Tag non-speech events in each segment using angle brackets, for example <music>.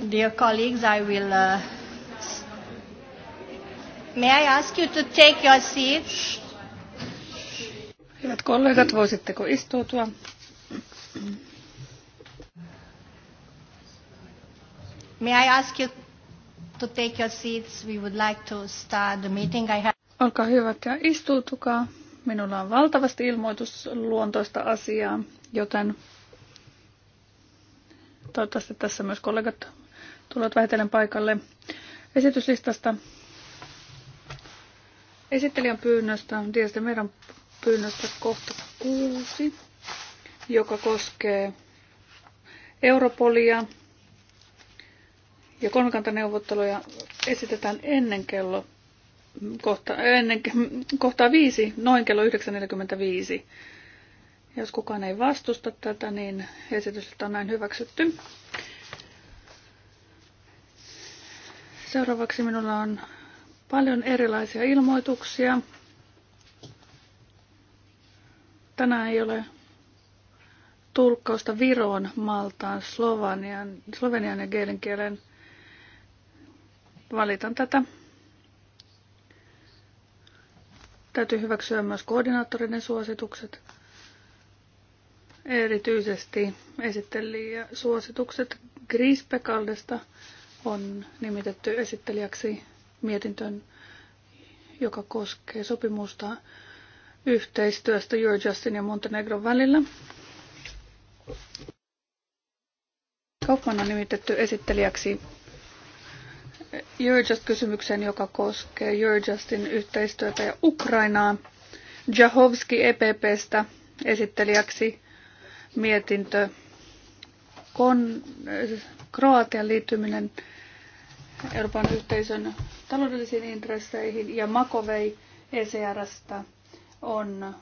Dear colleagues, I will. Uh, may I ask you to take your seats? Hyvät kollegat, voisitteko istuutua? May I ask you to take your seats? We would like to start the meeting. I have... Olkaa hyvät ja istuutukaa. Minulla on valtavasti ilmoitus luontoista asiaa, joten toivottavasti tässä myös kollegat tulevat vähitellen paikalle esityslistasta. Esittelijän pyynnöstä, tietysti meidän pyynnöstä kohta kuusi, joka koskee Europolia ja kolmikantaneuvotteluja esitetään ennen kello kohta, ennen, kohtaa viisi, noin kello 9.45. Jos kukaan ei vastusta tätä, niin esitys on näin hyväksytty. Seuraavaksi minulla on paljon erilaisia ilmoituksia. Tänään ei ole tulkkausta Viroon, Maltaan, Slovenian, Slovenian ja geelin kielen. Valitan tätä. Täytyy hyväksyä myös koordinaattorinen suositukset. Erityisesti esitteli suositukset Grispekaldesta on nimitetty esittelijäksi mietintöön, joka koskee sopimusta yhteistyöstä Eurojustin ja Montenegron välillä. Kaupman on nimitetty esittelijäksi Eurojust-kysymykseen, joka koskee Eurojustin yhteistyötä ja Ukrainaa. Jahovski EPPstä esittelijäksi mietintö kon, Kroatian liittyminen Euroopan yhteisön taloudellisiin intresseihin ja Makovei ECRstä on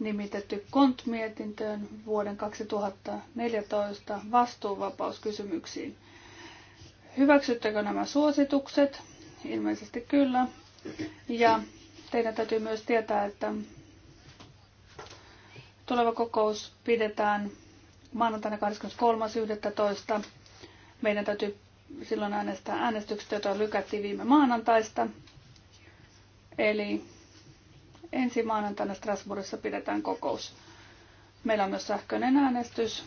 nimitetty kontmietintöön vuoden 2014 vastuuvapauskysymyksiin. Hyväksyttekö nämä suositukset? Ilmeisesti kyllä. Ja teidän täytyy myös tietää, että tuleva kokous pidetään maanantaina 23.11. Meidän täytyy silloin äänestää äänestykset, joita lykättiin viime maanantaista. Eli ensi maanantaina Strasbourgissa pidetään kokous. Meillä on myös sähköinen äänestys,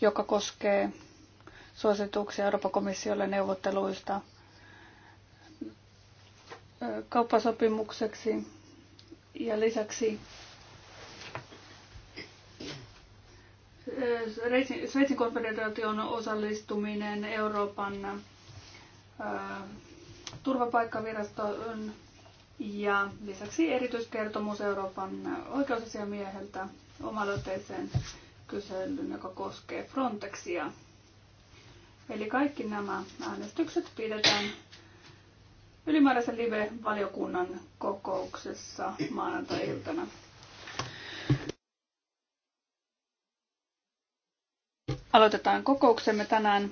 joka koskee suosituksia Euroopan komissiolle neuvotteluista kauppasopimukseksi ja lisäksi Sveitsin konfederaation osallistuminen Euroopan turvapaikkaviraston ja lisäksi erityiskertomus Euroopan oikeusasiamieheltä omaloitteeseen kyselyyn, joka koskee Frontexia. Eli kaikki nämä äänestykset pidetään ylimääräisen live-valiokunnan kokouksessa maanantai-iltana. Aloitetaan kokouksemme tänään.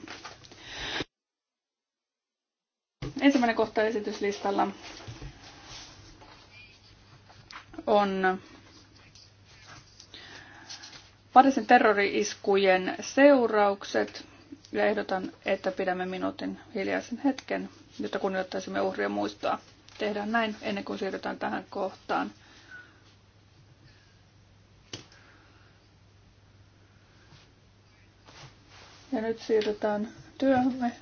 Ensimmäinen kohta esityslistalla on Pariisin terrori-iskujen seuraukset. Ja ehdotan, että pidämme minuutin hiljaisen hetken, jotta kunnioittaisimme uhrien muistoa. Tehdään näin ennen kuin siirrytään tähän kohtaan. Ja nyt siirrytään työhömme.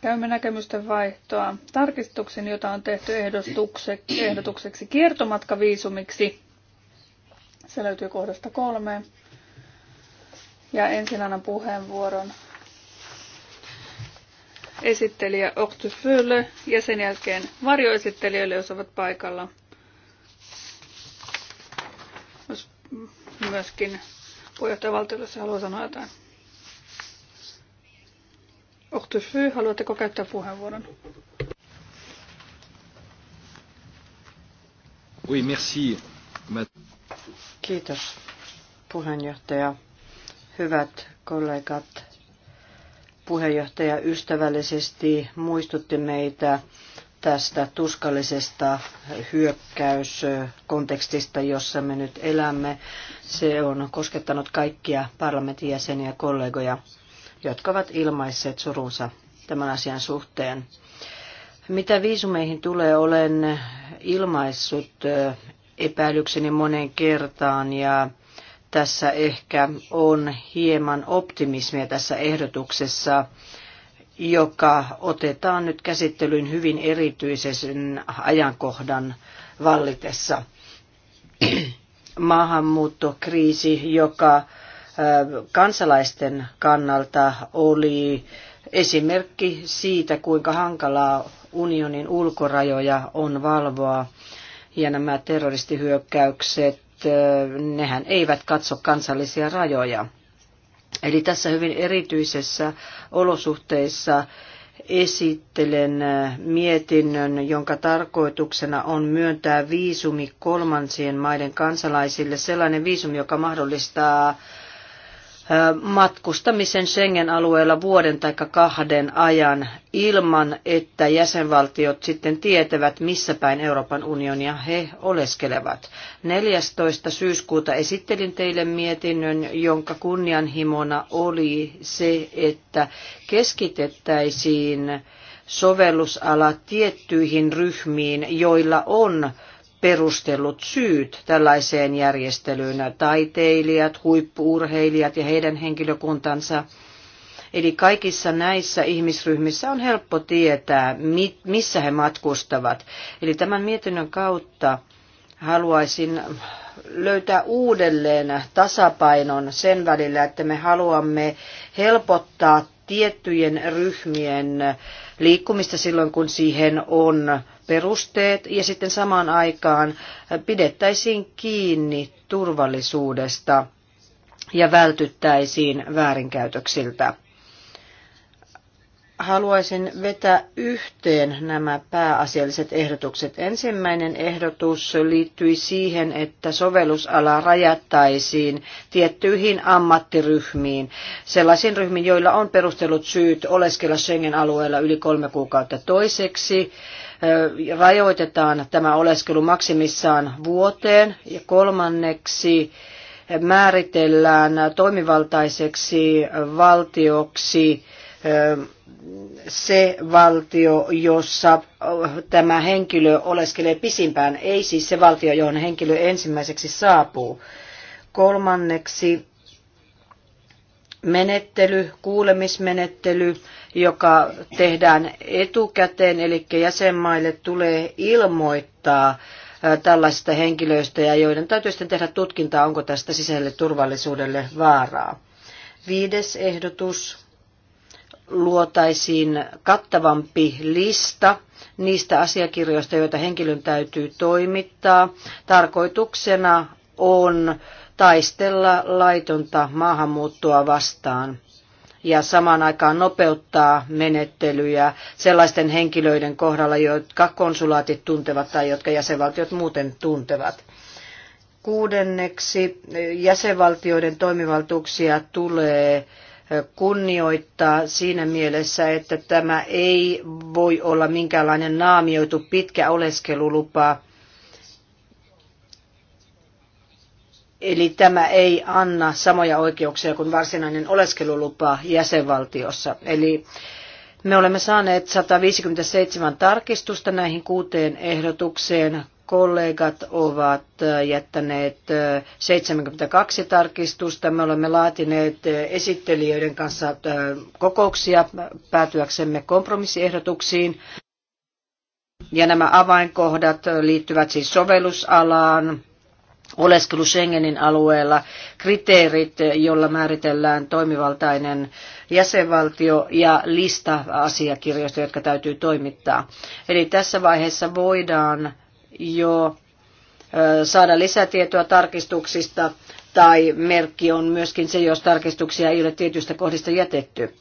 Käymme näkemysten vaihtoa tarkistuksen, jota on tehty ehdotukseksi kiertomatkaviisumiksi. Se löytyy kohdasta kolme. Ja ensin annan puheenvuoron esittelijä Octufylle ja sen jälkeen varjoesittelijöille, jos ovat paikalla. Myöskin Puheenjohtajavaltiolle se haluaa sanoa jotain. Ohtysfy, haluatteko käyttää puheenvuoron? Oui, merci. Kiitos puheenjohtaja. Hyvät kollegat, puheenjohtaja ystävällisesti muistutti meitä tästä tuskallisesta hyökkäyskontekstista, jossa me nyt elämme. Se on koskettanut kaikkia parlamentin jäseniä ja kollegoja, jotka ovat ilmaisseet surunsa tämän asian suhteen. Mitä viisumeihin tulee, olen ilmaissut epäilykseni monen kertaan ja tässä ehkä on hieman optimismia tässä ehdotuksessa joka otetaan nyt käsittelyyn hyvin erityisen ajankohdan vallitessa. Maahanmuuttokriisi, joka kansalaisten kannalta oli esimerkki siitä, kuinka hankalaa unionin ulkorajoja on valvoa. Ja nämä terroristihyökkäykset, nehän eivät katso kansallisia rajoja. Eli tässä hyvin erityisessä olosuhteissa esittelen äh, mietinnön, jonka tarkoituksena on myöntää viisumi kolmansien maiden kansalaisille sellainen viisumi, joka mahdollistaa matkustamisen Schengen-alueella vuoden tai kahden ajan ilman, että jäsenvaltiot sitten tietävät, missä päin Euroopan unionia he oleskelevat. 14. syyskuuta esittelin teille mietinnön, jonka kunnianhimona oli se, että keskitettäisiin sovellusala tiettyihin ryhmiin, joilla on perustellut syyt tällaiseen järjestelyyn, taiteilijat, huippuurheilijat ja heidän henkilökuntansa. Eli kaikissa näissä ihmisryhmissä on helppo tietää, missä he matkustavat. Eli tämän mietinnön kautta haluaisin löytää uudelleen tasapainon sen välillä, että me haluamme helpottaa tiettyjen ryhmien liikkumista silloin, kun siihen on perusteet ja sitten samaan aikaan pidettäisiin kiinni turvallisuudesta ja vältyttäisiin väärinkäytöksiltä. Haluaisin vetää yhteen nämä pääasialliset ehdotukset. Ensimmäinen ehdotus liittyi siihen, että sovellusala rajattaisiin tiettyihin ammattiryhmiin, sellaisiin ryhmiin, joilla on perustellut syyt oleskella Schengen-alueella yli kolme kuukautta toiseksi rajoitetaan tämä oleskelu maksimissaan vuoteen ja kolmanneksi määritellään toimivaltaiseksi valtioksi se valtio, jossa tämä henkilö oleskelee pisimpään, ei siis se valtio, johon henkilö ensimmäiseksi saapuu. Kolmanneksi menettely, kuulemismenettely, joka tehdään etukäteen, eli jäsenmaille tulee ilmoittaa tällaisista henkilöistä ja joiden täytyy sitten tehdä tutkintaa, onko tästä sisäiselle turvallisuudelle vaaraa. Viides ehdotus luotaisiin kattavampi lista niistä asiakirjoista, joita henkilön täytyy toimittaa. Tarkoituksena on taistella laitonta maahanmuuttoa vastaan ja samaan aikaan nopeuttaa menettelyjä sellaisten henkilöiden kohdalla, jotka konsulaatit tuntevat tai jotka jäsenvaltiot muuten tuntevat. Kuudenneksi jäsenvaltioiden toimivaltuuksia tulee kunnioittaa siinä mielessä, että tämä ei voi olla minkäänlainen naamioitu pitkä oleskelulupa Eli tämä ei anna samoja oikeuksia kuin varsinainen oleskelulupa jäsenvaltiossa. Eli me olemme saaneet 157 tarkistusta näihin kuuteen ehdotukseen. Kollegat ovat äh, jättäneet 72 äh, tarkistusta. Me olemme laatineet äh, esittelijöiden kanssa kokouksia päätyäksemme kompromissiehdotuksiin. Ja nämä avainkohdat liittyvät siis sovellusalaan, oleskelu Schengenin alueella, kriteerit, jolla määritellään toimivaltainen jäsenvaltio ja lista asiakirjoista, jotka täytyy toimittaa. Eli tässä vaiheessa voidaan jo saada lisätietoa tarkistuksista tai merkki on myöskin se, jos tarkistuksia ei ole tietystä kohdista jätetty.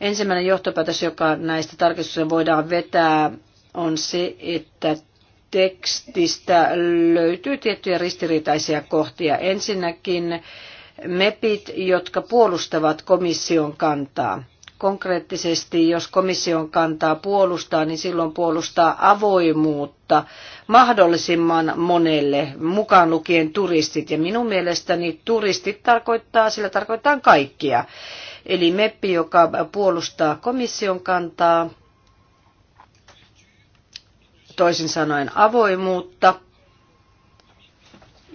Ensimmäinen johtopäätös, joka näistä tarkistuksista voidaan vetää, on se, että tekstistä löytyy tiettyjä ristiriitaisia kohtia. Ensinnäkin MEPit, jotka puolustavat komission kantaa. Konkreettisesti, jos komission kantaa puolustaa, niin silloin puolustaa avoimuutta mahdollisimman monelle, mukaan lukien turistit. Ja minun mielestäni turistit tarkoittaa, sillä tarkoittaa kaikkia. Eli MEPPI, joka puolustaa komission kantaa, toisin sanoen avoimuutta.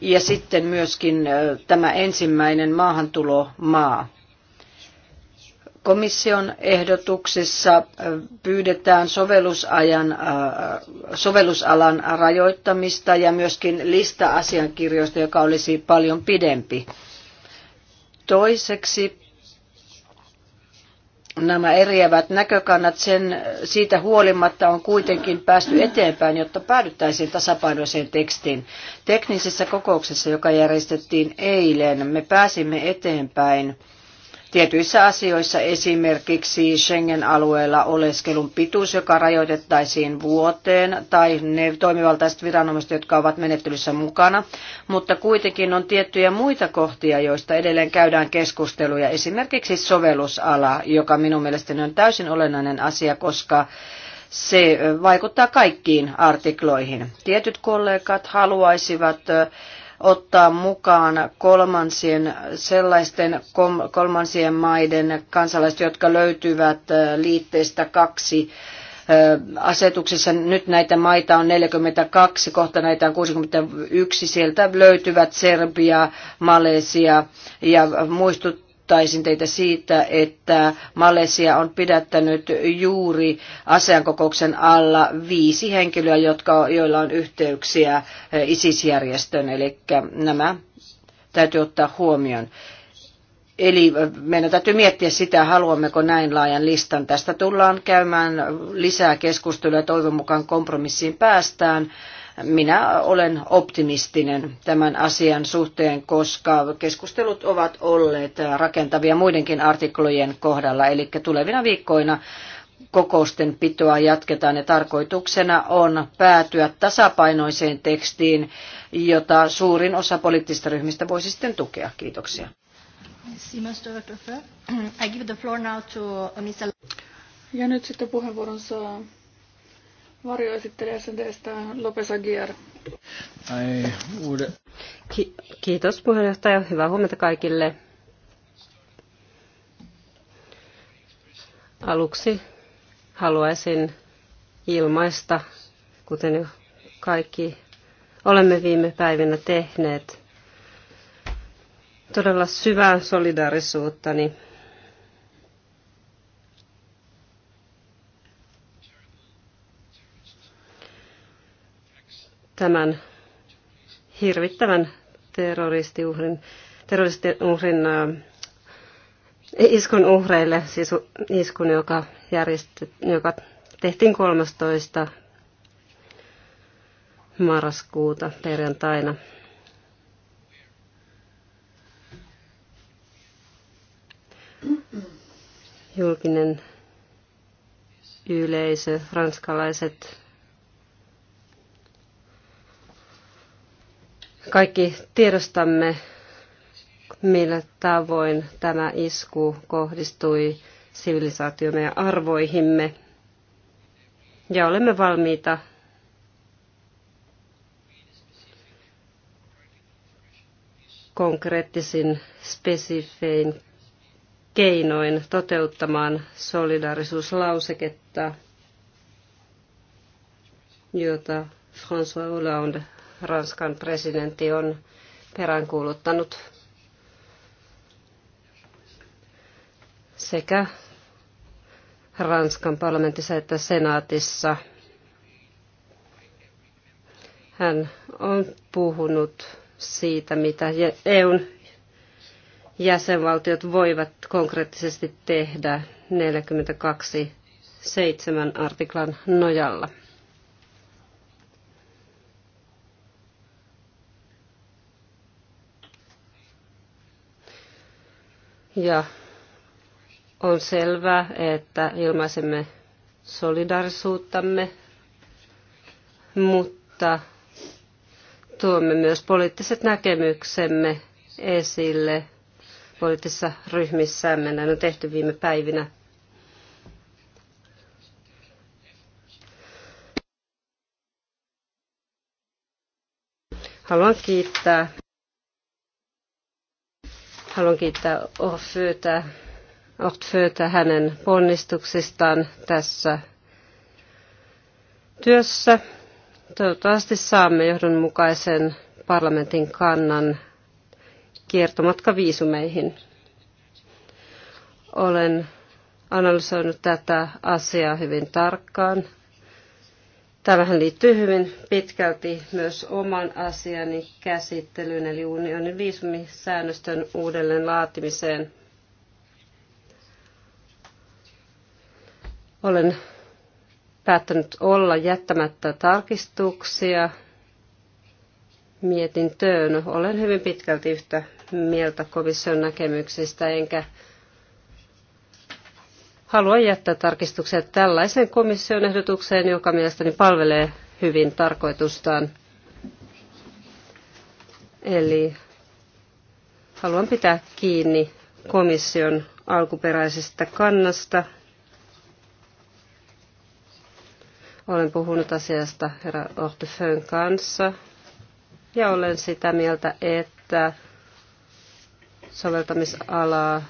Ja sitten myöskin tämä ensimmäinen maahantulomaa. Komission ehdotuksessa pyydetään sovellusajan, sovellusalan rajoittamista ja myöskin lista asiakirjoista, joka olisi paljon pidempi. Toiseksi nämä eriävät näkökannat sen, siitä huolimatta on kuitenkin päästy eteenpäin, jotta päädyttäisiin tasapainoiseen tekstiin. Teknisessä kokouksessa, joka järjestettiin eilen, me pääsimme eteenpäin tietyissä asioissa, esimerkiksi Schengen-alueella oleskelun pituus, joka rajoitettaisiin vuoteen, tai ne toimivaltaiset viranomaiset, jotka ovat menettelyssä mukana. Mutta kuitenkin on tiettyjä muita kohtia, joista edelleen käydään keskusteluja, esimerkiksi sovellusala, joka minun mielestäni on täysin olennainen asia, koska se vaikuttaa kaikkiin artikloihin. Tietyt kollegat haluaisivat ottaa mukaan kolmansien, sellaisten kolmansien maiden kansalaiset, jotka löytyvät liitteestä kaksi asetuksessa. Nyt näitä maita on 42, kohta näitä on 61. Sieltä löytyvät Serbia, Malesia ja muistut, muistuttaisin teitä siitä, että Malesia on pidättänyt juuri asiankokouksen alla viisi henkilöä, jotka, joilla on yhteyksiä eh, ISIS-järjestön, eli nämä täytyy ottaa huomioon. Eli eh, meidän täytyy miettiä sitä, haluammeko näin laajan listan. Tästä tullaan käymään lisää keskustelua ja toivon mukaan kompromissiin päästään minä olen optimistinen tämän asian suhteen, koska keskustelut ovat olleet rakentavia muidenkin artiklojen kohdalla, eli tulevina viikkoina kokousten pitoa jatketaan ja tarkoituksena on päätyä tasapainoiseen tekstiin, jota suurin osa poliittisista ryhmistä voisi sitten tukea. Kiitoksia. Ja nyt sitten puheenvuoron saa sen teistä Lopes Aguiar. Ai, uude. Ki- kiitos puheenjohtaja. Hyvää huomenta kaikille. Aluksi haluaisin ilmaista, kuten jo kaikki olemme viime päivinä tehneet, todella syvää solidaarisuuttani tämän hirvittävän terroristiuhrin, terroristiuhrin iskun uhreille, siis iskun, joka, järjestet, joka tehtiin 13. marraskuuta perjantaina. Julkinen yleisö, ranskalaiset Kaikki tiedostamme, millä tavoin tämä isku kohdistui sivilisaatiomme ja arvoihimme. Ja olemme valmiita konkreettisin spesifein keinoin toteuttamaan solidaarisuuslauseketta, jota François Hollande Ranskan presidentti on peräänkuuluttanut sekä Ranskan parlamentissa että senaatissa. Hän on puhunut siitä, mitä EUn jäsenvaltiot voivat konkreettisesti tehdä 42.7 artiklan nojalla. Ja on selvää, että ilmaisemme solidarisuuttamme, mutta tuomme myös poliittiset näkemyksemme esille poliittisissa ryhmissämme. Näin on tehty viime päivinä. Haluan kiittää Haluan kiittää Ohfötä, Ohtfötä hänen ponnistuksistaan tässä työssä. Toivottavasti saamme johdonmukaisen parlamentin kannan kiertomatkaviisumeihin. Olen analysoinut tätä asiaa hyvin tarkkaan Tämähän liittyy hyvin pitkälti myös oman asiani käsittelyyn, eli unionin viisumisäännöstön uudelleen laatimiseen. Olen päättänyt olla jättämättä tarkistuksia mietintöön. Olen hyvin pitkälti yhtä mieltä komission näkemyksistä, enkä haluan jättää tarkistukset tällaiseen komission ehdotukseen, joka mielestäni palvelee hyvin tarkoitustaan. Eli haluan pitää kiinni komission alkuperäisestä kannasta. Olen puhunut asiasta herra Ohtefön kanssa ja olen sitä mieltä, että soveltamisalaa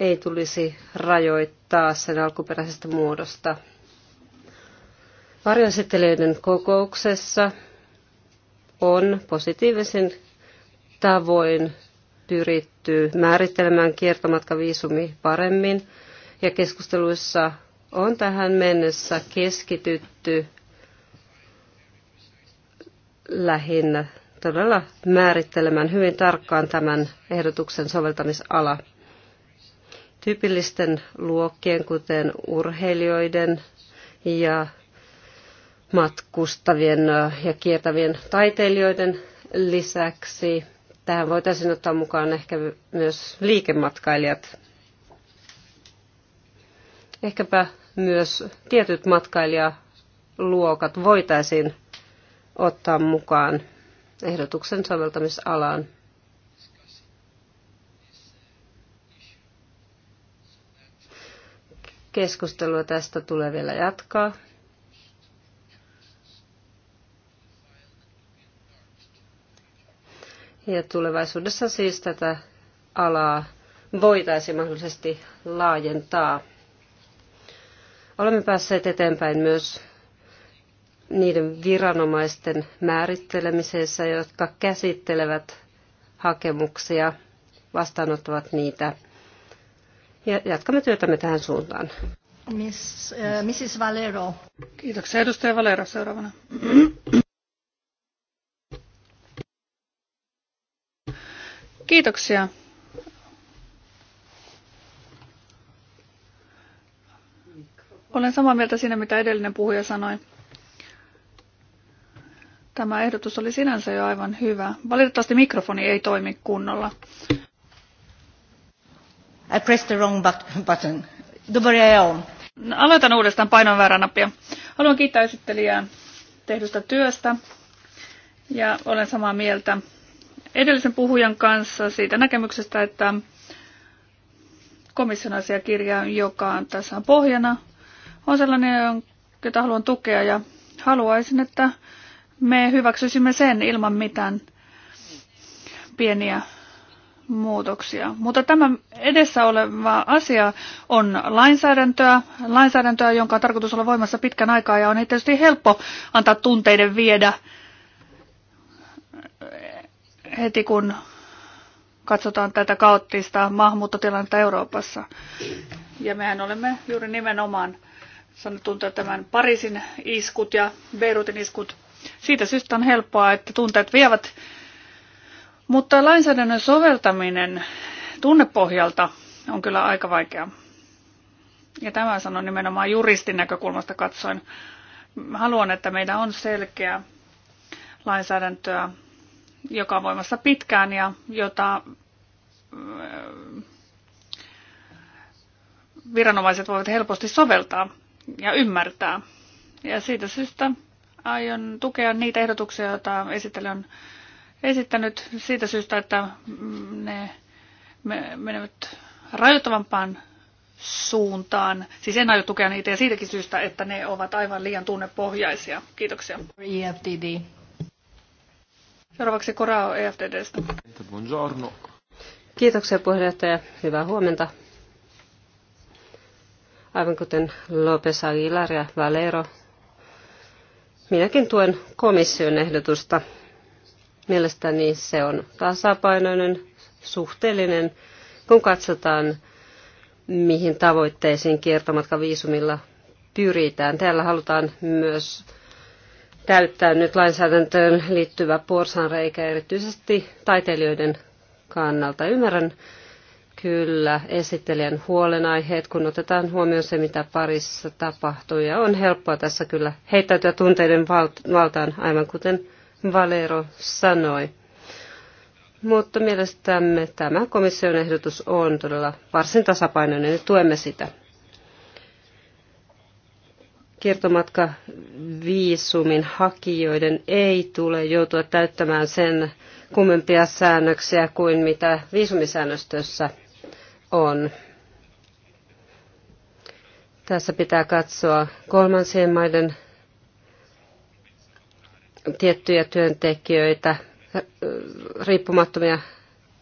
ei tulisi rajoittaa sen alkuperäisestä muodosta. Varjoesittelijöiden kokouksessa on positiivisen tavoin pyritty määrittelemään kiertomatkaviisumi paremmin ja keskusteluissa on tähän mennessä keskitytty lähinnä todella määrittelemään hyvin tarkkaan tämän ehdotuksen soveltamisala tyypillisten luokkien, kuten urheilijoiden ja matkustavien ja kiertävien taiteilijoiden lisäksi. Tähän voitaisiin ottaa mukaan ehkä myös liikematkailijat. Ehkäpä myös tietyt matkailijaluokat voitaisiin ottaa mukaan ehdotuksen soveltamisalaan. Keskustelua tästä tulee vielä jatkaa. Ja tulevaisuudessa siis tätä alaa voitaisiin mahdollisesti laajentaa. Olemme päässeet eteenpäin myös niiden viranomaisten määrittelemisessä, jotka käsittelevät hakemuksia, vastaanottavat niitä – ja jatkamme työtämme tähän suuntaan. Miss, uh, äh, Mrs. Valero. Kiitoksia. Edustaja Valero seuraavana. Kiitoksia. Olen samaa mieltä siinä, mitä edellinen puhuja sanoi. Tämä ehdotus oli sinänsä jo aivan hyvä. Valitettavasti mikrofoni ei toimi kunnolla. I pressed the wrong button. Då börjar jag om. Aloitan uudestaan painon nappia. Haluan kiittää esittelijää tehdystä työstä ja olen samaa mieltä edellisen puhujan kanssa siitä näkemyksestä, että komission asiakirja, joka on tässä pohjana, on sellainen, jota haluan tukea ja haluaisin, että me hyväksyisimme sen ilman mitään pieniä muutoksia. Mutta tämä edessä oleva asia on lainsäädäntöä, lainsäädäntöä, jonka on tarkoitus olla voimassa pitkän aikaa ja on tietysti helppo antaa tunteiden viedä heti kun katsotaan tätä kaoottista maahanmuuttotilannetta Euroopassa. Ja mehän olemme juuri nimenomaan saanut tuntea tämän Pariisin iskut ja Beirutin iskut. Siitä syystä on helppoa, että tunteet vievät mutta lainsäädännön soveltaminen tunnepohjalta on kyllä aika vaikeaa. Ja tämä sanon nimenomaan juristin näkökulmasta katsoen. Haluan, että meillä on selkeä lainsäädäntöä, joka on voimassa pitkään ja jota äh, viranomaiset voivat helposti soveltaa ja ymmärtää. Ja siitä syystä aion tukea niitä ehdotuksia, joita esittelen esittänyt siitä syystä, että ne menevät rajoittavampaan suuntaan. Siis en aio tukea niitä ja siitäkin syystä, että ne ovat aivan liian tunnepohjaisia. Kiitoksia. EFTD. Seuraavaksi Korao EFTDstä. Buongiorno. Kiitoksia puheenjohtaja. Hyvää huomenta. Aivan kuten Lopes Aguilar ja Valero, minäkin tuen komission ehdotusta Mielestäni se on tasapainoinen, suhteellinen, kun katsotaan, mihin tavoitteisiin kiertomatkaviisumilla pyritään. Täällä halutaan myös täyttää nyt lainsäädäntöön liittyvä porsanreikä erityisesti taiteilijoiden kannalta. Ymmärrän kyllä esittelijän huolenaiheet, kun otetaan huomioon se, mitä parissa tapahtuu. Ja on helppoa tässä kyllä heittäytyä tunteiden valtaan, aivan kuten Valero sanoi. Mutta mielestämme tämä komission ehdotus on todella varsin tasapainoinen ja tuemme sitä. Kiertomatka viisumin hakijoiden ei tule joutua täyttämään sen kummempia säännöksiä kuin mitä viisumisäännöstössä on. Tässä pitää katsoa kolmansien maiden tiettyjä työntekijöitä, riippumattomia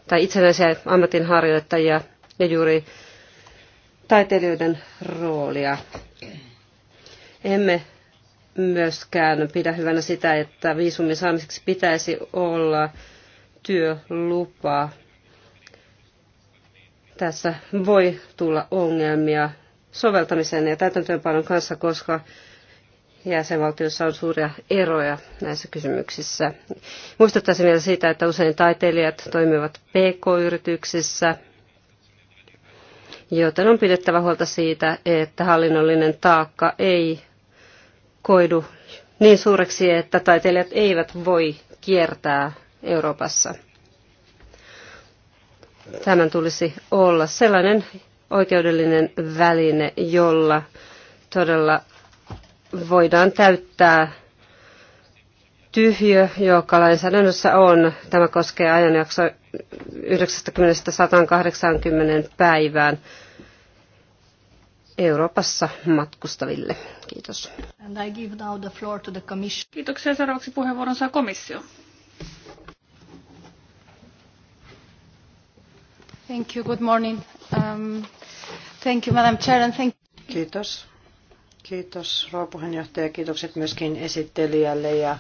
tai itsenäisiä ammatinharjoittajia ja juuri taiteilijoiden roolia. Emme myöskään pidä hyvänä sitä, että viisumin saamiseksi pitäisi olla työlupa. Tässä voi tulla ongelmia soveltamisen ja täytäntöönpanon kanssa, koska jäsenvaltioissa on suuria eroja näissä kysymyksissä. Muistuttaisin vielä siitä, että usein taiteilijat toimivat PK-yrityksissä, joten on pidettävä huolta siitä, että hallinnollinen taakka ei koidu niin suureksi, että taiteilijat eivät voi kiertää Euroopassa. Tämän tulisi olla sellainen oikeudellinen väline, jolla todella voidaan täyttää tyhjö, joka lainsäädännössä on. Tämä koskee ajanjakso 90-180 päivään Euroopassa matkustaville. Kiitos. And I give now the floor to the commission. Kiitoksia. Seuraavaksi puheenvuoron saa komissio. Thank you. Good morning. Um, thank you, Madam Chair, and thank you. Kiitos Kiitos rouva puheenjohtaja. Kiitokset myöskin esittelijälle ja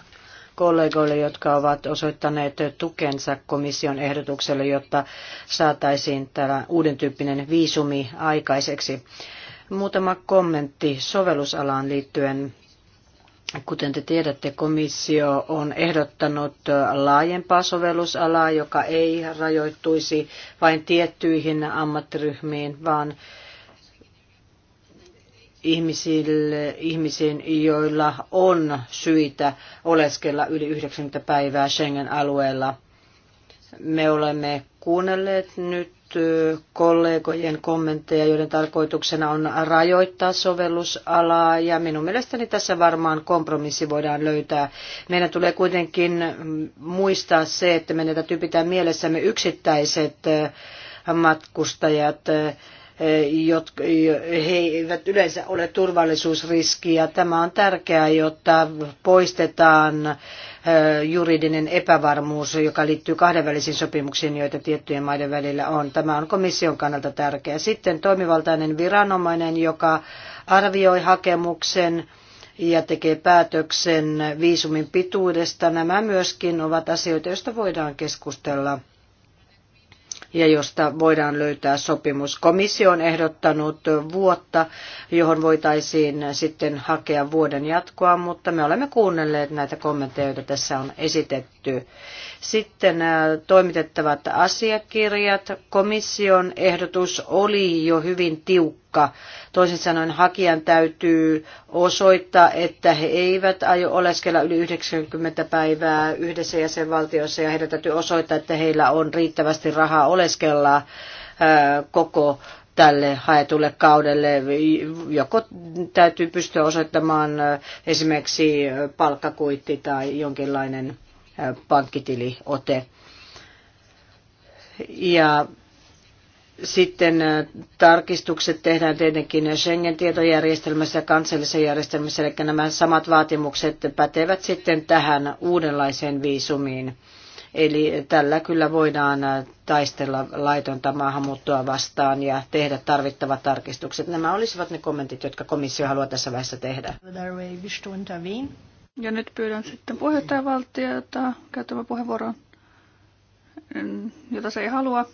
kollegoille, jotka ovat osoittaneet tukensa komission ehdotukselle, jotta saataisiin tämä uuden tyyppinen viisumi aikaiseksi. Muutama kommentti sovellusalaan liittyen. Kuten te tiedätte, komissio on ehdottanut laajempaa sovellusalaa, joka ei rajoittuisi vain tiettyihin ammattiryhmiin, vaan ihmisille, ihmisiin, joilla on syitä oleskella yli 90 päivää Schengen-alueella. Me olemme kuunnelleet nyt kollegojen kommentteja, joiden tarkoituksena on rajoittaa sovellusalaa ja minun mielestäni tässä varmaan kompromissi voidaan löytää. Meidän tulee kuitenkin muistaa se, että meidän täytyy pitää mielessämme yksittäiset matkustajat, jotka, he eivät yleensä ole turvallisuusriskiä. Tämä on tärkeää, jotta poistetaan juridinen epävarmuus, joka liittyy kahdenvälisiin sopimuksiin, joita tiettyjen maiden välillä on. Tämä on komission kannalta tärkeää. Sitten toimivaltainen viranomainen, joka arvioi hakemuksen ja tekee päätöksen viisumin pituudesta. Nämä myöskin ovat asioita, joista voidaan keskustella ja josta voidaan löytää sopimus. Komissio on ehdottanut vuotta, johon voitaisiin sitten hakea vuoden jatkoa, mutta me olemme kuunnelleet näitä kommentteja, joita tässä on esitetty. Sitten äh, toimitettavat asiakirjat. Komission ehdotus oli jo hyvin tiukka. Toisin sanoen hakijan täytyy osoittaa, että he eivät aio oleskella yli 90 päivää yhdessä jäsenvaltiossa ja heidän täytyy osoittaa, että heillä on riittävästi rahaa oleskella äh, koko tälle haetulle kaudelle. Joko täytyy pystyä osoittamaan äh, esimerkiksi palkkakuitti tai jonkinlainen pankkitiliote. Ja sitten tarkistukset tehdään tietenkin Schengen-tietojärjestelmässä ja kansallisessa järjestelmässä, eli nämä samat vaatimukset pätevät sitten tähän uudenlaiseen viisumiin. Eli tällä kyllä voidaan taistella laitonta maahanmuuttoa vastaan ja tehdä tarvittavat tarkistukset. Nämä olisivat ne kommentit, jotka komissio haluaa tässä vaiheessa tehdä. Ja nyt pyydän sitten puheenjohtajavaltiota käyttämään puheenvuoron, mm, jota se ei halua.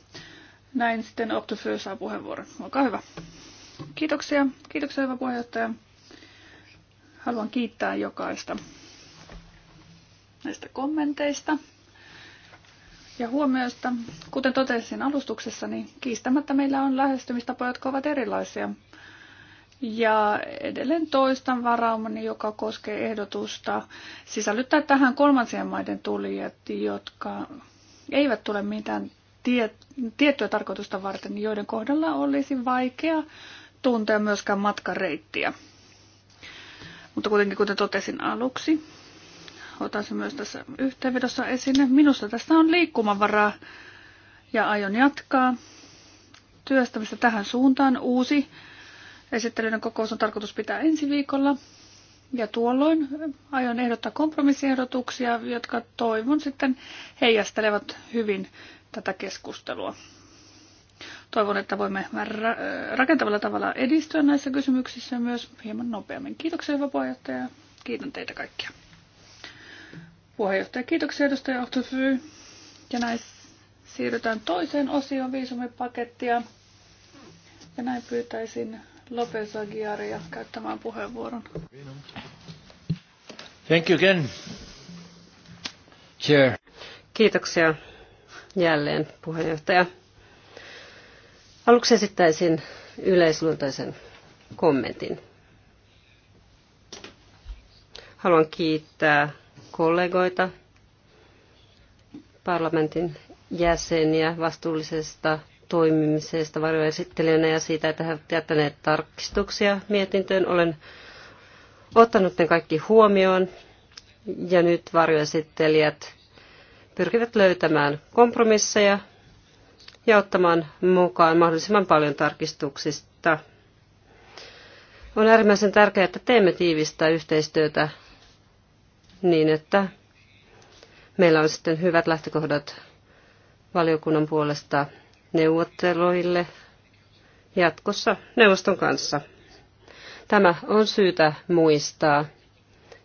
Näin sitten Optofy saa puheenvuoron. Olkaa hyvä. Kiitoksia. Kiitoksia, hyvä puheenjohtaja. Haluan kiittää jokaista näistä kommenteista ja huomioista. Kuten totesin alustuksessa, niin kiistämättä meillä on lähestymistapoja, jotka ovat erilaisia – ja edelleen toistan varaumani, joka koskee ehdotusta sisällyttää tähän kolmansien maiden tulijat, jotka eivät tule mitään tie, tiettyä tarkoitusta varten, joiden kohdalla olisi vaikea tuntea myöskään matkareittiä. Mutta kuitenkin, kuten totesin aluksi, otan sen myös tässä yhteenvedossa esille. Minusta tässä on liikkumavaraa ja aion jatkaa työstämistä tähän suuntaan. Uusi Esittelyiden kokous on tarkoitus pitää ensi viikolla. Ja tuolloin aion ehdottaa kompromissiehdotuksia, jotka toivon sitten heijastelevat hyvin tätä keskustelua. Toivon, että voimme rakentavalla tavalla edistyä näissä kysymyksissä myös hieman nopeammin. Kiitoksia, hyvä puheenjohtaja. Kiitän teitä kaikkia. Puheenjohtaja, kiitoksia edustaja Ohtofy. Ja näin siirrytään toiseen osioon viisumipakettia. Ja näin pyytäisin Lopez Aguiaria käyttämään puheenvuoron. Thank you again. Chair. Kiitoksia jälleen puheenjohtaja. Aluksi esittäisin yleisluontoisen kommentin. Haluan kiittää kollegoita, parlamentin jäseniä vastuullisesta toimimisesta varjoesittelijänä ja siitä, että he ovat jättäneet tarkistuksia mietintöön. Olen ottanut ne kaikki huomioon ja nyt varjoesittelijät pyrkivät löytämään kompromisseja ja ottamaan mukaan mahdollisimman paljon tarkistuksista. On äärimmäisen tärkeää, että teemme tiivistä yhteistyötä niin, että meillä on sitten hyvät lähtökohdat valiokunnan puolesta neuvotteluille jatkossa neuvoston kanssa. Tämä on syytä muistaa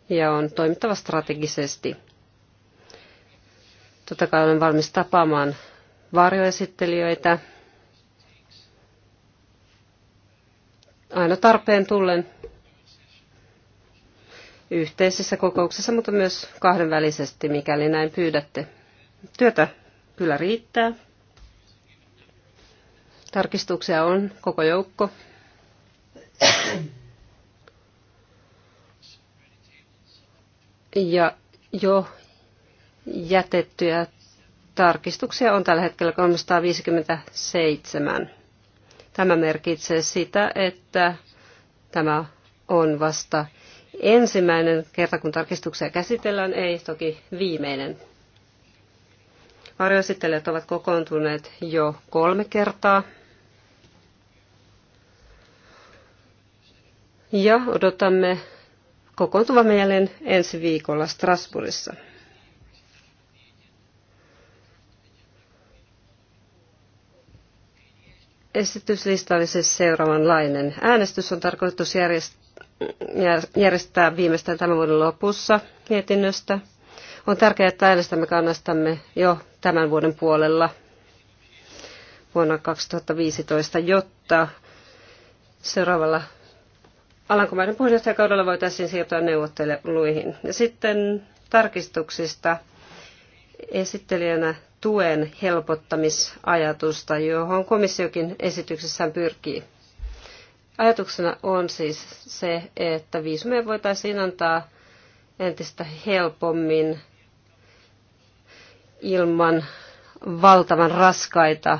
ja on toimittava strategisesti. Totta kai olen valmis tapaamaan varjoesittelijöitä aina tarpeen tullen yhteisissä kokouksissa, mutta myös kahdenvälisesti, mikäli näin pyydätte. Työtä kyllä riittää. Tarkistuksia on koko joukko. Ja jo jätettyjä tarkistuksia on tällä hetkellä 357. Tämä merkitsee sitä, että tämä on vasta ensimmäinen kerta, kun tarkistuksia käsitellään, ei toki viimeinen. Varjoesittelijät ovat kokoontuneet jo kolme kertaa Ja odotamme kokoontuvamme jälleen ensi viikolla Strasbourgissa. Esityslista oli siis seuraavanlainen. Äänestys on tarkoitus järjestää viimeistään tämän vuoden lopussa mietinnöstä. On tärkeää, että äänestämme kannastamme jo tämän vuoden puolella vuonna 2015, jotta seuraavalla Alankomaiden puheenjohtajakaudella voitaisiin siis siirtyä neuvotteluihin. Ja sitten tarkistuksista esittelijänä tuen helpottamisajatusta, johon komissiokin esityksessään pyrkii. Ajatuksena on siis se, että viisumia voitaisiin antaa entistä helpommin ilman valtavan raskaita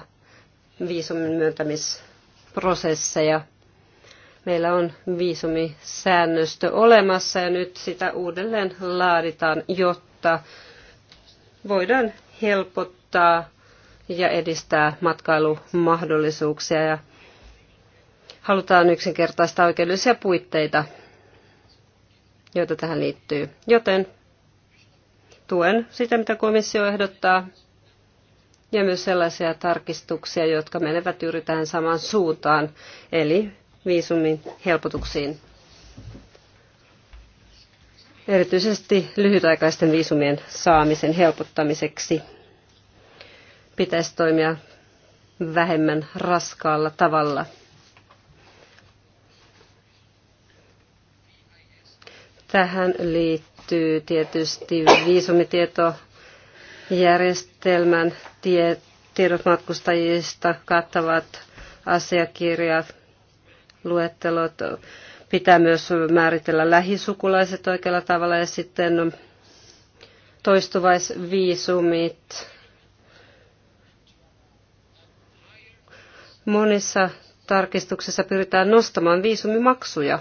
viisumin myöntämisprosesseja – Meillä on viisumisäännöstö olemassa ja nyt sitä uudelleen laaditaan, jotta voidaan helpottaa ja edistää matkailumahdollisuuksia ja halutaan yksinkertaista oikeudellisia puitteita, joita tähän liittyy. Joten tuen sitä, mitä komissio ehdottaa, ja myös sellaisia tarkistuksia, jotka menevät yritään tähän samaan suuntaan, eli viisumin helpotuksiin. Erityisesti lyhytaikaisten viisumien saamisen helpottamiseksi pitäisi toimia vähemmän raskaalla tavalla. Tähän liittyy tietysti viisumitietojärjestelmän tie, tiedot matkustajista, kattavat asiakirjat, luettelot. Pitää myös määritellä lähisukulaiset oikealla tavalla ja sitten toistuvaisviisumit. Monissa tarkistuksissa pyritään nostamaan viisumimaksuja.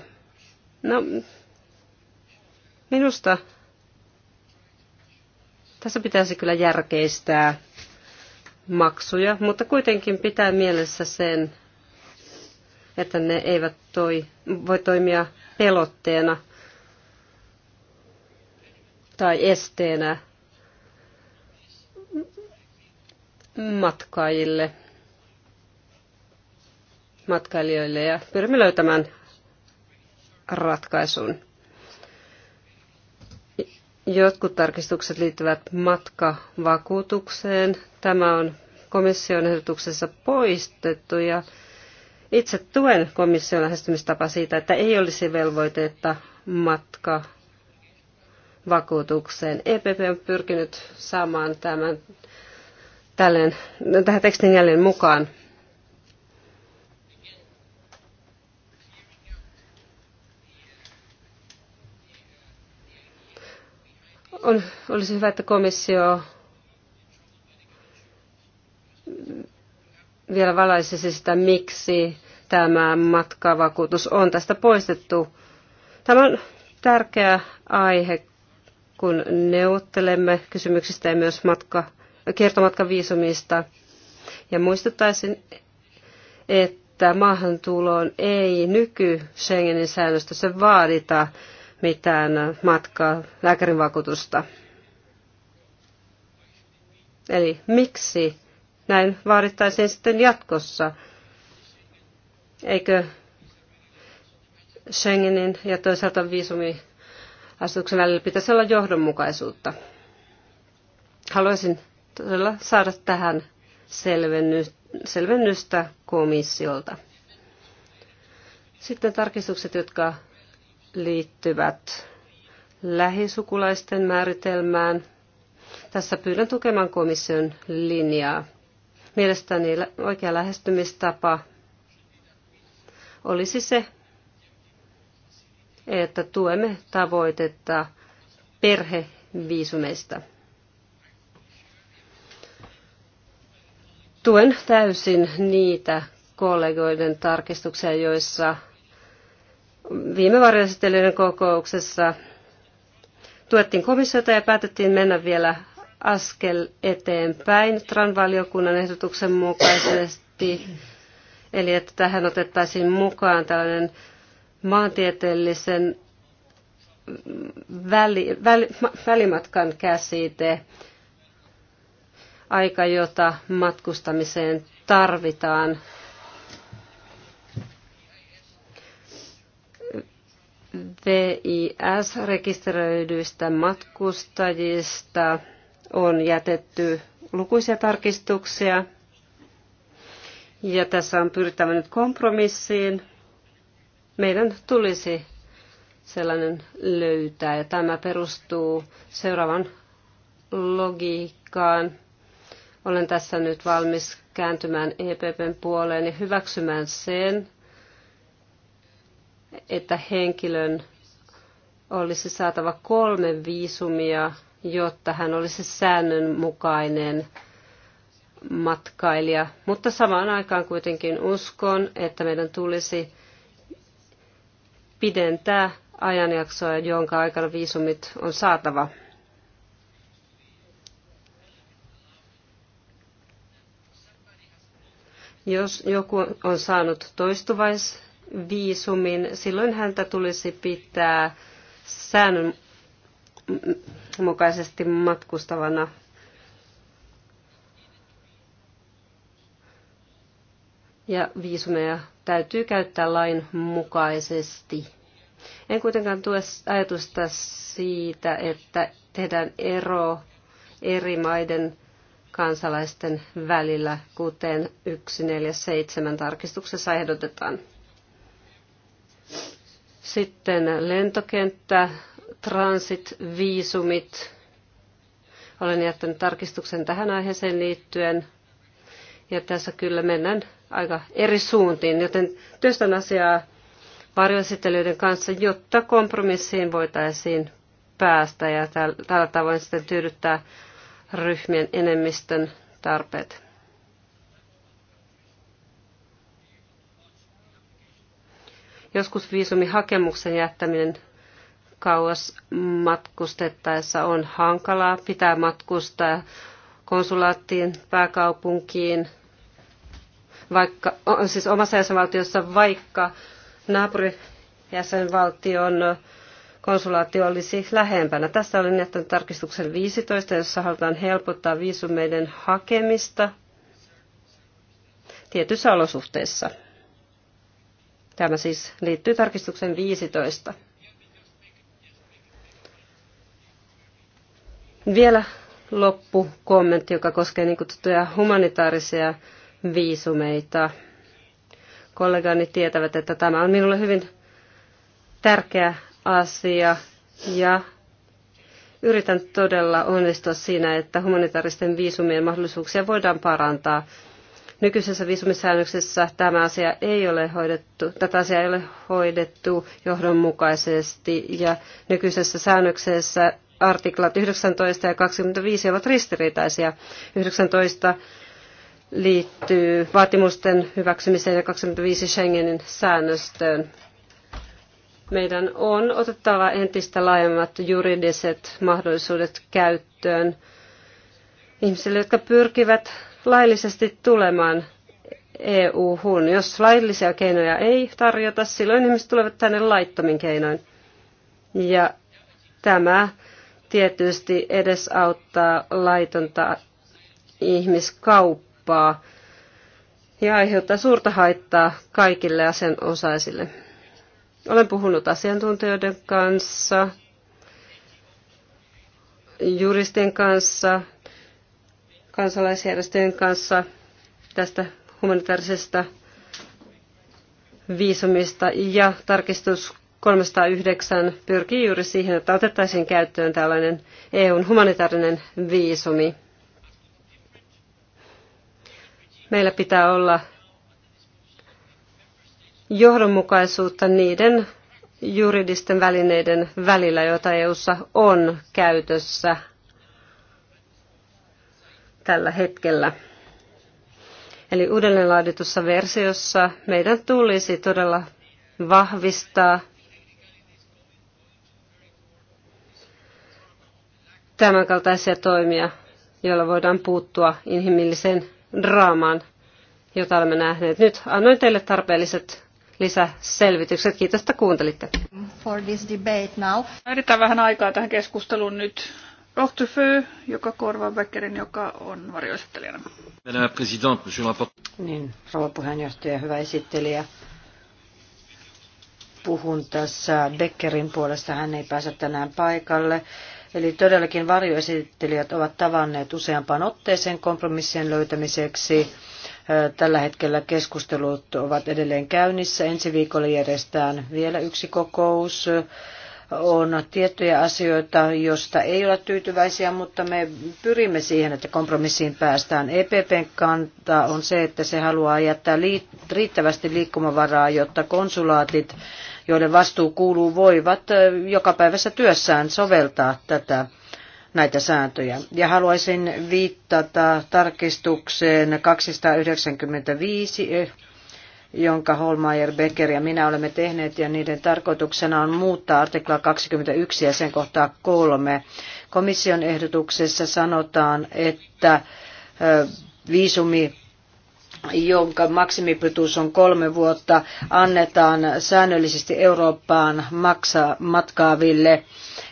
No, minusta tässä pitäisi kyllä järkeistää maksuja, mutta kuitenkin pitää mielessä sen, että ne eivät toi, voi toimia pelotteena tai esteenä matkaajille, matkailijoille ja pyrimme löytämään ratkaisun. Jotkut tarkistukset liittyvät matkavakuutukseen. Tämä on komission ehdotuksessa poistettu ja itse tuen komission lähestymistapaa siitä, että ei olisi velvoitetta matka vakuutukseen. EPP on pyrkinyt saamaan tämän tälleen, tähän tekstin jälleen mukaan. On, olisi hyvä, että komissio vielä valaisisi sitä, miksi tämä matkavakuutus on tästä poistettu. Tämä on tärkeä aihe, kun neuvottelemme kysymyksistä ja myös matka, kiertomatkaviisumista. Ja muistuttaisin, että maahantuloon ei nyky Schengenin säännöstössä vaadita mitään matkaa lääkärin vakuutusta. Eli miksi näin vaadittaisiin sitten jatkossa. Eikö Schengenin ja toisaalta viisumiasetuksen välillä pitäisi olla johdonmukaisuutta? Haluaisin todella saada tähän selvennystä komissiolta. Sitten tarkistukset, jotka liittyvät lähisukulaisten määritelmään. Tässä pyydän tukemaan komission linjaa. Mielestäni oikea lähestymistapa olisi se, että tuemme tavoitetta perheviisumeista. Tuen täysin niitä kollegoiden tarkistuksia, joissa viime varjoesittelyiden kokouksessa tuettiin komissiota ja päätettiin mennä vielä askel eteenpäin TRAN-valiokunnan ehdotuksen mukaisesti, eli että tähän otettaisiin mukaan tällainen maantieteellisen väli, väli, välimatkan käsite, aika jota matkustamiseen tarvitaan. VIS rekisteröidyistä matkustajista on jätetty lukuisia tarkistuksia. Ja tässä on pyrittävä nyt kompromissiin. Meidän tulisi sellainen löytää. Ja tämä perustuu seuraavan logiikkaan. Olen tässä nyt valmis kääntymään EPPn puoleen ja hyväksymään sen, että henkilön olisi saatava kolme viisumia jotta hän olisi säännönmukainen matkailija. Mutta samaan aikaan kuitenkin uskon, että meidän tulisi pidentää ajanjaksoa, jonka aikana viisumit on saatava. Jos joku on saanut toistuvaisviisumin, silloin häntä tulisi pitää säännön mukaisesti matkustavana ja viisumeja täytyy käyttää lain mukaisesti. En kuitenkaan tue ajatusta siitä, että tehdään ero eri maiden kansalaisten välillä, kuten 147 tarkistuksessa ehdotetaan. Sitten lentokenttä, transit-viisumit. Olen jättänyt tarkistuksen tähän aiheeseen liittyen. Ja tässä kyllä mennään aika eri suuntiin, joten työstän asiaa varjoesittelyiden kanssa, jotta kompromissiin voitaisiin päästä ja tällä tavoin sitten tyydyttää ryhmien enemmistön tarpeet. Joskus viisumihakemuksen jättäminen kauas matkustettaessa on hankalaa. Pitää matkustaa konsulaattiin, pääkaupunkiin, vaikka, siis omassa jäsenvaltiossa, vaikka naapurijäsenvaltion konsulaatio olisi lähempänä. Tässä oli jättänyt tarkistuksen 15, jossa halutaan helpottaa viisumeiden hakemista tietyissä olosuhteissa. Tämä siis liittyy tarkistuksen 15. Vielä loppukommentti, joka koskee niin kutsuttuja humanitaarisia viisumeita. Kollegani tietävät, että tämä on minulle hyvin tärkeä asia ja yritän todella onnistua siinä, että humanitaaristen viisumien mahdollisuuksia voidaan parantaa. Nykyisessä viisumisäännöksessä tämä asia ei ole hoidettu, tätä asiaa ei ole hoidettu johdonmukaisesti ja nykyisessä säännöksessä artiklat 19 ja 25 ovat ristiriitaisia. 19 liittyy vaatimusten hyväksymiseen ja 25 Schengenin säännöstöön. Meidän on otettava entistä laajemmat juridiset mahdollisuudet käyttöön ihmisille, jotka pyrkivät laillisesti tulemaan EU-hun. Jos laillisia keinoja ei tarjota, silloin ihmiset tulevat tänne laittomin keinoin. Ja tämä tietysti edesauttaa laitonta ihmiskauppaa ja aiheuttaa suurta haittaa kaikille osaisille. Olen puhunut asiantuntijoiden kanssa, juristien kanssa, kansalaisjärjestöjen kanssa tästä humanitaarisesta viisumista ja tarkistus 309 pyrkii juuri siihen, että otettaisiin käyttöön tällainen EUn humanitaarinen viisumi. Meillä pitää olla johdonmukaisuutta niiden juridisten välineiden välillä, joita EUssa on käytössä tällä hetkellä. Eli uudelleenlaaditussa versiossa meidän tulisi todella vahvistaa tämänkaltaisia toimia, joilla voidaan puuttua inhimilliseen draamaan, jota olemme nähneet. Nyt annoin teille tarpeelliset lisäselvitykset. Kiitos, että kuuntelitte. For this debate now. vähän aikaa tähän keskusteluun nyt. Fö, joka korvaa Beckerin, joka on varjoesittelijänä. Niin, rouva puheenjohtaja, hyvä esittelijä. Puhun tässä Beckerin puolesta, hän ei pääse tänään paikalle Eli todellakin varjoesittelijät ovat tavanneet useampaan otteeseen kompromissien löytämiseksi. Tällä hetkellä keskustelut ovat edelleen käynnissä. Ensi viikolla järjestetään vielä yksi kokous. On tiettyjä asioita, joista ei ole tyytyväisiä, mutta me pyrimme siihen, että kompromissiin päästään. EPPn kanta on se, että se haluaa jättää riittävästi liikkumavaraa, jotta konsulaatit joiden vastuu kuuluu, voivat jokapäiväisessä työssään soveltaa tätä näitä sääntöjä. Ja haluaisin viittata tarkistukseen 295, jonka Holmeier Becker ja minä olemme tehneet, ja niiden tarkoituksena on muuttaa artikla 21 ja sen kohtaa 3. Komission ehdotuksessa sanotaan, että viisumi jonka maksimipituus on kolme vuotta, annetaan säännöllisesti Eurooppaan maksaa matkaaville.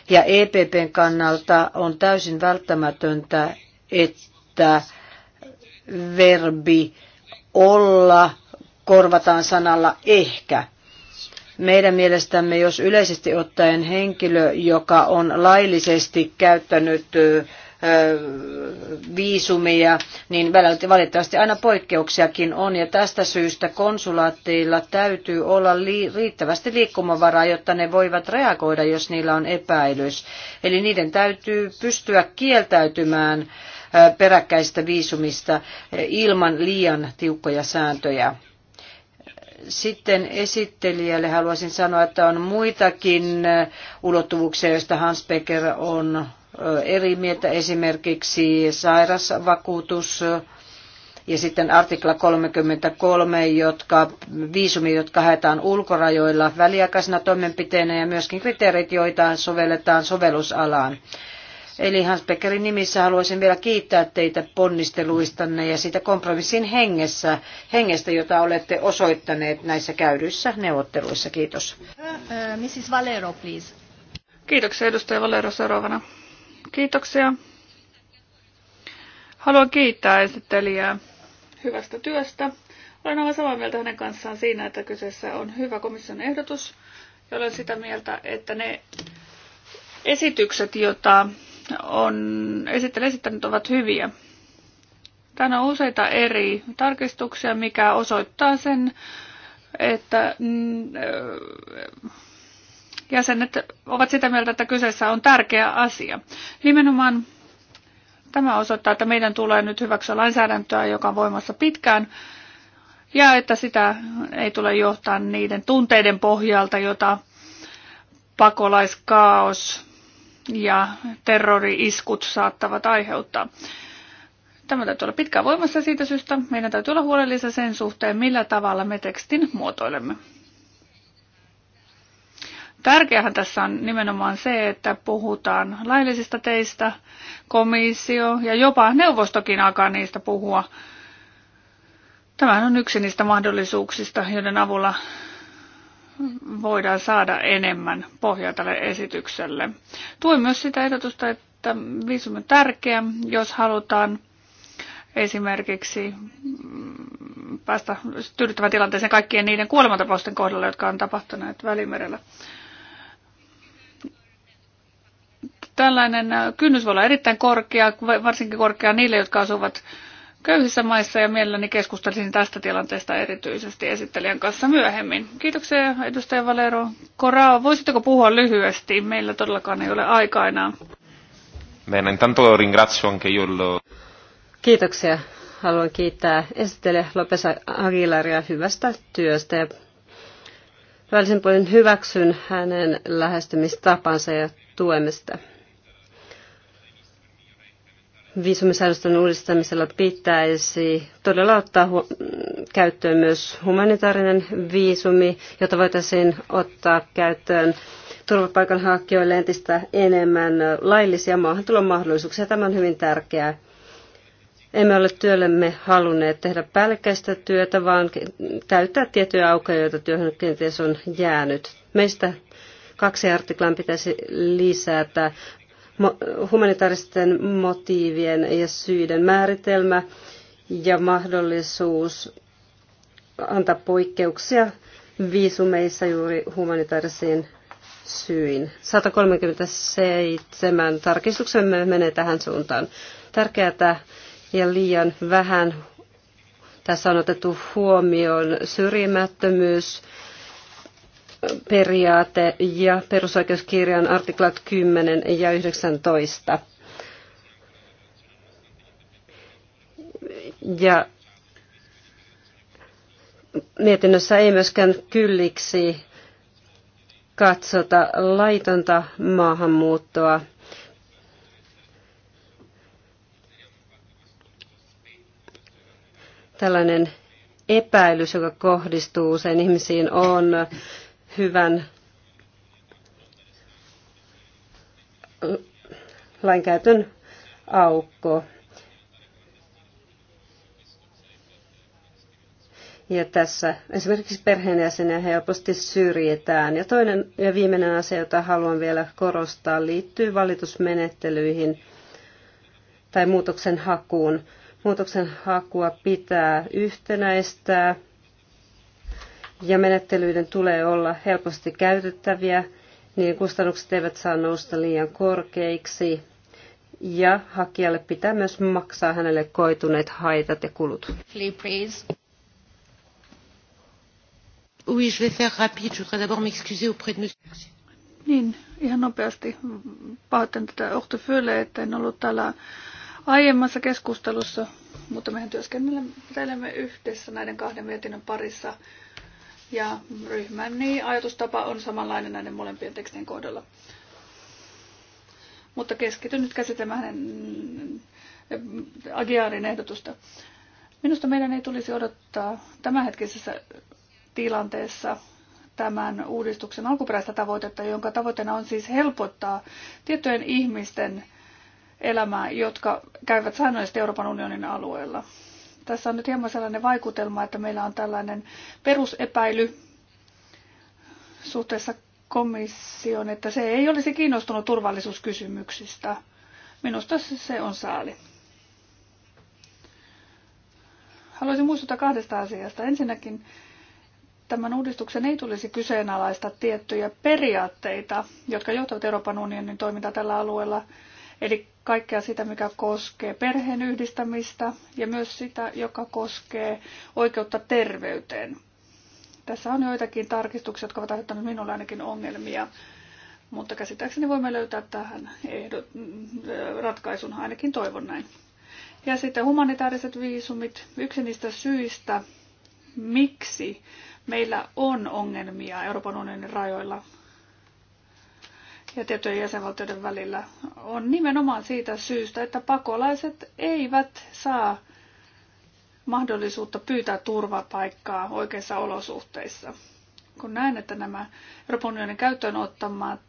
Ja EPPn kannalta on täysin välttämätöntä, että verbi olla korvataan sanalla ehkä. Meidän mielestämme, jos yleisesti ottaen henkilö, joka on laillisesti käyttänyt viisumia, niin valitettavasti aina poikkeuksiakin on. Ja tästä syystä konsulaatteilla täytyy olla riittävästi liikkumavaraa, jotta ne voivat reagoida, jos niillä on epäilys. Eli niiden täytyy pystyä kieltäytymään peräkkäistä viisumista ilman liian tiukkoja sääntöjä sitten esittelijälle haluaisin sanoa, että on muitakin ulottuvuuksia, joista Hans Becker on eri mieltä esimerkiksi sairasvakuutus ja sitten artikla 33, jotka, viisumi, jotka haetaan ulkorajoilla väliaikaisena toimenpiteenä ja myöskin kriteerit, joita sovelletaan sovellusalaan. Eli Hans Beckerin nimissä haluaisin vielä kiittää teitä ponnisteluistanne ja siitä kompromissin hengessä, hengestä, jota olette osoittaneet näissä käydyissä neuvotteluissa. Kiitos. Mrs. Valero, please. Kiitoksia edustaja Valero seuraavana. Kiitoksia. Haluan kiittää esittelijää hyvästä työstä. Olen aivan samaa mieltä hänen kanssaan siinä, että kyseessä on hyvä komission ehdotus, ja olen sitä mieltä, että ne esitykset, joita on esittänyt, esittänyt, ovat hyviä. Tänä on useita eri tarkistuksia, mikä osoittaa sen, että mm, jäsenet ovat sitä mieltä, että kyseessä on tärkeä asia. Nimenomaan tämä osoittaa, että meidän tulee nyt hyväksyä lainsäädäntöä, joka on voimassa pitkään, ja että sitä ei tule johtaa niiden tunteiden pohjalta, jota pakolaiskaos ja terrori-iskut saattavat aiheuttaa. Tämä täytyy olla pitkään voimassa siitä syystä. Meidän täytyy olla huolellisia sen suhteen, millä tavalla me tekstin muotoilemme. Tärkeähän tässä on nimenomaan se, että puhutaan laillisista teistä, komissio ja jopa neuvostokin alkaa niistä puhua. Tämä on yksi niistä mahdollisuuksista, joiden avulla voidaan saada enemmän pohjaa tälle esitykselle. Tuin myös sitä ehdotusta, että viisumi on tärkeä, jos halutaan esimerkiksi päästä tyydyttävän tilanteeseen kaikkien niiden kuolematapausten kohdalla, jotka on tapahtuneet Välimerellä. Tällainen äh, kynnys voi olla erittäin korkea, varsinkin korkea niille, jotka asuvat köyhissä maissa ja mielelläni keskustelisin tästä tilanteesta erityisesti esittelijän kanssa myöhemmin. Kiitoksia edustaja Valero. Korao, voisitteko puhua lyhyesti? Meillä todellakaan ei ole aikaa enää. Bene, intanto ringrazio anche io lo... Kiitoksia. Haluan kiittää esittelijä Lopes Aguilaria hyvästä työstä ja välisin puolin hyväksyn hänen lähestymistapansa ja tuemista viisumisäädösten uudistamisella pitäisi todella ottaa käyttöön myös humanitaarinen viisumi, jota voitaisiin ottaa käyttöön turvapaikanhakijoille entistä enemmän laillisia maahantulon mahdollisuuksia. Tämä on hyvin tärkeää. Emme ole työllemme halunneet tehdä päällekkäistä työtä, vaan täyttää tiettyjä aukoja, joita työhön kenties on jäänyt. Meistä kaksi artiklan pitäisi lisätä humanitaaristen motiivien ja syiden määritelmä ja mahdollisuus antaa poikkeuksia viisumeissa juuri humanitaarisiin syin. 137 tarkistuksemme menee tähän suuntaan. Tärkeää ja liian vähän tässä on otettu huomioon syrjimättömyys periaate ja perusoikeuskirjan artiklat 10 ja 19. Ja mietinnössä ei myöskään kylliksi katsota laitonta maahanmuuttoa. Tällainen epäilys, joka kohdistuu usein ihmisiin, on hyvän lainkäytön aukko. Ja tässä esimerkiksi perheenjäseniä helposti syrjetään. Ja toinen ja viimeinen asia, jota haluan vielä korostaa, liittyy valitusmenettelyihin tai muutoksen hakuun. Muutoksen hakua pitää yhtenäistää ja menettelyiden tulee olla helposti käytettäviä, niin kustannukset eivät saa nousta liian korkeiksi ja hakijalle pitää myös maksaa hänelle koituneet haitat ja kulut. Please. Oui, je vais faire rapide. Je voudrais d'abord m'excuser auprès de monsieur. Niin, ihan nopeasti. Pahoittelen tätä Ohto Fölle, että en ollut täällä aiemmassa keskustelussa, mutta mehän työskentelemme yhdessä näiden kahden mietinnön parissa. Ja ryhmän, niin ajatustapa on samanlainen näiden molempien tekstien kohdalla. Mutta keskityn nyt käsitämään hänen äh, Agiarin ehdotusta. Minusta meidän ei tulisi odottaa tämänhetkisessä tilanteessa tämän uudistuksen alkuperäistä tavoitetta, jonka tavoitteena on siis helpottaa tiettyjen ihmisten elämää, jotka käyvät säännöllisesti Euroopan unionin alueella. Tässä on nyt hieman sellainen vaikutelma, että meillä on tällainen perusepäily suhteessa komissioon, että se ei olisi kiinnostunut turvallisuuskysymyksistä. Minusta se on saali. Haluaisin muistuttaa kahdesta asiasta. Ensinnäkin tämän uudistuksen ei tulisi kyseenalaista tiettyjä periaatteita, jotka johtavat Euroopan unionin toimintaa tällä alueella. Eli kaikkea sitä, mikä koskee perheen yhdistämistä ja myös sitä, joka koskee oikeutta terveyteen. Tässä on joitakin tarkistuksia, jotka ovat aiheuttaneet minulle ainakin ongelmia, mutta käsittääkseni voimme löytää tähän ehdot, ratkaisun, ainakin toivon näin. Ja sitten humanitaariset viisumit, yksi niistä syistä, miksi meillä on ongelmia Euroopan unionin rajoilla ja tiettyjen jäsenvaltioiden välillä on nimenomaan siitä syystä, että pakolaiset eivät saa mahdollisuutta pyytää turvapaikkaa oikeissa olosuhteissa. Kun näen, että nämä Euroopan unionin käyttöön ottamat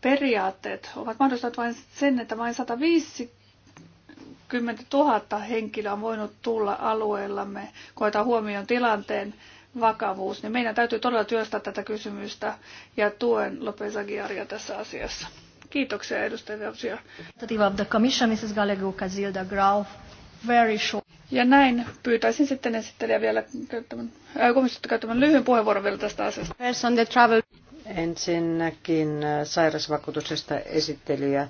periaatteet ovat mahdollistaneet vain sen, että vain 150 000 henkilöä on voinut tulla alueellamme, koetaan huomioon tilanteen vakavuus, niin meidän täytyy todella työstää tätä kysymystä ja tuen Lopez Aguiaria tässä asiassa. Kiitoksia edustaja Vapsia. Ja näin pyytäisin sitten esittelijä vielä käyttämään, äh, komissiota käyttämään lyhyen puheenvuoron vielä tästä asiasta. Ensinnäkin äh, sairausvakuutuksesta esittelijä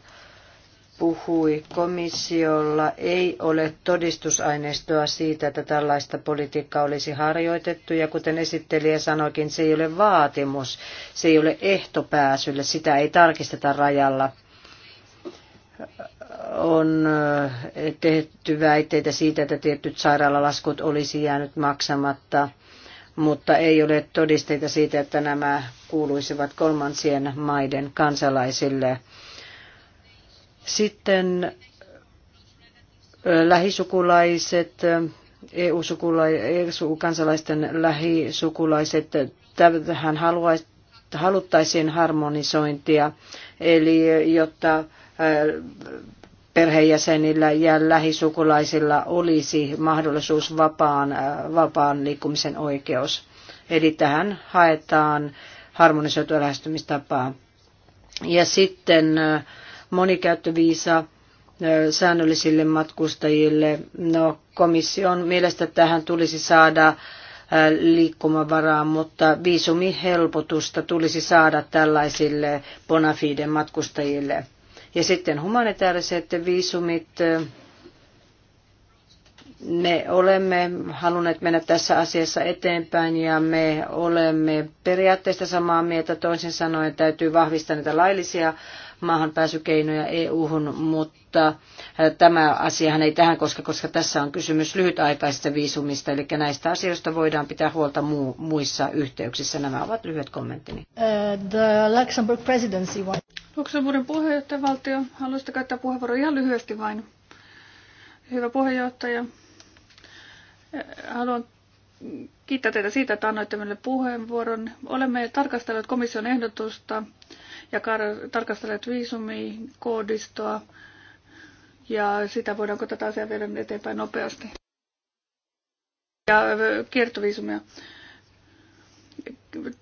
puhui, komissiolla ei ole todistusaineistoa siitä, että tällaista politiikkaa olisi harjoitettu. Ja kuten esittelijä sanoikin, se ei ole vaatimus, se ei ole ehto pääsylle, sitä ei tarkisteta rajalla. On äh, tehty väitteitä siitä, että tietyt sairaalalaskut olisi jäänyt maksamatta, mutta ei ole todisteita siitä, että nämä kuuluisivat kolmansien maiden kansalaisille sitten lähisukulaiset, EU-kansalaisten lähisukulaiset, tähän haluaisi, haluttaisiin harmonisointia, eli jotta perheenjäsenillä ja lähisukulaisilla olisi mahdollisuus vapaan, vapaan liikkumisen oikeus. Eli tähän haetaan harmonisoitua lähestymistapaa. Ja sitten monikäyttöviisa säännöllisille matkustajille. No, komission mielestä tähän tulisi saada liikkumavaraa, mutta viisumihelpotusta tulisi saada tällaisille bonafide matkustajille. Ja sitten humanitaariset viisumit, me olemme halunneet mennä tässä asiassa eteenpäin ja me olemme periaatteessa samaa mieltä. Toisin sanoen täytyy vahvistaa niitä laillisia maahanpääsykeinoja EU-hun, mutta tämä asiahan ei tähän koska, koska tässä on kysymys lyhytaikaisista viisumista, eli näistä asioista voidaan pitää huolta muu, muissa yhteyksissä. Nämä ovat lyhyet kommenttini. Uh, the Luxembourg presidency one. Luxemburgin puheenjohtajavaltio, haluaisitko käyttää puheenvuoron ihan lyhyesti vain? Hyvä puheenjohtaja. Haluan kiittää teitä siitä, että annoitte meille puheenvuoron. Olemme tarkastelleet komission ehdotusta ja viisumia, koodistoa ja sitä, voidaanko tätä asiaa viedä eteenpäin nopeasti. Ja kiertoviisumia.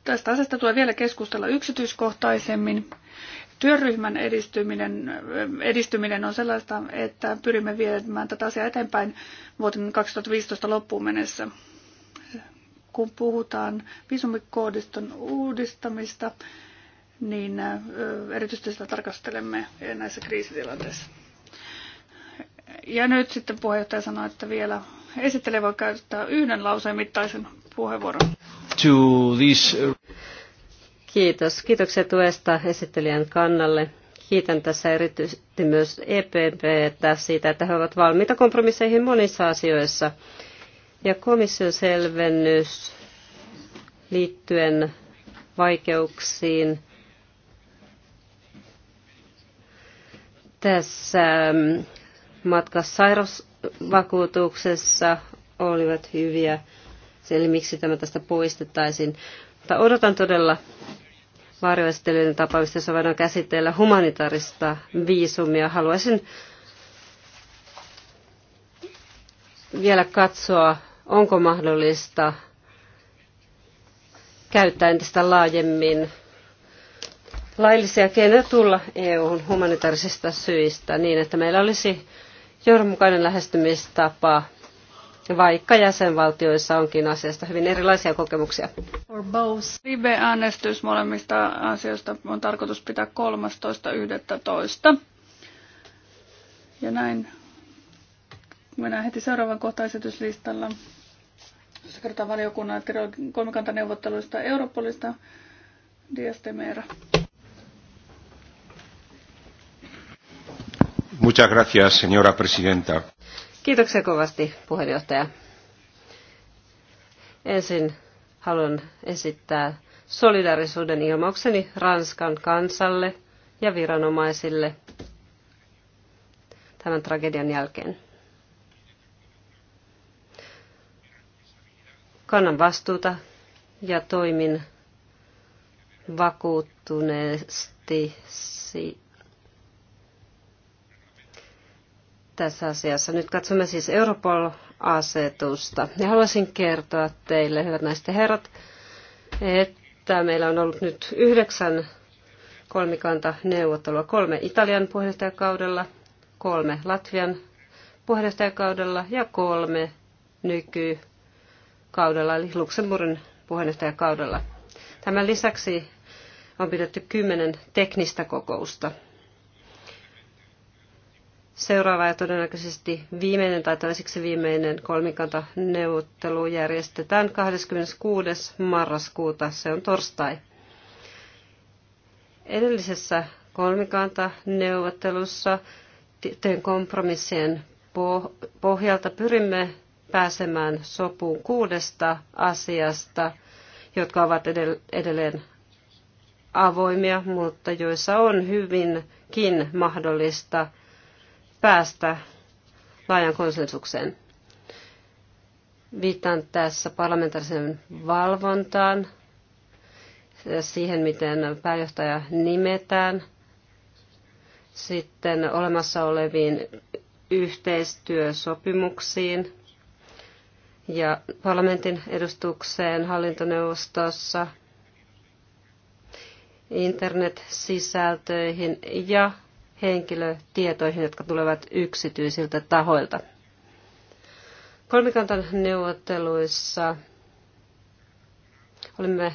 Tästä asiasta tulee vielä keskustella yksityiskohtaisemmin. Työryhmän edistyminen, edistyminen on sellaista, että pyrimme viemään tätä asiaa eteenpäin vuoden 2015 loppuun mennessä. Kun puhutaan viisumikoodiston uudistamista, niin erityisesti sitä tarkastelemme näissä kriisitilanteissa. Ja nyt sitten puheenjohtaja sanoi, että vielä esittelee voi käyttää yhden lauseen mittaisen puheenvuoron. To this... Uh, Kiitos. Kiitoksia tuesta esittelijän kannalle. Kiitän tässä erityisesti myös EPP: että siitä, että he ovat valmiita kompromisseihin monissa asioissa. Ja komission selvennys liittyen vaikeuksiin tässä ähm, matkasairausvakuutuksessa olivat hyviä. Eli miksi tämä tästä poistettaisiin. Mutta odotan todella varjoistelujen tapaamista, jossa voidaan käsitellä humanitaarista viisumia. Haluaisin vielä katsoa, onko mahdollista käyttää entistä laajemmin laillisia keinoja tulla EU:hun humanitaarisista syistä niin, että meillä olisi johdonmukainen lähestymistapa, vaikka jäsenvaltioissa onkin asiasta hyvin erilaisia kokemuksia. Live-äänestys molemmista asioista on tarkoitus pitää 13.11. Ja näin mennään heti seuraavan esityslistalla. Tässä kerrotaan valiokunnan kolmikantaneuvotteluista Europolista. Dias Muchas gracias, señora presidenta. Kiitoksia kovasti, puheenjohtaja. Ensin haluan esittää solidarisuuden ilmaukseni Ranskan kansalle ja viranomaisille tämän tragedian jälkeen. Kannan vastuuta ja toimin vakuuttuneesti siitä, tässä asiassa. Nyt katsomme siis Europol-asetusta. Ja haluaisin kertoa teille, hyvät naiset ja herrat, että meillä on ollut nyt yhdeksän kolmikanta neuvottelua. Kolme Italian puheenjohtajakaudella, kolme Latvian puheenjohtajakaudella ja kolme nykykaudella, eli Luxemburgin puheenjohtajakaudella. Tämän lisäksi on pidetty kymmenen teknistä kokousta seuraava ja todennäköisesti viimeinen tai toiseksi viimeinen kolmikantaneuvottelu järjestetään 26. marraskuuta, se on torstai. Edellisessä kolmikantaneuvottelussa työn kompromissien pohjalta pyrimme pääsemään sopuun kuudesta asiasta, jotka ovat edelleen avoimia, mutta joissa on hyvinkin mahdollista – päästä laajan konsensukseen. Viittaan tässä parlamentaarisen valvontaan, siihen miten pääjohtaja nimetään, sitten olemassa oleviin yhteistyösopimuksiin ja parlamentin edustukseen hallintoneuvostossa, internet-sisältöihin ja henkilötietoihin, jotka tulevat yksityisiltä tahoilta. Kolmikantan neuvotteluissa olimme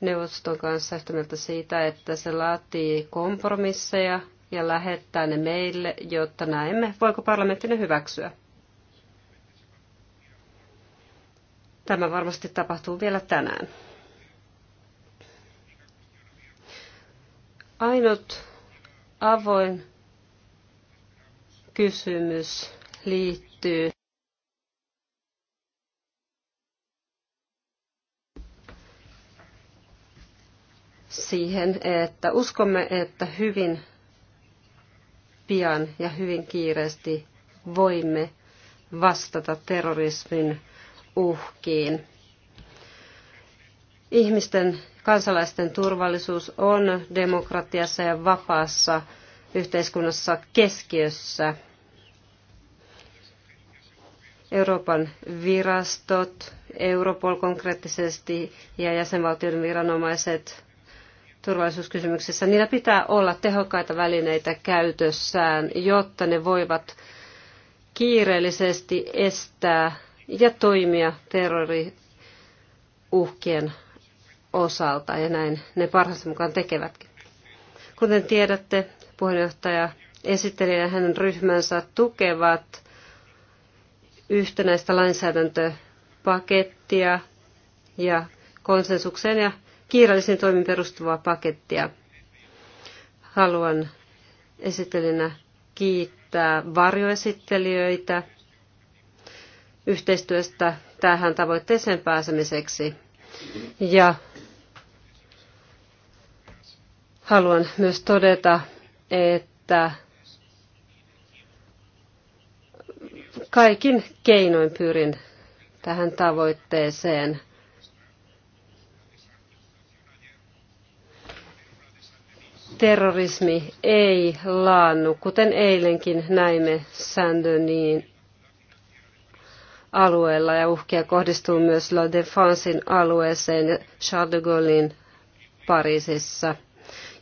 neuvoston kanssa yhtä mieltä siitä, että se laatii kompromisseja ja lähettää ne meille, jotta näemme, voiko parlamentti ne hyväksyä. Tämä varmasti tapahtuu vielä tänään. Ainut avoin kysymys liittyy siihen, että uskomme, että hyvin pian ja hyvin kiireesti voimme vastata terrorismin uhkiin. Ihmisten Kansalaisten turvallisuus on demokratiassa ja vapaassa yhteiskunnassa keskiössä. Euroopan virastot, Europol konkreettisesti ja jäsenvaltioiden viranomaiset turvallisuuskysymyksissä, niillä pitää olla tehokkaita välineitä käytössään, jotta ne voivat kiireellisesti estää ja toimia terroriuhkien osalta ja näin ne parhaansa mukaan tekevätkin. Kuten tiedätte, puheenjohtaja esitteli ja hänen ryhmänsä tukevat yhtenäistä lainsäädäntöpakettia ja konsensukseen ja kiireellisiin toimin perustuvaa pakettia. Haluan esittelijänä kiittää varjoesittelijöitä yhteistyöstä tähän tavoitteeseen pääsemiseksi. Ja haluan myös todeta, että kaikin keinoin pyrin tähän tavoitteeseen. Terrorismi ei laannu, kuten eilenkin näimme Sandoniin alueella ja uhkia kohdistuu myös La Défensein alueeseen ja Charles de Gaullein Pariisissa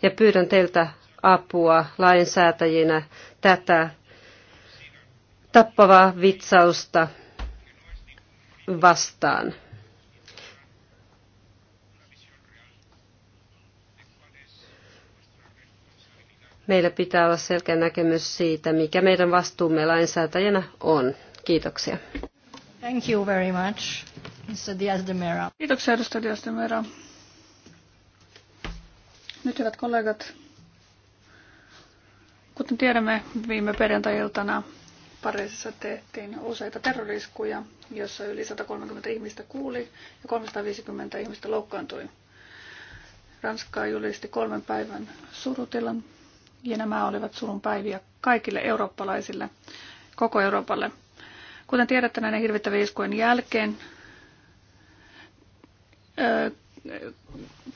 ja pyydän teiltä apua lainsäätäjinä tätä tappavaa vitsausta vastaan. Meillä pitää olla selkeä näkemys siitä, mikä meidän vastuumme lainsäätäjänä on. Kiitoksia. Thank you very much, Mr. Diaz de Mera. Kiitoksia, edustaja Diaz de Mera. Nyt hyvät kollegat, kuten tiedämme, viime perjantai-iltana Pariisissa tehtiin useita terroriskuja, jossa yli 130 ihmistä kuuli ja 350 ihmistä loukkaantui. Ranska julisti kolmen päivän surutilan ja nämä olivat surun päiviä kaikille eurooppalaisille, koko Euroopalle. Kuten tiedätte, näiden hirvittävien iskujen jälkeen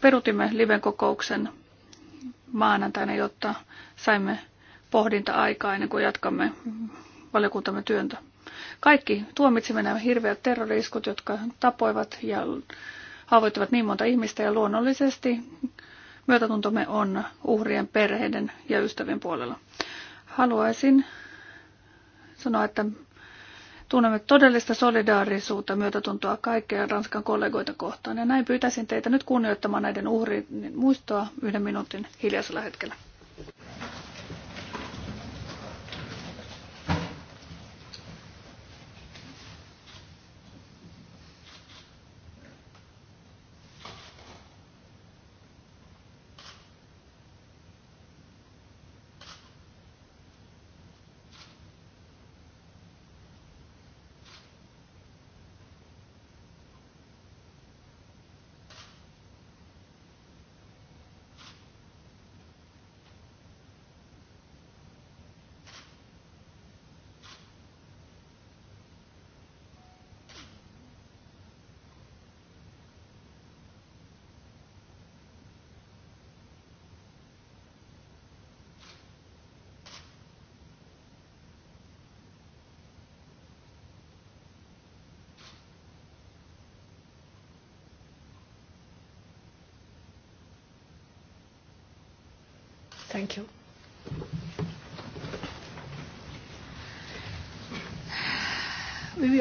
perutimme liven kokouksen maanantaina, jotta saimme pohdinta-aikaa ennen kuin jatkamme valiokuntamme työntä. Kaikki tuomitsimme nämä hirveät terroriiskut, jotka tapoivat ja haavoittivat niin monta ihmistä ja luonnollisesti myötätuntomme on uhrien perheiden ja ystävien puolella. Haluaisin sanoa, että Tunnemme todellista solidaarisuutta myötätuntoa kaikkea Ranskan kollegoita kohtaan. Ja näin pyytäisin teitä nyt kunnioittamaan näiden uhrien muistoa yhden minuutin hiljaisella hetkellä.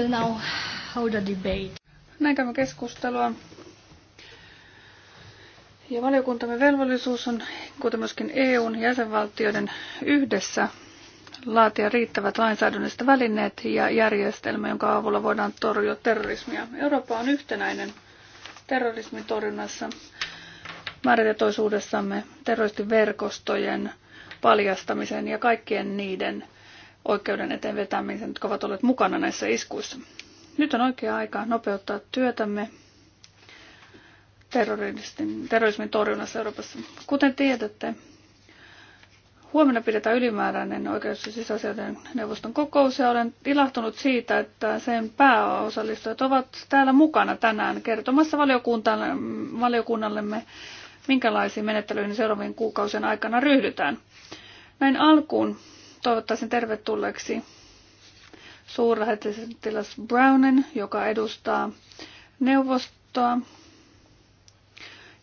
will now hold a debate. Näin käymme keskustelua. Ja valiokuntamme velvollisuus on, kuten myöskin EUn jäsenvaltioiden yhdessä, laatia riittävät lainsäädännölliset välineet ja järjestelmä, jonka avulla voidaan torjua terrorismia. Eurooppa on yhtenäinen terrorismin torjunnassa määrätietoisuudessamme terroristiverkostojen paljastamisen ja kaikkien niiden oikeuden eteen vetämisen, jotka ovat olleet mukana näissä iskuissa. Nyt on oikea aika nopeuttaa työtämme terrorismin, torjunnassa Euroopassa. Kuten tiedätte, huomenna pidetään ylimääräinen oikeus- ja sisäasioiden neuvoston kokous ja olen ilahtunut siitä, että sen pääosallistujat ovat täällä mukana tänään kertomassa valiokunnallemme, minkälaisiin menettelyihin seuraavien kuukausien aikana ryhdytään. Näin alkuun toivottaisin tervetulleeksi suurlähettiläs Brownen, joka edustaa neuvostoa.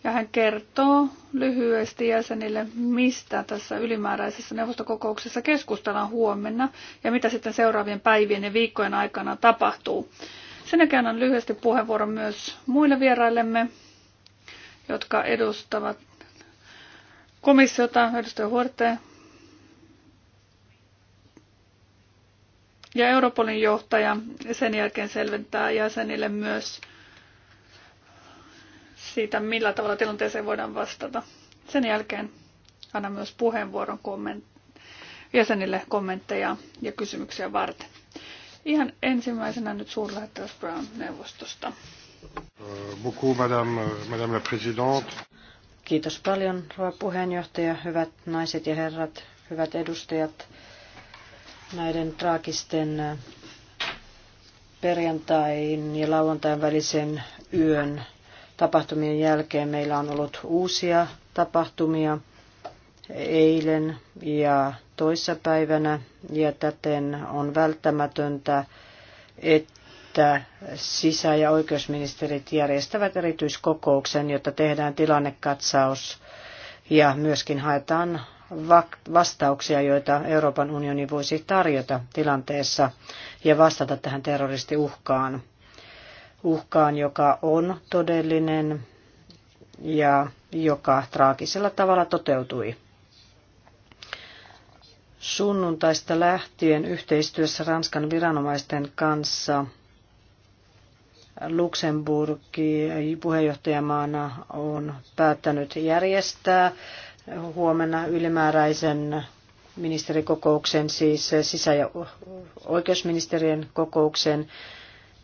Ja hän kertoo lyhyesti jäsenille, mistä tässä ylimääräisessä neuvostokokouksessa keskustellaan huomenna ja mitä sitten seuraavien päivien ja viikkojen aikana tapahtuu. Sen jälkeen on lyhyesti puheenvuoro myös muille vieraillemme, jotka edustavat komissiota, edustaja Huorte, Ja Europolin johtaja sen jälkeen selventää jäsenille myös siitä, millä tavalla tilanteeseen voidaan vastata. Sen jälkeen anna myös puheenvuoron komment- jäsenille kommentteja ja kysymyksiä varten. Ihan ensimmäisenä nyt suurlähettiläs Brown neuvostosta. Kiitos paljon, rouva puheenjohtaja, hyvät naiset ja herrat, hyvät edustajat näiden traagisten äh, perjantain ja lauantain välisen yön tapahtumien jälkeen meillä on ollut uusia tapahtumia eilen ja toissapäivänä ja täten on välttämätöntä, että sisä- ja oikeusministerit järjestävät erityiskokouksen, jotta tehdään tilannekatsaus ja myöskin haetaan vastauksia, joita Euroopan unioni voisi tarjota tilanteessa ja vastata tähän terroristiuhkaan. Uhkaan, joka on todellinen ja joka traagisella tavalla toteutui. Sunnuntaista lähtien yhteistyössä Ranskan viranomaisten kanssa Luxemburgin puheenjohtajamaana on päättänyt järjestää huomenna ylimääräisen ministerikokouksen, siis sisä- ja oikeusministerien kokouksen,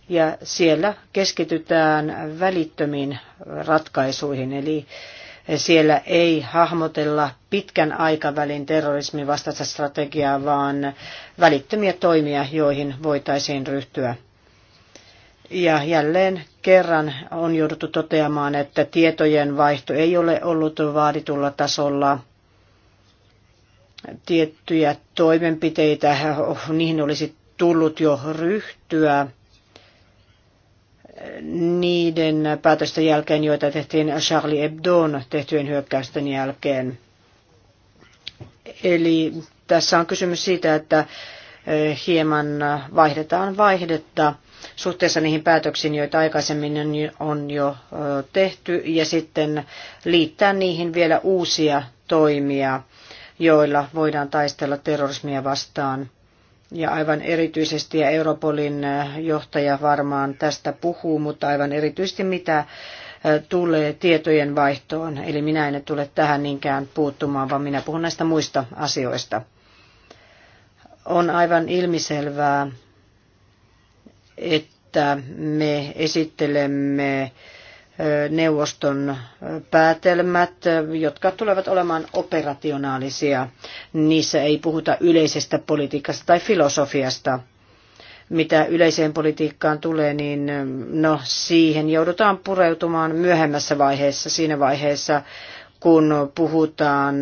ja siellä keskitytään välittömiin ratkaisuihin, eli siellä ei hahmotella pitkän aikavälin terrorismin vastaista strategiaa, vaan välittömiä toimia, joihin voitaisiin ryhtyä. Ja jälleen kerran on jouduttu toteamaan, että tietojen vaihto ei ole ollut vaaditulla tasolla. Tiettyjä toimenpiteitä, oh, niihin olisi tullut jo ryhtyä niiden päätösten jälkeen, joita tehtiin Charlie Hebdoon tehtyjen hyökkäysten jälkeen. Eli tässä on kysymys siitä, että eh, hieman vaihdetaan vaihdetta suhteessa niihin päätöksiin, joita aikaisemmin on jo tehty, ja sitten liittää niihin vielä uusia toimia, joilla voidaan taistella terrorismia vastaan. Ja aivan erityisesti, ja Europolin johtaja varmaan tästä puhuu, mutta aivan erityisesti mitä tulee tietojen vaihtoon. Eli minä en tule tähän niinkään puuttumaan, vaan minä puhun näistä muista asioista. On aivan ilmiselvää, että me esittelemme neuvoston päätelmät, jotka tulevat olemaan operationaalisia. Niissä ei puhuta yleisestä politiikasta tai filosofiasta. Mitä yleiseen politiikkaan tulee, niin no, siihen joudutaan pureutumaan myöhemmässä vaiheessa, siinä vaiheessa, kun puhutaan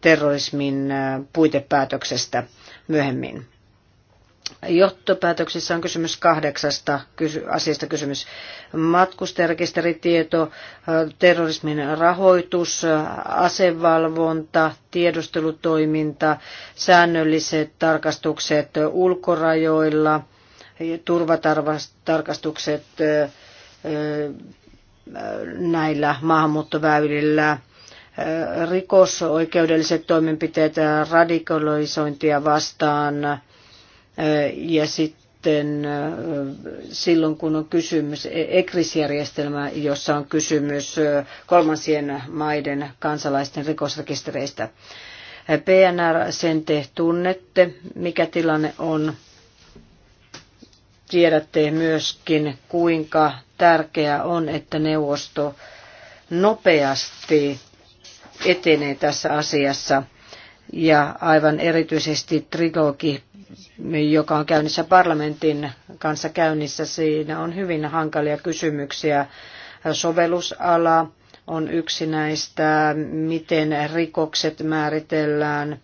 terrorismin puitepäätöksestä myöhemmin. Johtopäätöksissä on kysymys kahdeksasta asiasta kysymys. Matkustajarekisteritieto, terrorismin rahoitus, asevalvonta, tiedustelutoiminta, säännölliset tarkastukset ulkorajoilla, turvatarkastukset näillä maahanmuuttoväylillä, rikosoikeudelliset toimenpiteet radikalisointia vastaan, ja sitten silloin kun on kysymys ecris jossa on kysymys kolmansien maiden kansalaisten rikosrekistereistä. PNR, sen te tunnette, mikä tilanne on. Tiedätte myöskin, kuinka tärkeää on, että neuvosto nopeasti etenee tässä asiassa. Ja aivan erityisesti trilogi joka on käynnissä parlamentin kanssa käynnissä, siinä on hyvin hankalia kysymyksiä. Sovellusala on yksi näistä, miten rikokset määritellään –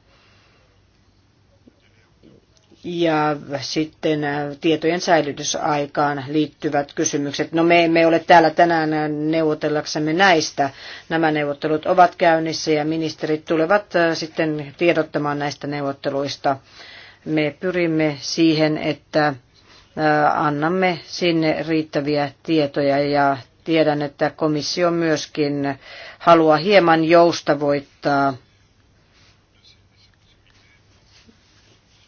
ja sitten tietojen säilytysaikaan liittyvät kysymykset. No me emme ole täällä tänään neuvotellaksemme näistä. Nämä neuvottelut ovat käynnissä ja ministerit tulevat sitten tiedottamaan näistä neuvotteluista me pyrimme siihen, että annamme sinne riittäviä tietoja ja tiedän, että komissio myöskin haluaa hieman joustavoittaa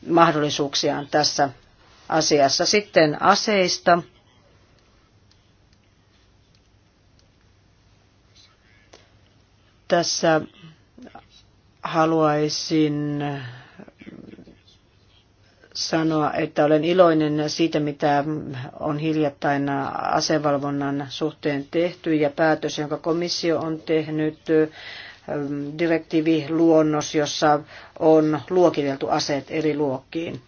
mahdollisuuksiaan tässä asiassa. Sitten aseista. Tässä haluaisin sanoa, että olen iloinen siitä, mitä on hiljattain asevalvonnan suhteen tehty ja päätös, jonka komissio on tehnyt ähm, direktiiviluonnos, jossa on luokiteltu aseet eri luokkiin.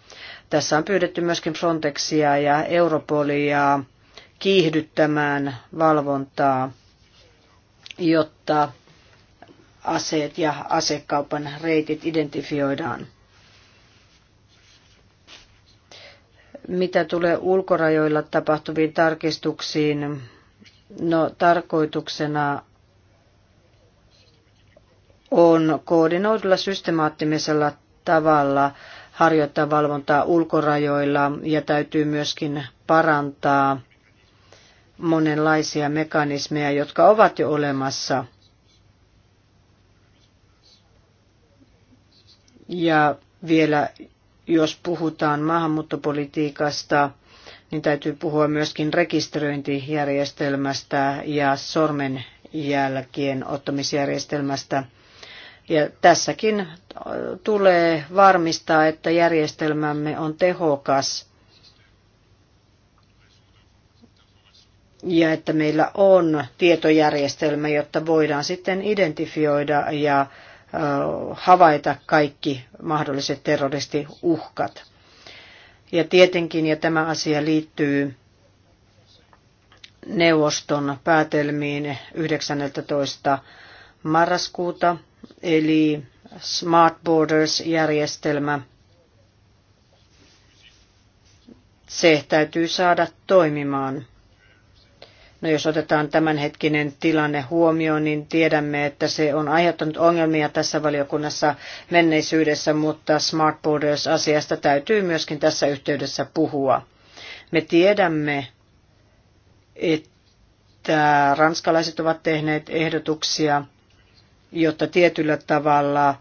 Tässä on pyydetty myöskin Frontexia ja Europolia kiihdyttämään valvontaa, jotta aseet ja asekaupan reitit identifioidaan. Mitä tulee ulkorajoilla tapahtuviin tarkistuksiin, no tarkoituksena on koordinoidulla systemaattisella tavalla harjoittaa valvontaa ulkorajoilla ja täytyy myöskin parantaa monenlaisia mekanismeja, jotka ovat jo olemassa. Ja vielä jos puhutaan maahanmuuttopolitiikasta, niin täytyy puhua myöskin rekisteröintijärjestelmästä ja sormenjälkien ottamisjärjestelmästä. Ja tässäkin tulee varmistaa, että järjestelmämme on tehokas ja että meillä on tietojärjestelmä, jotta voidaan sitten identifioida ja havaita kaikki mahdolliset terroristiuhkat. Ja tietenkin, ja tämä asia liittyy neuvoston päätelmiin 19. marraskuuta, eli Smart Borders-järjestelmä. Se täytyy saada toimimaan. No jos otetaan tämänhetkinen tilanne huomioon, niin tiedämme, että se on aiheuttanut ongelmia tässä valiokunnassa menneisyydessä, mutta Smart Borders-asiasta täytyy myöskin tässä yhteydessä puhua. Me tiedämme, että ranskalaiset ovat tehneet ehdotuksia, jotta tietyllä tavalla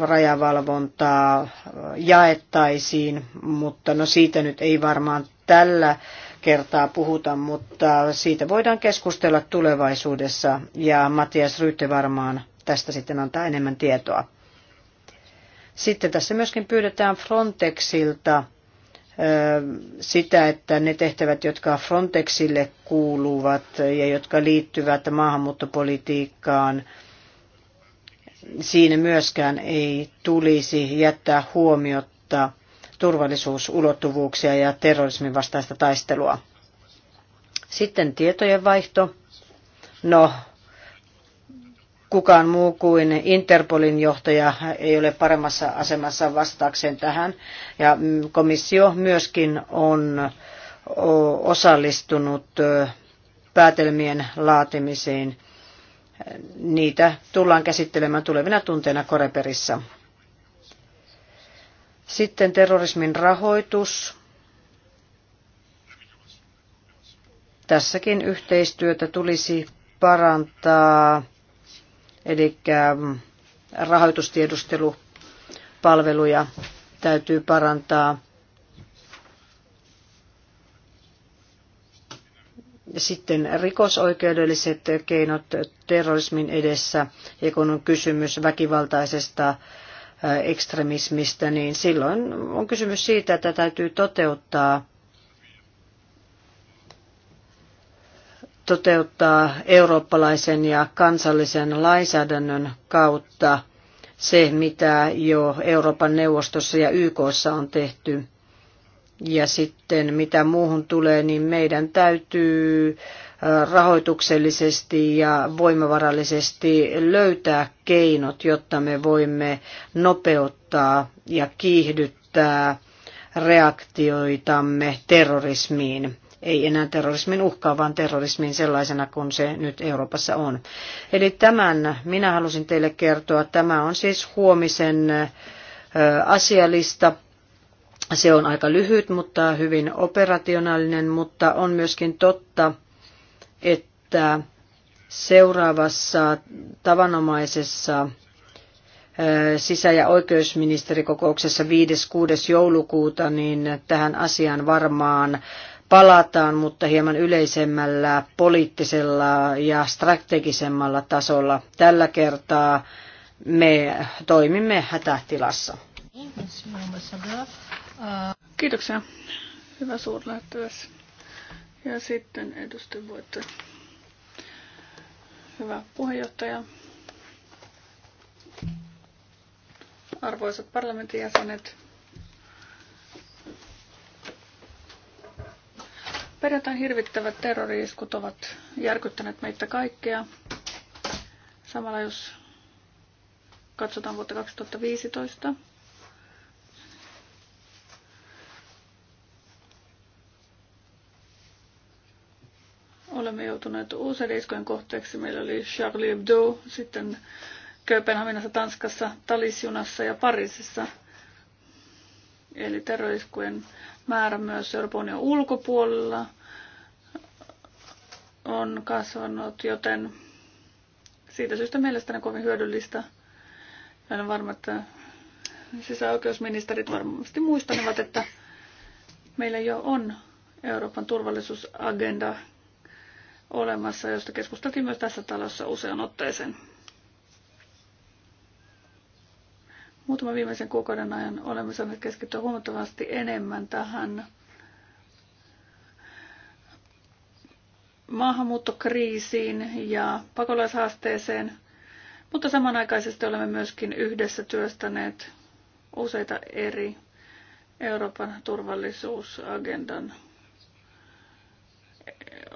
rajavalvontaa jaettaisiin, mutta no siitä nyt ei varmaan tällä kertaa puhuta, mutta siitä voidaan keskustella tulevaisuudessa ja Matias Ryytte varmaan tästä sitten antaa enemmän tietoa. Sitten tässä myöskin pyydetään Frontexilta sitä, että ne tehtävät, jotka Frontexille kuuluvat ja jotka liittyvät maahanmuuttopolitiikkaan, siinä myöskään ei tulisi jättää huomiota turvallisuusulottuvuuksia ja terrorismin vastaista taistelua. Sitten tietojen vaihto. No, kukaan muu kuin Interpolin johtaja ei ole paremmassa asemassa vastaakseen tähän. Ja komissio myöskin on osallistunut päätelmien laatimiseen. Niitä tullaan käsittelemään tulevina tunteina Koreperissa. Sitten terrorismin rahoitus. Tässäkin yhteistyötä tulisi parantaa, eli mm, rahoitustiedustelupalveluja täytyy parantaa. Sitten rikosoikeudelliset keinot terrorismin edessä, ja kun on kysymys väkivaltaisesta ekstremismistä, niin silloin on kysymys siitä, että täytyy toteuttaa toteuttaa eurooppalaisen ja kansallisen lainsäädännön kautta se, mitä jo Euroopan neuvostossa ja YKssa on tehty. Ja sitten mitä muuhun tulee, niin meidän täytyy rahoituksellisesti ja voimavarallisesti löytää keinot, jotta me voimme nopeuttaa ja kiihdyttää reaktioitamme terrorismiin. Ei enää terrorismin uhkaa, vaan terrorismin sellaisena kuin se nyt Euroopassa on. Eli tämän minä halusin teille kertoa. Tämä on siis huomisen asialista. Se on aika lyhyt, mutta hyvin operationaalinen, mutta on myöskin totta, että seuraavassa tavanomaisessa sisä- ja oikeusministerikokouksessa 5.6. joulukuuta, niin tähän asiaan varmaan palataan, mutta hieman yleisemmällä poliittisella ja strategisemmalla tasolla. Tällä kertaa me toimimme hätätilassa. Kiitoksia. Hyvä suurlähettiläs. Ja sitten edustaja Vuotta. Hyvä puheenjohtaja. Arvoisat parlamentin jäsenet. Perjantain hirvittävät terroriiskut ovat järkyttäneet meitä kaikkea. Samalla jos katsotaan vuotta 2015, olemme joutuneet uusien iskujen kohteeksi. Meillä oli Charlie Hebdo, sitten Kööpenhaminassa, Tanskassa, Talisjunassa ja Pariisissa. Eli terroriskujen määrä myös Euroopan unionin ulkopuolella on kasvanut, joten siitä syystä mielestäni kovin hyödyllistä. olen varma, että sisäoikeusministerit varmasti muistanevat, että meillä jo on Euroopan turvallisuusagenda olemassa, josta keskusteltiin myös tässä talossa usean otteeseen. Muutaman viimeisen kuukauden ajan olemme saaneet keskittyä huomattavasti enemmän tähän maahanmuuttokriisiin ja pakolaishaasteeseen, mutta samanaikaisesti olemme myöskin yhdessä työstäneet useita eri Euroopan turvallisuusagendan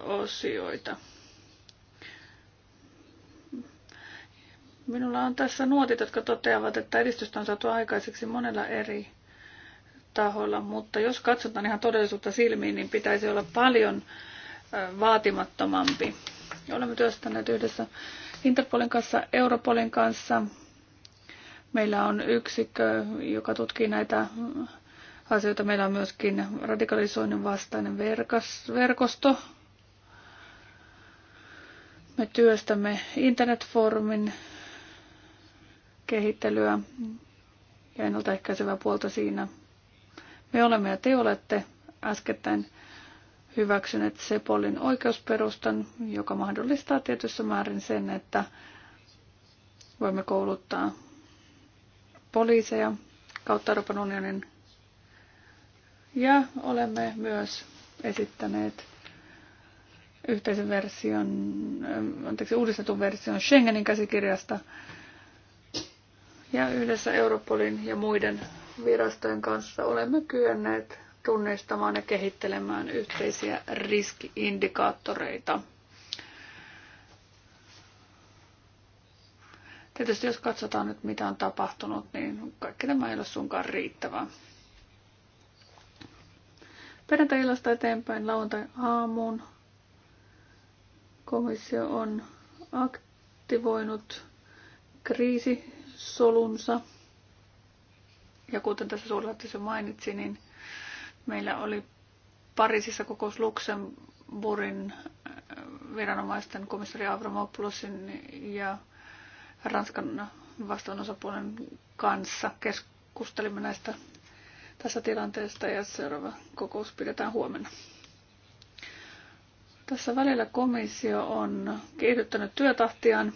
osioita. Minulla on tässä nuotit, jotka toteavat, että edistystä on saatu aikaiseksi monella eri tahoilla, mutta jos katsotaan ihan todellisuutta silmiin, niin pitäisi olla paljon vaatimattomampi. Olemme työstäneet yhdessä Interpolin kanssa, Europolin kanssa. Meillä on yksikkö, joka tutkii näitä asioita. Meillä on myöskin radikalisoinnin vastainen verkosto. Me työstämme internetfoorumin kehittelyä ja ennaltaehkäisevää puolta siinä. Me olemme ja te olette äskettäin hyväksyneet Sepolin oikeusperustan, joka mahdollistaa tietyssä määrin sen, että voimme kouluttaa poliiseja kautta Euroopan unionin ja olemme myös esittäneet yhteisen version, anteeksi, uudistetun version Schengenin käsikirjasta ja yhdessä Europolin ja muiden virastojen kanssa olemme kyenneet tunnistamaan ja kehittelemään yhteisiä riskiindikaattoreita. Tietysti jos katsotaan nyt mitä on tapahtunut, niin kaikki tämä ei ole sunkaan riittävää. Perjantai-illasta eteenpäin lauantai-aamuun komissio on aktivoinut kriisisolunsa. Ja kuten tässä suurlähettössä mainitsi, niin meillä oli Pariisissa kokous Luxemburgin äh, viranomaisten komissari Avramopoulosin ja Ranskan vastaan osapuolen kanssa. Keskustelimme näistä tässä tilanteesta ja seuraava kokous pidetään huomenna. Tässä välillä komissio on kiihdyttänyt työtahtiaan.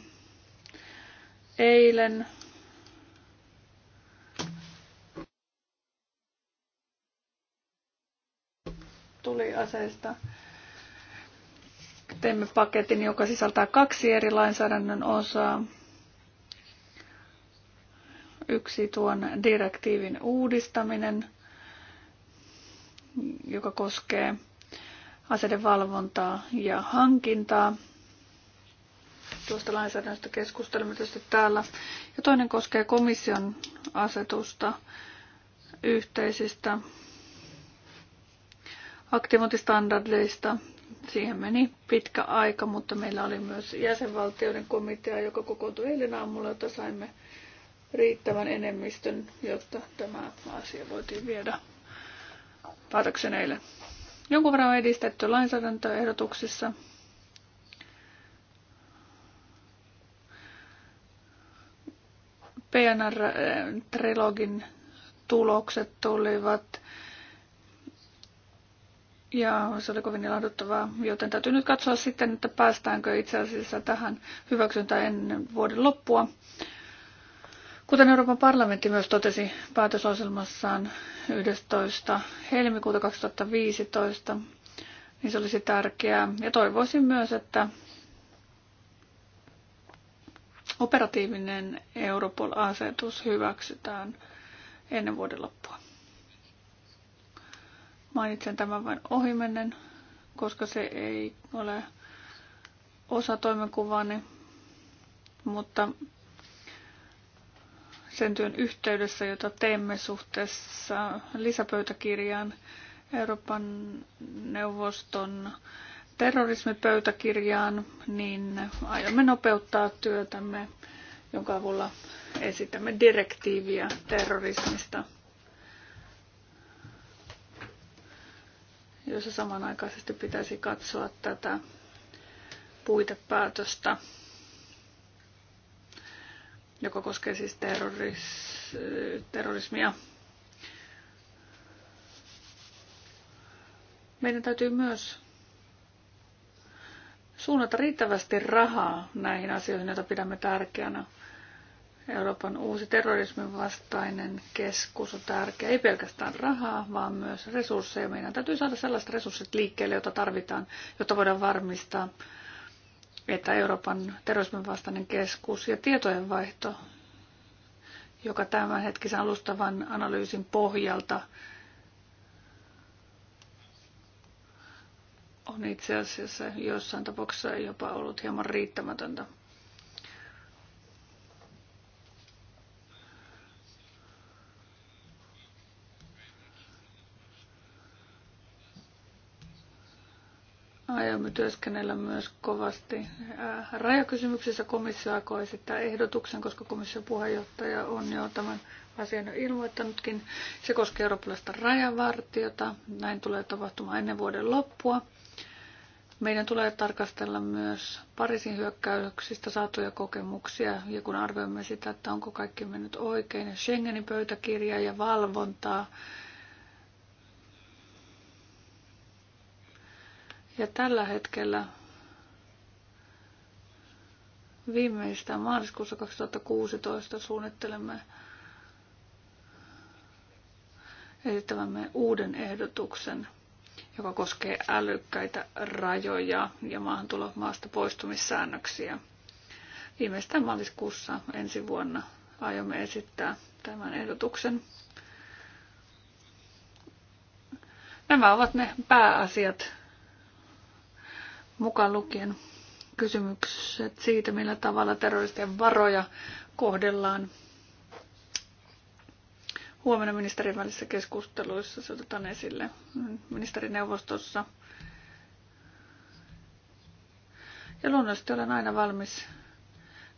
Eilen tuli aseista teemme paketin, joka sisältää kaksi eri lainsäädännön osaa. Yksi tuon direktiivin uudistaminen, joka koskee aseiden valvontaa ja hankintaa. Tuosta lainsäädännöstä keskustelemme tietysti täällä. Ja toinen koskee komission asetusta yhteisistä aktivointistandardeista. Siihen meni pitkä aika, mutta meillä oli myös jäsenvaltioiden komitea, joka kokoontui eilen aamulla, jota saimme riittävän enemmistön, jotta tämä asia voitiin viedä päätöksen Jonkun verran on edistetty lainsäädäntöehdotuksissa. PNR-trilogin eh, tulokset tulivat ja se oli kovin ilahduttavaa, joten täytyy nyt katsoa sitten, että päästäänkö itse asiassa tähän hyväksyntään ennen vuoden loppua. Kuten Euroopan parlamentti myös totesi päätösohjelmassaan 11. helmikuuta 2015, niin se olisi tärkeää. Ja toivoisin myös, että operatiivinen Europol-asetus hyväksytään ennen vuoden loppua. Mainitsen tämän vain ohimennen, koska se ei ole osa toimenkuvani, mutta sen työn yhteydessä, jota teemme suhteessa lisäpöytäkirjaan Euroopan neuvoston terrorismipöytäkirjaan, niin aiomme nopeuttaa työtämme, jonka avulla esitämme direktiiviä terrorismista, jossa samanaikaisesti pitäisi katsoa tätä puitepäätöstä joka koskee siis terroris, terrorismia. Meidän täytyy myös suunnata riittävästi rahaa näihin asioihin, joita pidämme tärkeänä. Euroopan uusi terrorismin vastainen keskus on tärkeä. Ei pelkästään rahaa, vaan myös resursseja. Meidän täytyy saada sellaiset resurssit liikkeelle, joita tarvitaan, jotta voidaan varmistaa että Euroopan terrorismin vastainen keskus ja tietojenvaihto, joka tämän hetkisen alustavan analyysin pohjalta on itse asiassa jossain tapauksessa jopa ollut hieman riittämätöntä. olemme työskennellä myös kovasti. Äh, rajakysymyksissä komissio aikoo esittää ehdotuksen, koska komission puheenjohtaja on jo tämän asian jo ilmoittanutkin. Se koskee eurooppalaista rajavartiota. Näin tulee tapahtumaan ennen vuoden loppua. Meidän tulee tarkastella myös Pariisin hyökkäyksistä saatuja kokemuksia ja kun arvioimme sitä, että onko kaikki mennyt oikein, Schengenin pöytäkirjaa ja valvontaa, Ja tällä hetkellä viimeistään maaliskuussa 2016 suunnittelemme esittävämme uuden ehdotuksen, joka koskee älykkäitä rajoja ja maahantulo maasta poistumissäännöksiä. Viimeistään maaliskuussa ensi vuonna aiomme esittää tämän ehdotuksen. Nämä ovat ne pääasiat, mukaan lukien kysymykset siitä, millä tavalla terroristien varoja kohdellaan. Huomenna ministerin välissä keskusteluissa se otetaan esille ministerineuvostossa. Ja luonnollisesti olen aina valmis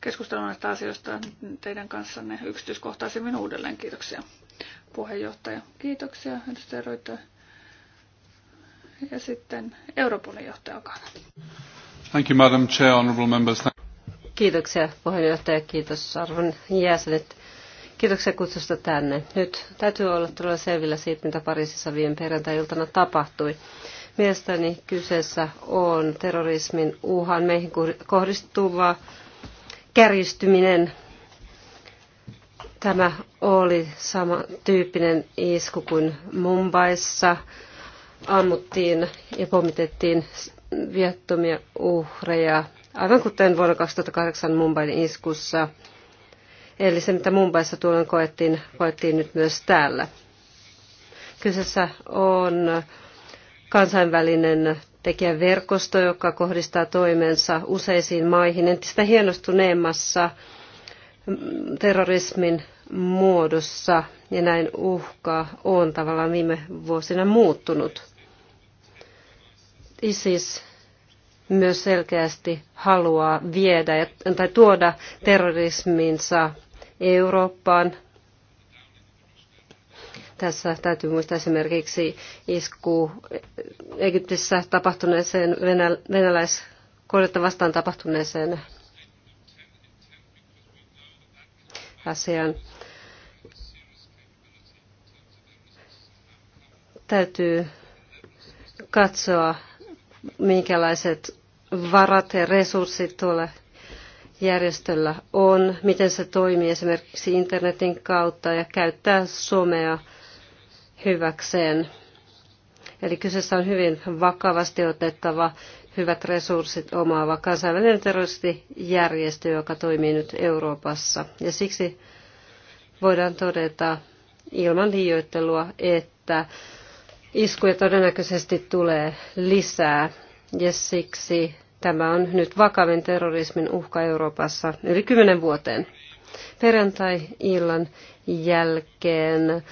keskustelemaan näistä asioista teidän kanssanne yksityiskohtaisemmin uudelleen. Kiitoksia puheenjohtaja. Kiitoksia edustaja Roita ja sitten Europolin johtaja Okana. Thank you, Madam Chair, honourable members. Kiitoksia puheenjohtaja, kiitos arvon jäsenet. Kiitoksia kutsusta tänne. Nyt täytyy olla todella selvillä siitä, mitä Pariisissa viime perjantai-iltana tapahtui. Mielestäni kyseessä on terrorismin uhan meihin kohdistuva kärjistyminen. Tämä oli sama tyyppinen isku kuin Mumbaissa ammuttiin ja pommitettiin viattomia uhreja, aivan kuten vuonna 2008 Mumbain iskussa. Eli se, mitä Mumbaissa tuolloin koettiin, koettiin nyt myös täällä. Kyseessä on kansainvälinen tekijäverkosto, joka kohdistaa toimensa useisiin maihin entistä hienostuneemmassa terrorismin muodossa, ja näin uhka on tavallaan viime vuosina muuttunut. ISIS myös selkeästi haluaa viedä tai tuoda terrorisminsa Eurooppaan. Tässä täytyy muistaa esimerkiksi isku Egyptissä tapahtuneeseen venäläiskohdetta vastaan tapahtuneeseen asiaan. Täytyy katsoa minkälaiset varat ja resurssit tuolla järjestöllä on, miten se toimii esimerkiksi internetin kautta ja käyttää somea hyväkseen. Eli kyseessä on hyvin vakavasti otettava, hyvät resurssit omaava kansainvälinen terroristijärjestö, joka toimii nyt Euroopassa. Ja siksi voidaan todeta ilman liioittelua, että Iskuja todennäköisesti tulee lisää ja siksi tämä on nyt vakavin terrorismin uhka Euroopassa yli kymmenen vuoteen. Perjantai-illan jälkeen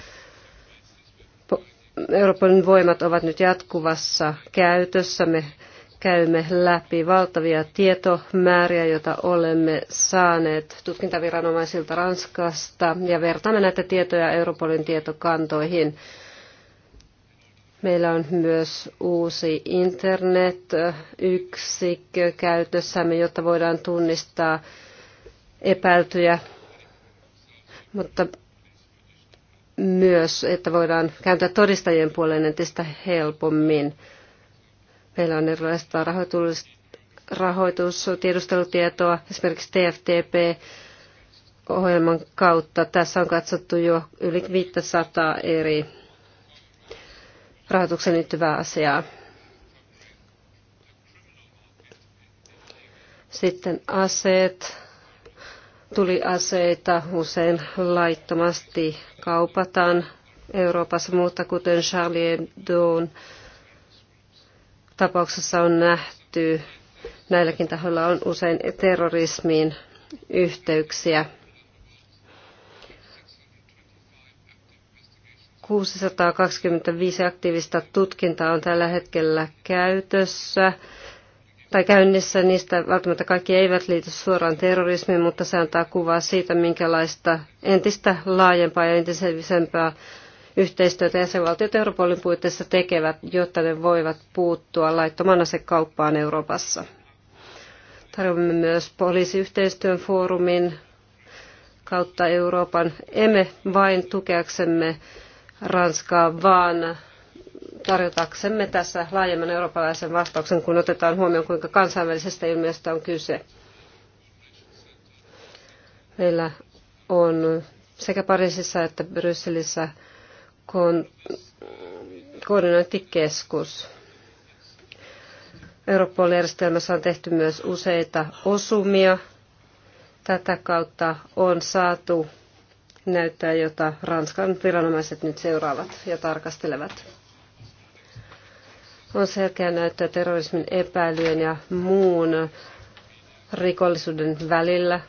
Euroopan voimat ovat nyt jatkuvassa käytössä. Me käymme läpi valtavia tietomääriä, joita olemme saaneet tutkintaviranomaisilta Ranskasta ja vertaamme näitä tietoja Europolin tietokantoihin. Meillä on myös uusi internet-yksikkö käytössämme, jotta voidaan tunnistaa epäiltyjä, mutta myös, että voidaan kääntää todistajien puoleen entistä helpommin. Meillä on erilaista rahoitustiedustelutietoa, rahoitus tiedustelutietoa, esimerkiksi TFTP, ohjelman kautta. Tässä on katsottu jo yli 500 eri rahoitukseen liittyvää asiaa. Sitten aseet. Tuli aseita usein laittomasti kaupataan Euroopassa, mutta kuten Charlie Hebdoon tapauksessa on nähty, näilläkin tahoilla on usein terrorismiin yhteyksiä. 625 aktiivista tutkintaa on tällä hetkellä käytössä tai käynnissä. Niistä välttämättä kaikki eivät liity suoraan terrorismiin, mutta se antaa kuvaa siitä, minkälaista entistä laajempaa ja intensiivisempää yhteistyötä jäsenvaltiot Europolin puitteissa tekevät, jotta ne voivat puuttua laittoman asekauppaan Euroopassa. Tarjoamme myös poliisiyhteistyön foorumin kautta Euroopan. Emme vain tukeaksemme Ranskaa, vaan tarjotaksemme tässä laajemman eurooppalaisen vastauksen, kun otetaan huomioon, kuinka kansainvälisestä ilmiöstä on kyse. Meillä on sekä Pariisissa että Brysselissä kon- koordinointikeskus. Europol-järjestelmässä on tehty myös useita osumia. Tätä kautta on saatu näyttää, jota Ranskan viranomaiset nyt seuraavat ja tarkastelevat. On selkeä näyttää terrorismin epäilyjen ja muun rikollisuuden välillä.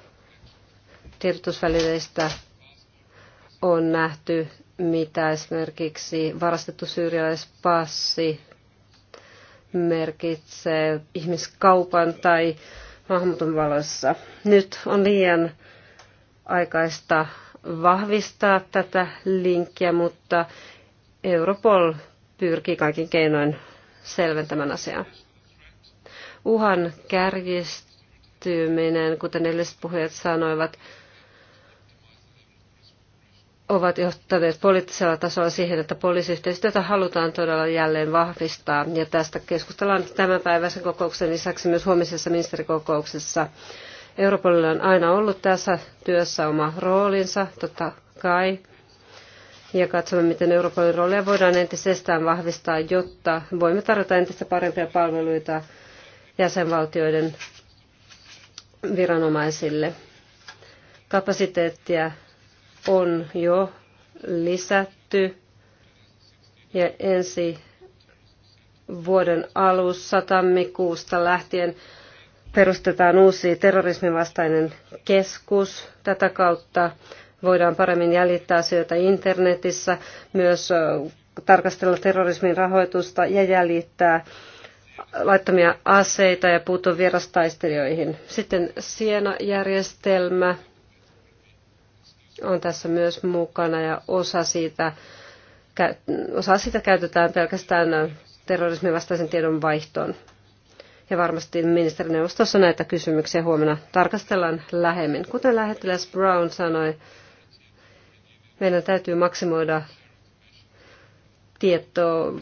Tiedotusvälineistä on nähty, mitä esimerkiksi varastettu syyrialaispassi merkitsee ihmiskaupan tai maahanmuuton valossa. Nyt on liian aikaista vahvistaa tätä linkkiä, mutta Europol pyrkii kaikin keinoin selventämään asiaa. Uhan kärjistyminen, kuten edelliset puhujat sanoivat, ovat johtaneet poliittisella tasolla siihen, että poliisiyhteistyötä halutaan todella jälleen vahvistaa. Ja tästä keskustellaan tämän päiväisen kokouksen lisäksi myös huomisessa ministerikokouksessa Europolilla on aina ollut tässä työssä oma roolinsa, totta kai. Ja katsomme, miten Europolin roolia voidaan entisestään vahvistaa, jotta voimme tarjota entistä parempia palveluita jäsenvaltioiden viranomaisille. Kapasiteettia on jo lisätty ja ensi vuoden alussa tammikuusta lähtien perustetaan uusi terrorisminvastainen keskus. Tätä kautta voidaan paremmin jäljittää asioita internetissä, myös tarkastella terrorismin rahoitusta ja jäljittää laittomia aseita ja puuttua vierastaistelijoihin. Sitten Siena-järjestelmä on tässä myös mukana ja osa siitä, osa siitä käytetään pelkästään terrorismin vastaisen tiedon vaihtoon. Ja varmasti ministerineuvostossa näitä kysymyksiä huomenna tarkastellaan lähemmin. Kuten lähettiläs Brown sanoi, meidän täytyy maksimoida tieto,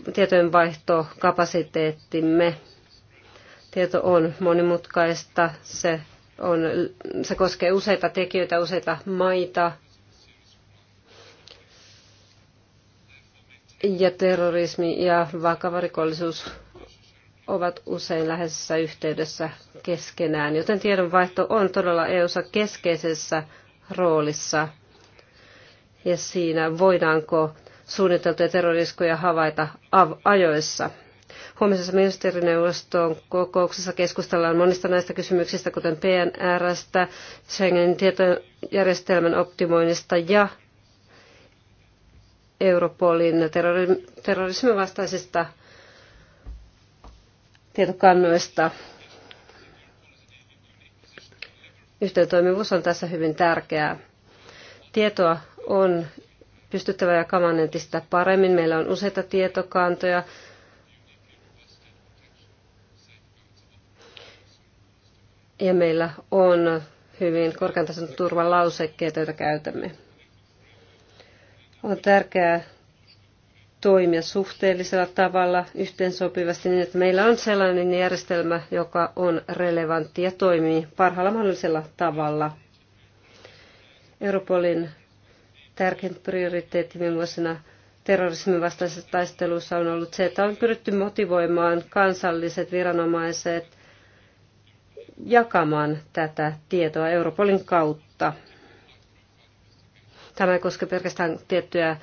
vaihtokapasiteettimme. Tieto on monimutkaista, se, on, se koskee useita tekijöitä, useita maita. Ja terrorismi ja vakavarikollisuus rikollisuus ovat usein läheisessä yhteydessä keskenään, joten tiedonvaihto on todella EU:ssa keskeisessä roolissa ja siinä voidaanko suunniteltuja terroriskoja havaita ajoissa. Huomisessa ministerineuvoston kokouksessa keskustellaan monista näistä kysymyksistä, kuten PNRstä, Schengenin tietojärjestelmän optimoinnista ja Europolin terrorismin vastaisista tietokannoista. Yhteentoimivuus on tässä hyvin tärkeää. Tietoa on pystyttävä jakamaan entistä paremmin. Meillä on useita tietokantoja. Ja meillä on hyvin korkean tason turvalausekkeita, joita käytämme. On tärkeää toimia suhteellisella tavalla yhteensopivasti niin, että meillä on sellainen järjestelmä, joka on relevantti ja toimii parhaalla mahdollisella tavalla. Europolin tärkein prioriteetti viime vuosina terrorismin vastaisessa taistelussa on ollut se, että on pyritty motivoimaan kansalliset viranomaiset jakamaan tätä tietoa Europolin kautta. Tämä ei koske pelkästään tiettyjä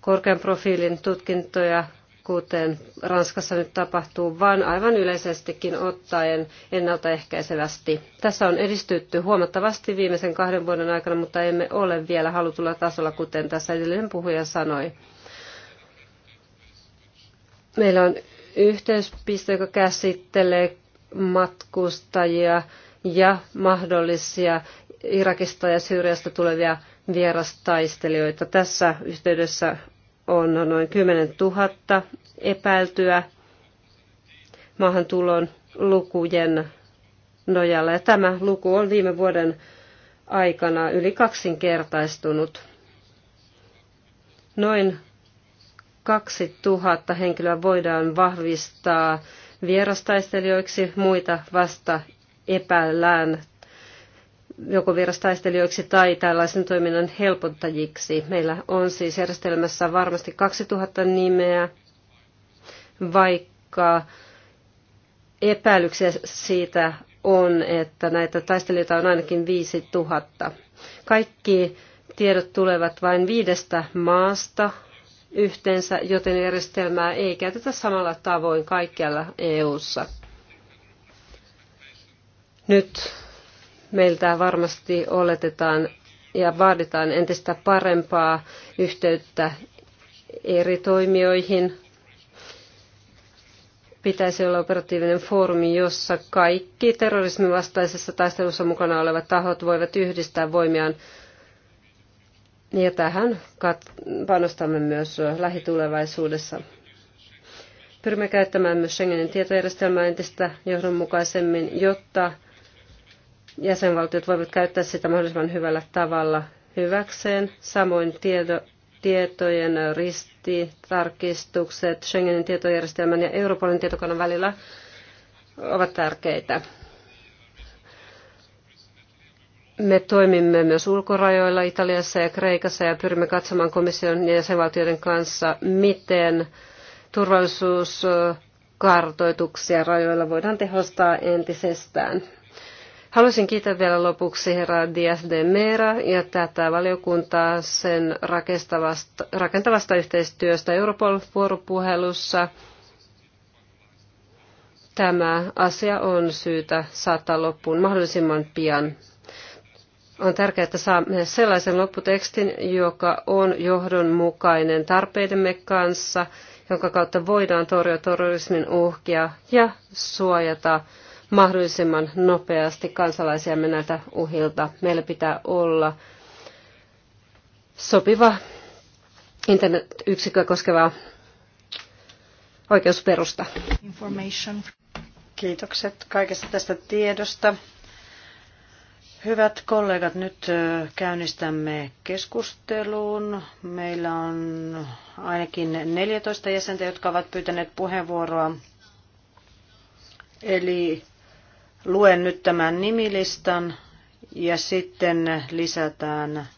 korkean profiilin tutkintoja, kuten Ranskassa nyt tapahtuu, vaan aivan yleisestikin ottaen ennaltaehkäisevästi. Tässä on edistytty huomattavasti viimeisen kahden vuoden aikana, mutta emme ole vielä halutulla tasolla, kuten tässä edellinen puhuja sanoi. Meillä on yhteyspiste, joka käsittelee matkustajia ja mahdollisia Irakista ja Syyriasta tulevia vierastaistelijoita. Tässä yhteydessä on noin 10 000 epäiltyä maahantulon lukujen nojalla. Ja tämä luku on viime vuoden aikana yli kaksinkertaistunut. Noin 2000 henkilöä voidaan vahvistaa vierastaistelijoiksi, muita vasta epäillään joko vierastaistelijoiksi tai tällaisen toiminnan helpottajiksi. Meillä on siis järjestelmässä varmasti 2000 nimeä, vaikka epäilyksiä siitä on, että näitä taistelijoita on ainakin 5000. Kaikki tiedot tulevat vain viidestä maasta yhteensä, joten järjestelmää ei käytetä samalla tavoin kaikkialla EU:ssa. Nyt Meiltä varmasti oletetaan ja vaaditaan entistä parempaa yhteyttä eri toimijoihin. Pitäisi olla operatiivinen foorumi, jossa kaikki terrorismin vastaisessa taistelussa mukana olevat tahot voivat yhdistää voimiaan. Ja tähän panostamme myös lähitulevaisuudessa. Pyrimme käyttämään myös Schengenin tietojärjestelmää entistä johdonmukaisemmin, jotta jäsenvaltiot voivat käyttää sitä mahdollisimman hyvällä tavalla hyväkseen. Samoin tieto, tietojen ristitarkistukset Schengenin tietojärjestelmän ja Europolin tietokannan välillä ovat tärkeitä. Me toimimme myös ulkorajoilla Italiassa ja Kreikassa ja pyrimme katsomaan komission ja jäsenvaltioiden kanssa, miten turvallisuuskartoituksia rajoilla voidaan tehostaa entisestään. Haluaisin kiittää vielä lopuksi herra Diaz de Mera ja tätä valiokuntaa sen rakentavasta yhteistyöstä Europol-vuoropuhelussa. Tämä asia on syytä saattaa loppuun mahdollisimman pian. On tärkeää, että saamme sellaisen lopputekstin, joka on johdonmukainen tarpeidemme kanssa, jonka kautta voidaan torjua terrorismin uhkia ja suojata mahdollisimman nopeasti kansalaisiamme näiltä uhilta. Meillä pitää olla sopiva internetyksikkö koskeva oikeusperusta. Information. Kiitokset kaikesta tästä tiedosta. Hyvät kollegat, nyt käynnistämme keskusteluun. Meillä on ainakin 14 jäsentä, jotka ovat pyytäneet puheenvuoroa. Eli Luen nyt tämän nimilistan ja sitten lisätään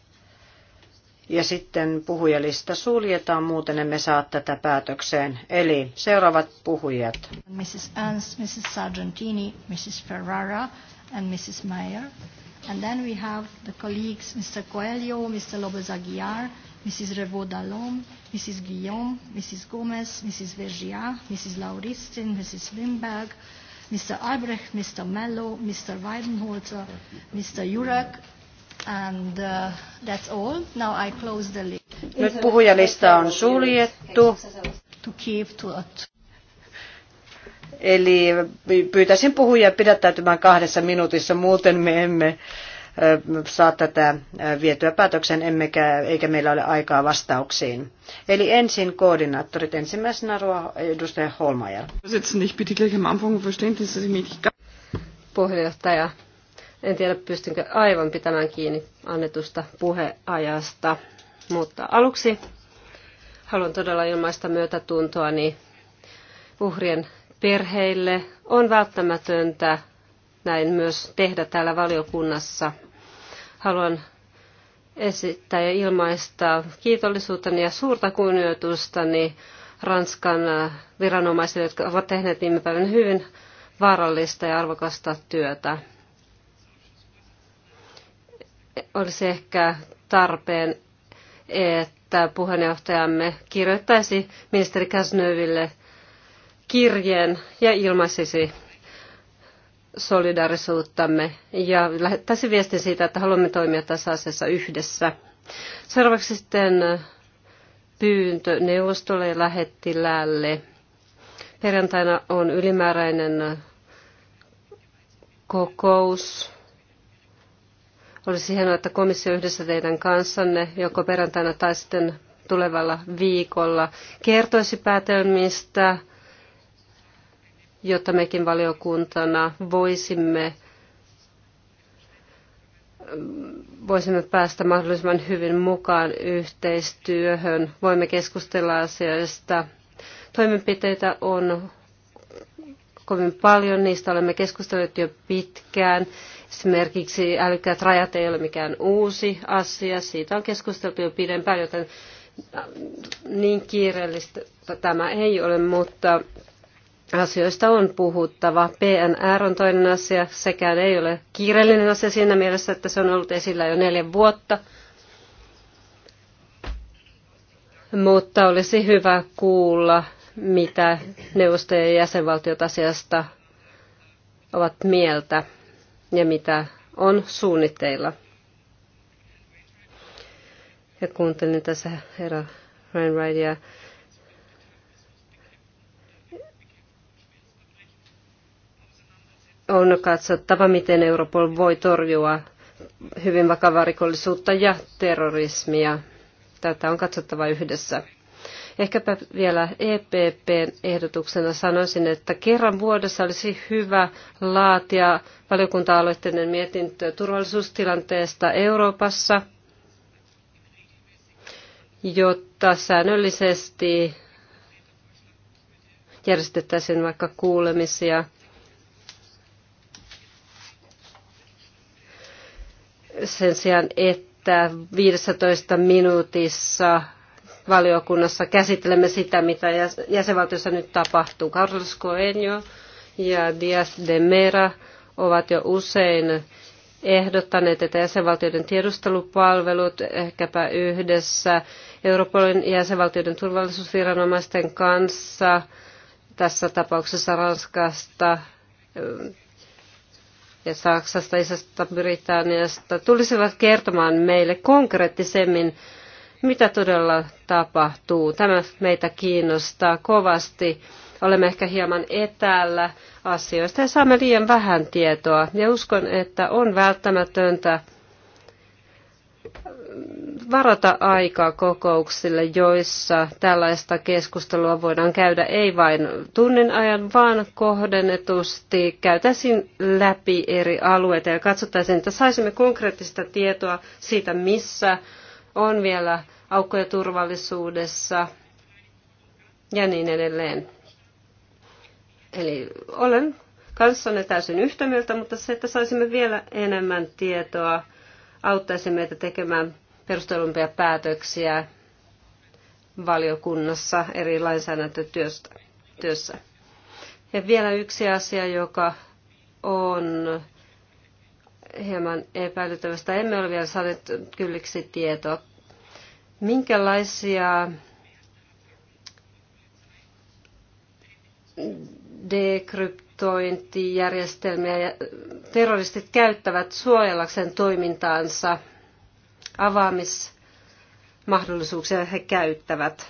ja sitten puhujalista suljetaan, muuten emme saa tätä päätökseen. Eli seuraavat puhujat. Mrs. Ernst, Mrs. Sargentini, Mrs. Ferrara and Mrs. Meyer. And then we have the colleagues Mr. Coelho, Mr. Lopez Aguiar, Mrs. Revaud Dallon, Mrs. Guillaume, Mrs. Gomez, Mrs. Vergia, Mrs. Lauristin, Mrs. Wimberg, Mr. Albrecht, Mr. Mello, Mr. Weidenholzer, Mr. Jurek, and uh, that's all. Now I close the list. Nyt puhujalista on suljettu. To keep to a Eli pyytäisin puhujia pidättäytymään kahdessa minuutissa, muuten me emme saa tätä vietyä päätöksen, emmekä, eikä meillä ole aikaa vastauksiin. Eli ensin koordinaattorit. Ensimmäisenä ruoa edustaja Holmajer. Um Puheenjohtaja, en tiedä pystynkö aivan pitämään kiinni annetusta puheajasta, mutta aluksi haluan todella ilmaista myötätuntoani uhrien perheille. On välttämätöntä näin myös tehdä täällä valiokunnassa – Haluan esittää ja ilmaista kiitollisuuteni ja suurta kunnioitustani Ranskan äh, viranomaisille, jotka ovat tehneet viime päivänä hyvin vaarallista ja arvokasta työtä. Olisi ehkä tarpeen, että puheenjohtajamme kirjoittaisi ministeri Käsnöville kirjeen ja ilmaisisi solidarisuuttamme ja lähettäisi viestin siitä, että haluamme toimia tässä asiassa yhdessä. Seuraavaksi sitten pyyntö neuvostolle ja lähettilälle. Perjantaina on ylimääräinen kokous. Olisi hienoa, että komissio yhdessä teidän kanssanne, joko perjantaina tai sitten tulevalla viikolla, kertoisi päätelmistä – jotta mekin valiokuntana voisimme, voisimme päästä mahdollisimman hyvin mukaan yhteistyöhön. Voimme keskustella asioista. Toimenpiteitä on kovin paljon, niistä olemme keskustelleet jo pitkään. Esimerkiksi älykkäät rajat ei ole mikään uusi asia, siitä on keskusteltu jo pidempään, joten niin kiireellistä tämä ei ole, mutta asioista on puhuttava. PNR on toinen asia, sekään ei ole kiireellinen asia siinä mielessä, että se on ollut esillä jo neljä vuotta. Mutta olisi hyvä kuulla, mitä neuvostojen jäsenvaltiot asiasta ovat mieltä ja mitä on suunnitteilla. Ja kuuntelin tässä herra Reinwrightia on katsottava, miten Europol voi torjua hyvin vakavaa rikollisuutta ja terrorismia. Tätä on katsottava yhdessä. Ehkäpä vielä EPP-ehdotuksena sanoisin, että kerran vuodessa olisi hyvä laatia valiokunta-aloitteinen mietintö turvallisuustilanteesta Euroopassa, jotta säännöllisesti järjestettäisiin vaikka kuulemisia – sen sijaan, että 15 minuutissa valiokunnassa käsittelemme sitä, mitä jäsenvaltiossa nyt tapahtuu. Carlos Coelho ja Diaz de Mera ovat jo usein ehdottaneet, että jäsenvaltioiden tiedustelupalvelut ehkäpä yhdessä Europolin jäsenvaltioiden turvallisuusviranomaisten kanssa, tässä tapauksessa Ranskasta, ja Saksasta, Isästä, Britanniasta tulisivat kertomaan meille konkreettisemmin, mitä todella tapahtuu. Tämä meitä kiinnostaa kovasti. Olemme ehkä hieman etäällä asioista ja saamme liian vähän tietoa. Ja uskon, että on välttämätöntä varata aikaa kokouksille, joissa tällaista keskustelua voidaan käydä ei vain tunnin ajan, vaan kohdennetusti käytäisiin läpi eri alueita ja katsottaisiin, että saisimme konkreettista tietoa siitä, missä on vielä aukkoja turvallisuudessa ja niin edelleen. Eli olen kanssanne täysin yhtä mieltä, mutta se, että saisimme vielä enemmän tietoa, auttaisi meitä tekemään perustellumpia päätöksiä valiokunnassa eri lainsäädäntötyössä. Ja vielä yksi asia, joka on hieman epäilyttävästä. Emme ole vielä saaneet kylliksi tietoa. Minkälaisia dekryptointijärjestelmiä terroristit käyttävät suojellakseen toimintaansa – avaamismahdollisuuksia he käyttävät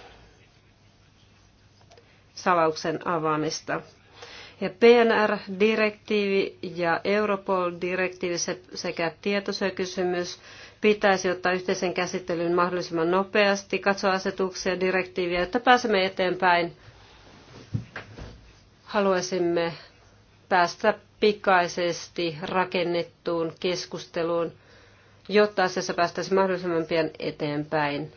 salauksen avaamista. Ja PNR-direktiivi ja Europol-direktiivi sekä tietosyökysymys pitäisi ottaa yhteisen käsittelyyn mahdollisimman nopeasti, katsoa asetuksia ja direktiiviä, jotta pääsemme eteenpäin. Haluaisimme päästä pikaisesti rakennettuun keskusteluun jotta asiassa päästäisiin mahdollisimman pian eteenpäin.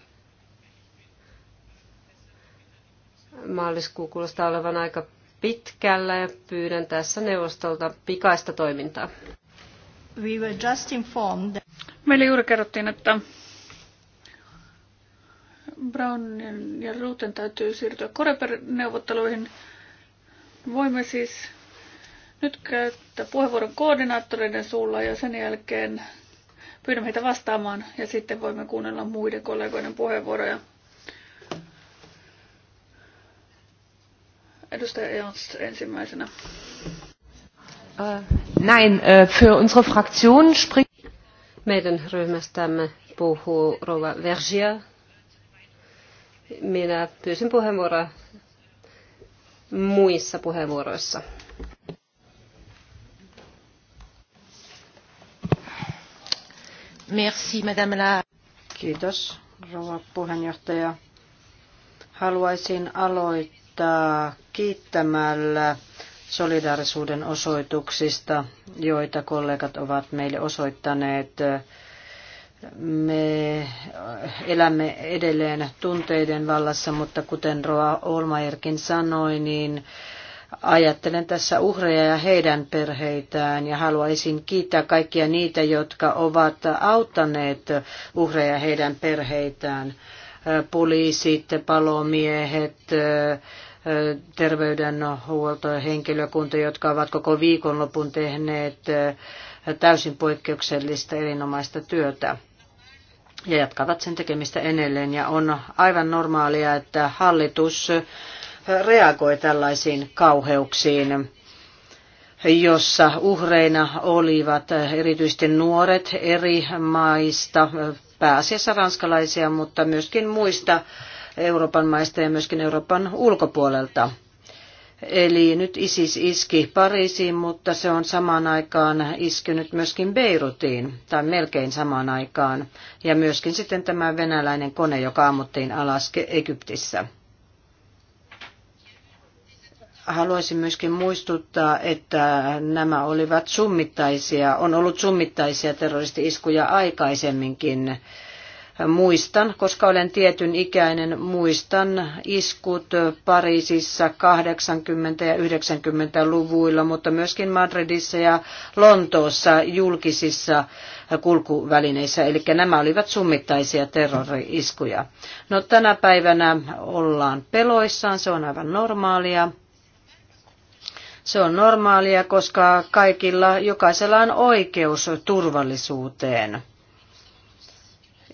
Maaliskuu kuulostaa olevan aika pitkällä ja pyydän tässä neuvostolta pikaista toimintaa. We were just informed. Meille juuri kerrottiin, että Brown ja Ruuten täytyy siirtyä Koreper-neuvotteluihin. Voimme siis nyt käyttää puheenvuoron koordinaattoreiden suulla ja sen jälkeen Pyydän heitä vastaamaan ja sitten voimme kuunnella muiden kollegoiden puheenvuoroja. Edustaja Ernst ensimmäisenä. Uh, äh, nein, uh, äh, für unsere Fraktion spricht. Meidän ryhmästämme puhuu Rova Vergia. Minä pyysin puheenvuoroa muissa puheenvuoroissa. Kiitos, rouva puheenjohtaja. Haluaisin aloittaa kiittämällä solidaarisuuden osoituksista, joita kollegat ovat meille osoittaneet. Me elämme edelleen tunteiden vallassa, mutta kuten Roa Olmaerkin sanoi, niin Ajattelen tässä uhreja ja heidän perheitään ja haluaisin kiittää kaikkia niitä, jotka ovat auttaneet uhreja ja heidän perheitään. Poliisit, palomiehet, terveydenhuoltohenkilökunta, jotka ovat koko viikonlopun tehneet täysin poikkeuksellista erinomaista työtä ja jatkavat sen tekemistä edelleen. Ja on aivan normaalia, että hallitus reagoi tällaisiin kauheuksiin jossa uhreina olivat erityisesti nuoret eri maista, pääasiassa ranskalaisia, mutta myöskin muista Euroopan maista ja myöskin Euroopan ulkopuolelta. Eli nyt ISIS iski Pariisiin, mutta se on samaan aikaan iskenyt myöskin Beirutiin, tai melkein samaan aikaan. Ja myöskin sitten tämä venäläinen kone, joka ammuttiin alas Egyptissä haluaisin myöskin muistuttaa, että nämä olivat summittaisia, on ollut summittaisia terroristi-iskuja aikaisemminkin. Muistan, koska olen tietyn ikäinen, muistan iskut Pariisissa 80- ja 90-luvuilla, mutta myöskin Madridissa ja Lontoossa julkisissa kulkuvälineissä. Eli nämä olivat summittaisia terrori-iskuja. No tänä päivänä ollaan peloissaan, se on aivan normaalia se on normaalia, koska kaikilla, jokaisella on oikeus turvallisuuteen.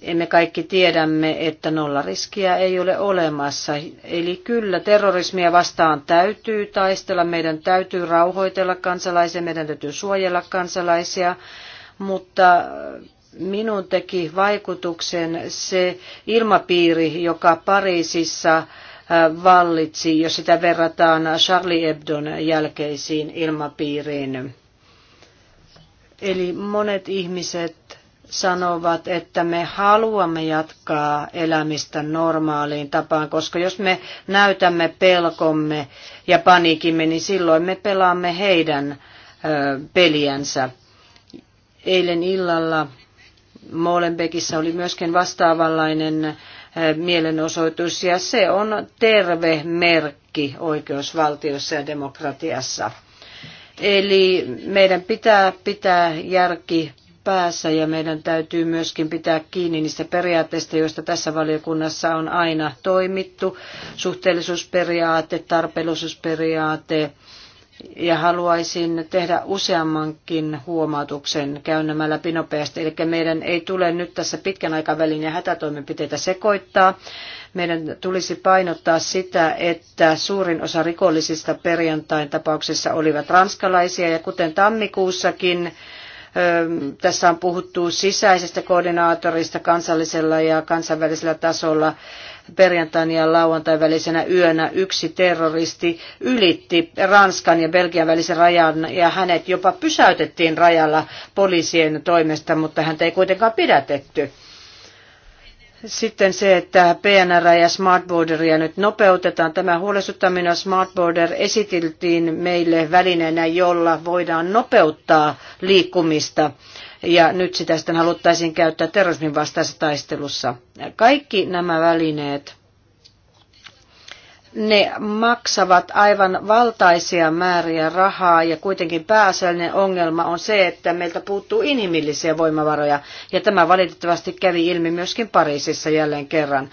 Emme kaikki tiedämme, että nollariskiä ei ole olemassa. Eli kyllä terrorismia vastaan täytyy taistella, meidän täytyy rauhoitella kansalaisia, meidän täytyy suojella kansalaisia, mutta minun teki vaikutuksen se ilmapiiri, joka Pariisissa vallitsi, jos sitä verrataan Charlie Hebdon jälkeisiin ilmapiiriin. Eli monet ihmiset sanovat, että me haluamme jatkaa elämistä normaaliin tapaan, koska jos me näytämme pelkomme ja panikimme, niin silloin me pelaamme heidän peliänsä. Eilen illalla Molenbekissä oli myöskin vastaavanlainen mielenosoitus ja se on terve merkki oikeusvaltiossa ja demokratiassa. Eli meidän pitää pitää järki päässä ja meidän täytyy myöskin pitää kiinni niistä periaatteista, joista tässä valiokunnassa on aina toimittu. Suhteellisuusperiaate, tarpeellisuusperiaate, ja haluaisin tehdä useammankin huomautuksen, käyn nämä läpi nopeasti. Eli meidän ei tule nyt tässä pitkän aikavälin ja hätätoimenpiteitä sekoittaa. Meidän tulisi painottaa sitä, että suurin osa rikollisista perjantain tapauksissa olivat ranskalaisia ja kuten tammikuussakin, tässä on puhuttu sisäisestä koordinaatorista kansallisella ja kansainvälisellä tasolla perjantain ja lauantain välisenä yönä yksi terroristi ylitti Ranskan ja Belgian välisen rajan ja hänet jopa pysäytettiin rajalla poliisien toimesta, mutta häntä ei kuitenkaan pidätetty. Sitten se, että PNR ja Smart Borderia nyt nopeutetaan. Tämä huolestuttaminen Smart Border esitiltiin meille välineenä, jolla voidaan nopeuttaa liikkumista ja nyt sitä sitten haluttaisiin käyttää terrorismin vastaisessa taistelussa. Kaikki nämä välineet, ne maksavat aivan valtaisia määriä rahaa ja kuitenkin pääasiallinen ongelma on se, että meiltä puuttuu inhimillisiä voimavaroja ja tämä valitettavasti kävi ilmi myöskin Pariisissa jälleen kerran.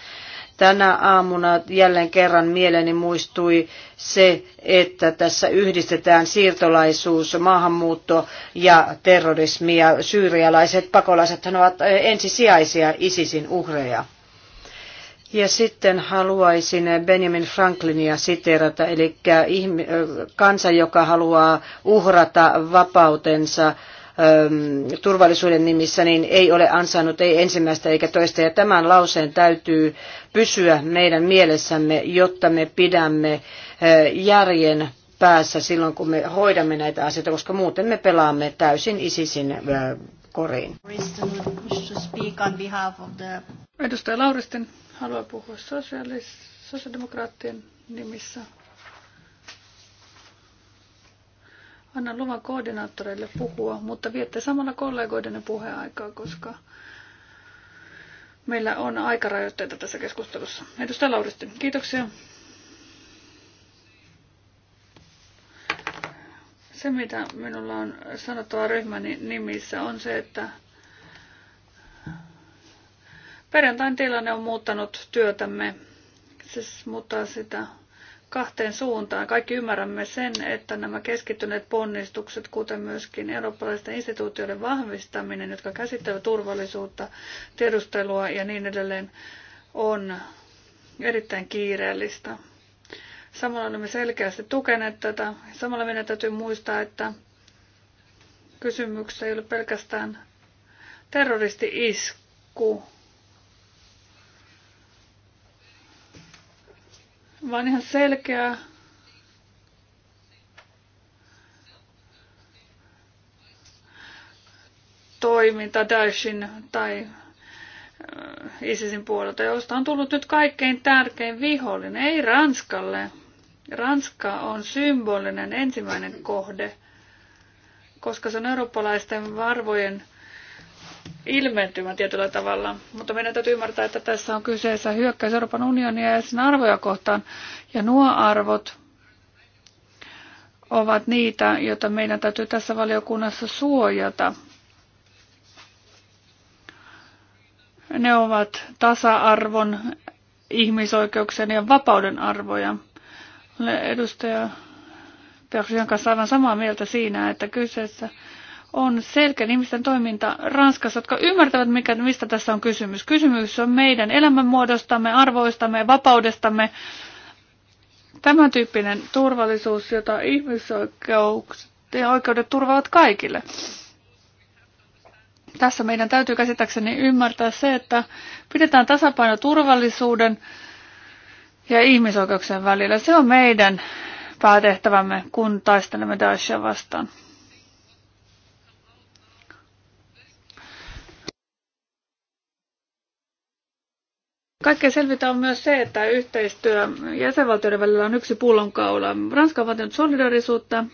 Tänä aamuna jälleen kerran mieleni muistui se, että tässä yhdistetään siirtolaisuus, maahanmuutto ja terrorismi ja syyrialaiset pakolaiset ovat eh, ensisijaisia ISISin uhreja. Ja sitten haluaisin Benjamin Franklinia siteerata, eli eh, kansa, joka haluaa uhrata vapautensa Ähm, turvallisuuden nimissä, niin ei ole ansainnut ei ensimmäistä eikä toista. Ja tämän lauseen täytyy pysyä meidän mielessämme, jotta me pidämme äh, järjen päässä silloin, kun me hoidamme näitä asioita, koska muuten me pelaamme täysin ISISin äh, koriin. Edustaja Lauristin haluaa puhua sosiaalidemokraattien nimissä. Annan luvan koordinaattoreille puhua, mutta viette samalla kollegoidenne puheaikaa, koska meillä on aikarajoitteita tässä keskustelussa. Edustaja Lauristi, kiitoksia. Se, mitä minulla on sanottava ryhmäni nimissä, on se, että perjantain tilanne on muuttanut työtämme. Se siis muuttaa sitä kahteen suuntaan. Kaikki ymmärrämme sen, että nämä keskittyneet ponnistukset, kuten myöskin eurooppalaisten instituutioiden vahvistaminen, jotka käsittelevät turvallisuutta, tiedustelua ja niin edelleen, on erittäin kiireellistä. Samalla olemme selkeästi tukeneet tätä. Samalla meidän täytyy muistaa, että kysymyksessä ei ole pelkästään terroristi-isku, vaan ihan selkeä toiminta Daeshin tai äh, ISISin puolelta, josta on tullut nyt kaikkein tärkein vihollinen, ei Ranskalle. Ranska on symbolinen ensimmäinen kohde, koska se on eurooppalaisten varvojen ilmentymään tietyllä tavalla. Mutta meidän täytyy ymmärtää, että tässä on kyseessä hyökkäys Euroopan unionia ja sen arvoja kohtaan. Ja nuo arvot ovat niitä, joita meidän täytyy tässä valiokunnassa suojata. Ne ovat tasa-arvon, ihmisoikeuksien ja vapauden arvoja. Olen edustaja Persian kanssa aivan samaa mieltä siinä, että kyseessä on selkeä ihmisten toiminta Ranskassa, jotka ymmärtävät, mikä, mistä tässä on kysymys. Kysymys on meidän elämänmuodostamme, arvoistamme, vapaudestamme. Tämän tyyppinen turvallisuus, jota ihmisoikeudet turvaavat kaikille. Tässä meidän täytyy käsittääkseni ymmärtää se, että pidetään tasapaino turvallisuuden ja ihmisoikeuksien välillä. Se on meidän päätehtävämme, kun taistelemme Daeshia vastaan. Kaikkea selvitä on myös se, että yhteistyö jäsenvaltioiden välillä on yksi pullonkaula. Ranska on vaatinut solidaarisuutta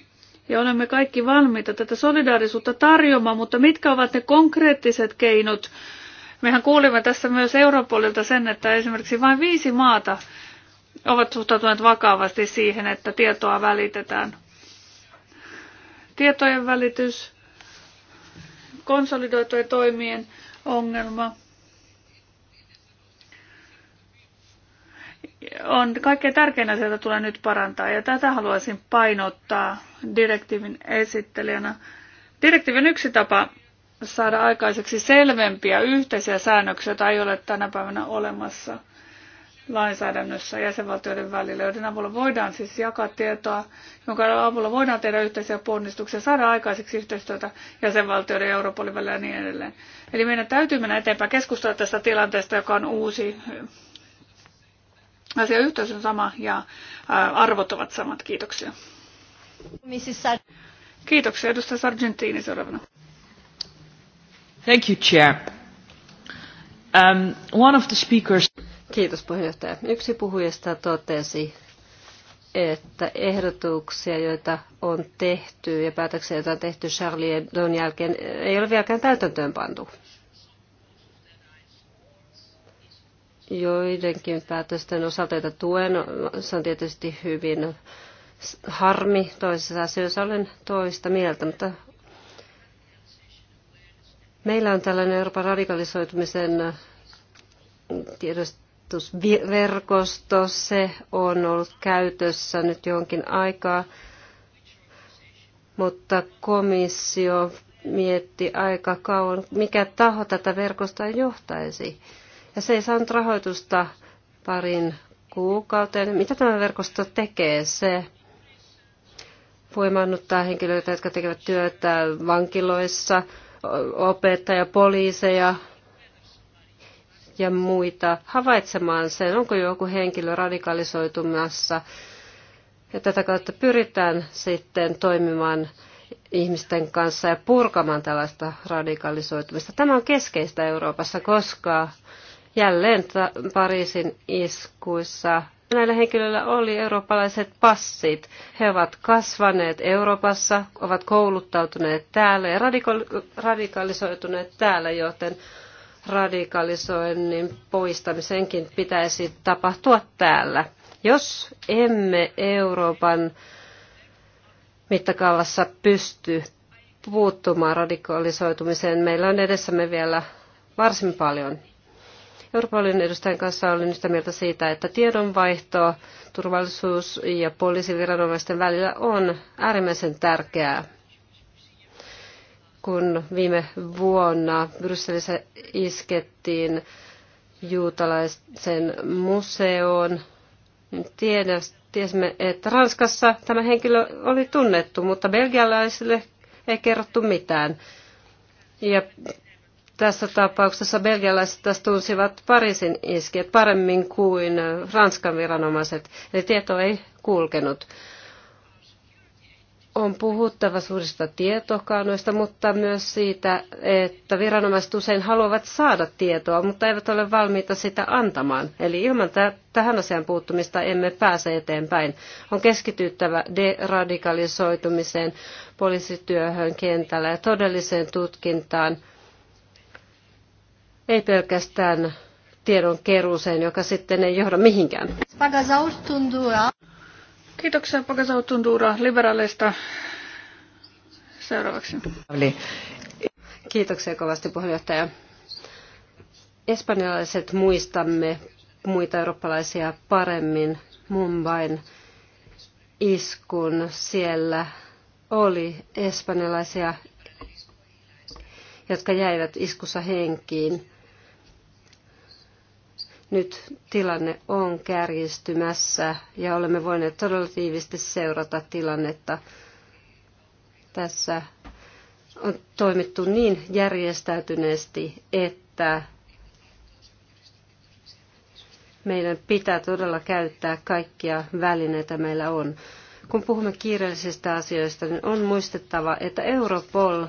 ja olemme kaikki valmiita tätä solidaarisuutta tarjoamaan, mutta mitkä ovat ne konkreettiset keinot? Mehän kuulimme tässä myös Europolilta sen, että esimerkiksi vain viisi maata ovat suhtautuneet vakavasti siihen, että tietoa välitetään. Tietojen välitys, konsolidoitujen toimien ongelma, on kaikkein tärkein asia, jota tulee nyt parantaa, ja tätä haluaisin painottaa direktiivin esittelijänä. Direktiivin yksi tapa saada aikaiseksi selvempiä yhteisiä säännöksiä, joita ei ole tänä päivänä olemassa lainsäädännössä jäsenvaltioiden välillä, joiden avulla voidaan siis jakaa tietoa, jonka avulla voidaan tehdä yhteisiä ponnistuksia, saada aikaiseksi yhteistyötä jäsenvaltioiden ja Euroopan välillä ja niin edelleen. Eli meidän täytyy mennä eteenpäin keskustella tästä tilanteesta, joka on uusi asiayhteys on sama ja arvot ovat samat. Kiitoksia. Kiitoksia. Edustaja Sargentini seuraavana. Thank you, Chair. Um, one of the speakers... Kiitos puheenjohtaja. Yksi puhujista totesi, että ehdotuksia, joita on tehty ja päätöksiä, joita on tehty Charlie Hebdon jälkeen, ei ole vieläkään täytäntöön pantu. joidenkin päätösten osalta, joita tuen, se on tietysti hyvin harmi toisessa asioissa, olen toista mieltä, mutta meillä on tällainen Euroopan radikalisoitumisen tiedostusverkosto, se on ollut käytössä nyt jonkin aikaa, mutta komissio mietti aika kauan, mikä taho tätä verkostoa johtaisi ja se ei saanut rahoitusta parin kuukauteen. Mitä tämä verkosto tekee? Se voimannuttaa henkilöitä, jotka tekevät työtä vankiloissa, opettaja, poliiseja ja muita havaitsemaan sen, onko joku henkilö radikalisoitumassa. Ja tätä kautta pyritään sitten toimimaan ihmisten kanssa ja purkamaan tällaista radikalisoitumista. Tämä on keskeistä Euroopassa, koska jälleen Pariisin iskuissa näillä henkilöillä oli eurooppalaiset passit. He ovat kasvaneet Euroopassa, ovat kouluttautuneet täällä ja radikalisoituneet täällä, joten radikalisoinnin poistamisenkin pitäisi tapahtua täällä. Jos emme Euroopan mittakaavassa pysty puuttumaan radikalisoitumiseen, meillä on edessämme vielä varsin paljon unionin edustajan kanssa olen yhtä mieltä siitä, että tiedonvaihto, turvallisuus ja poliisiviranomaisten välillä on äärimmäisen tärkeää. Kun viime vuonna Brysselissä iskettiin juutalaisen museoon, niin tiesimme, että Ranskassa tämä henkilö oli tunnettu, mutta belgialaisille ei kerrottu mitään. Ja tässä tapauksessa belgialaiset taas tunsivat Pariisin iskiet paremmin kuin Ranskan viranomaiset, eli tieto ei kulkenut. On puhuttava suurista tietokanoista, mutta myös siitä, että viranomaiset usein haluavat saada tietoa, mutta eivät ole valmiita sitä antamaan. Eli ilman tähän asian puuttumista emme pääse eteenpäin. On keskityttävä deradikalisoitumiseen, poliisityöhön kentällä ja todelliseen tutkintaan – ei pelkästään tiedon keruuseen, joka sitten ei johda mihinkään. Kiitoksia Pagasaut liberaaleista. Seuraavaksi. Kiitoksia kovasti puheenjohtaja. Espanjalaiset muistamme muita eurooppalaisia paremmin Mumbain iskun. Siellä oli espanjalaisia, jotka jäivät iskussa henkiin. Nyt tilanne on kärjistymässä ja olemme voineet todella tiivisti seurata tilannetta. Tässä on toimittu niin järjestäytyneesti, että meidän pitää todella käyttää kaikkia välineitä meillä on. Kun puhumme kiireellisistä asioista, niin on muistettava, että Europol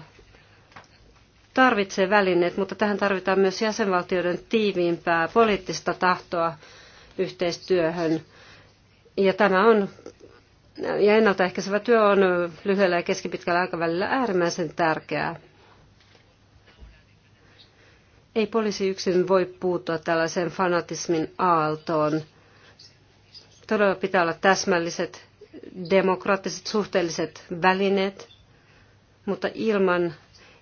tarvitsee välineet, mutta tähän tarvitaan myös jäsenvaltioiden tiiviimpää poliittista tahtoa yhteistyöhön. Ja tämä on ja ennaltaehkäisevä työ on lyhyellä ja keskipitkällä aikavälillä äärimmäisen tärkeää. Ei poliisi yksin voi puuttua tällaiseen fanatismin aaltoon. Todella pitää olla täsmälliset, demokraattiset, suhteelliset välineet, mutta ilman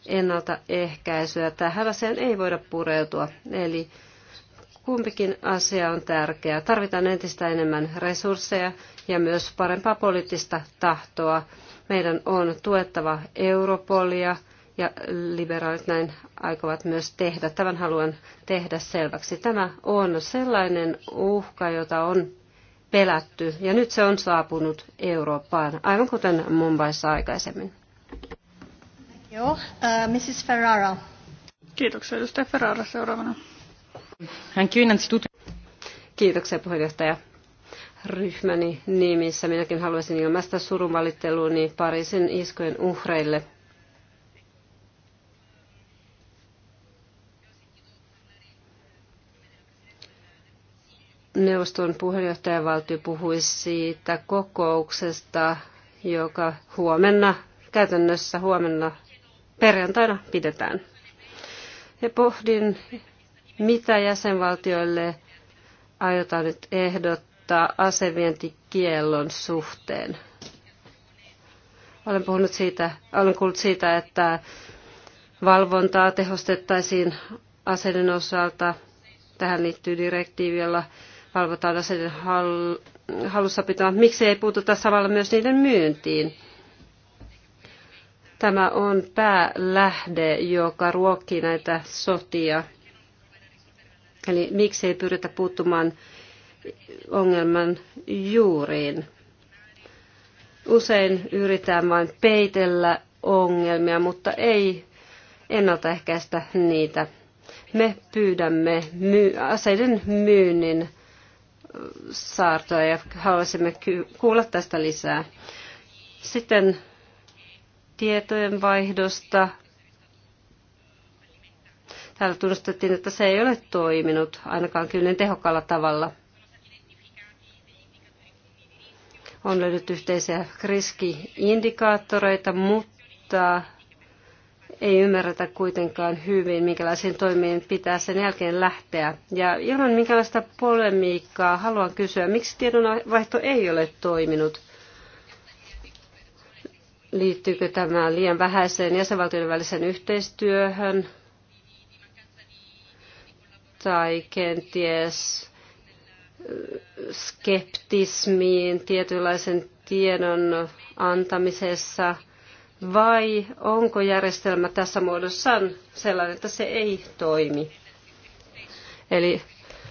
ennaltaehkäisyä. Tähän asiaan ei voida pureutua. Eli kumpikin asia on tärkeä. Tarvitaan entistä enemmän resursseja ja myös parempaa poliittista tahtoa. Meidän on tuettava Europolia ja liberaalit näin aikovat myös tehdä. Tämän haluan tehdä selväksi. Tämä on sellainen uhka, jota on pelätty ja nyt se on saapunut Eurooppaan, aivan kuten Mumbaissa aikaisemmin. Joo, uh, äh, Mrs. Ferrara. Kiitoksia, edustaja Ferrara seuraavana. Hän instituut. Kiitoksia puheenjohtaja. Ryhmäni nimissä minäkin haluaisin ilmaista surunvalitteluni Pariisin iskujen uhreille. Neuvoston puheenjohtajavaltio puhui siitä kokouksesta, joka huomenna, käytännössä huomenna perjantaina pidetään. Ja pohdin, mitä jäsenvaltioille aiotaan nyt ehdottaa asevientikiellon suhteen. Olen, puhunut siitä, olen kuullut siitä, että valvontaa tehostettaisiin aseiden osalta. Tähän liittyy direktiivi, jolla valvotaan aseiden hall- hallussapitoa. Miksi ei puututa samalla myös niiden myyntiin? Tämä on päälähde, joka ruokkii näitä sotia. Eli miksi ei pyritä puuttumaan ongelman juuriin. Usein yritetään vain peitellä ongelmia, mutta ei ennaltaehkäistä niitä. Me pyydämme my- aseiden myynnin saartoa ja haluaisimme kuulla tästä lisää. Sitten tietojen vaihdosta. Täällä tunnustettiin, että se ei ole toiminut ainakaan kyllin tehokkaalla tavalla. On löydetty yhteisiä riskiindikaattoreita, mutta ei ymmärretä kuitenkaan hyvin, minkälaisiin toimiin pitää sen jälkeen lähteä. Ja ilman minkälaista polemiikkaa haluan kysyä, miksi tiedonvaihto ei ole toiminut liittyykö tämä liian vähäiseen jäsenvaltioiden väliseen yhteistyöhön tai kenties äh, skeptismiin tietynlaisen tiedon antamisessa vai onko järjestelmä tässä muodossaan sellainen, että se ei toimi? Eli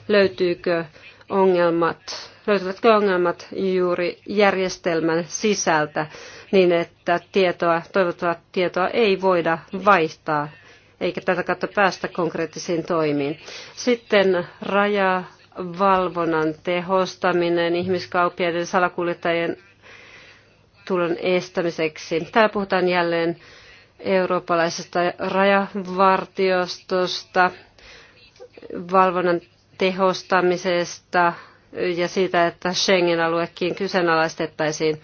löytyykö ongelmat löytyvätkö ongelmat juuri järjestelmän sisältä niin, että tietoa, toivottavaa tietoa ei voida vaihtaa eikä tätä kautta päästä konkreettisiin toimiin. Sitten rajavalvonnan tehostaminen ihmiskauppiaiden salakuljettajien tulon estämiseksi. Täällä puhutaan jälleen eurooppalaisesta rajavartiostosta, valvonnan tehostamisesta, ja siitä, että Schengen-aluekin kyseenalaistettaisiin.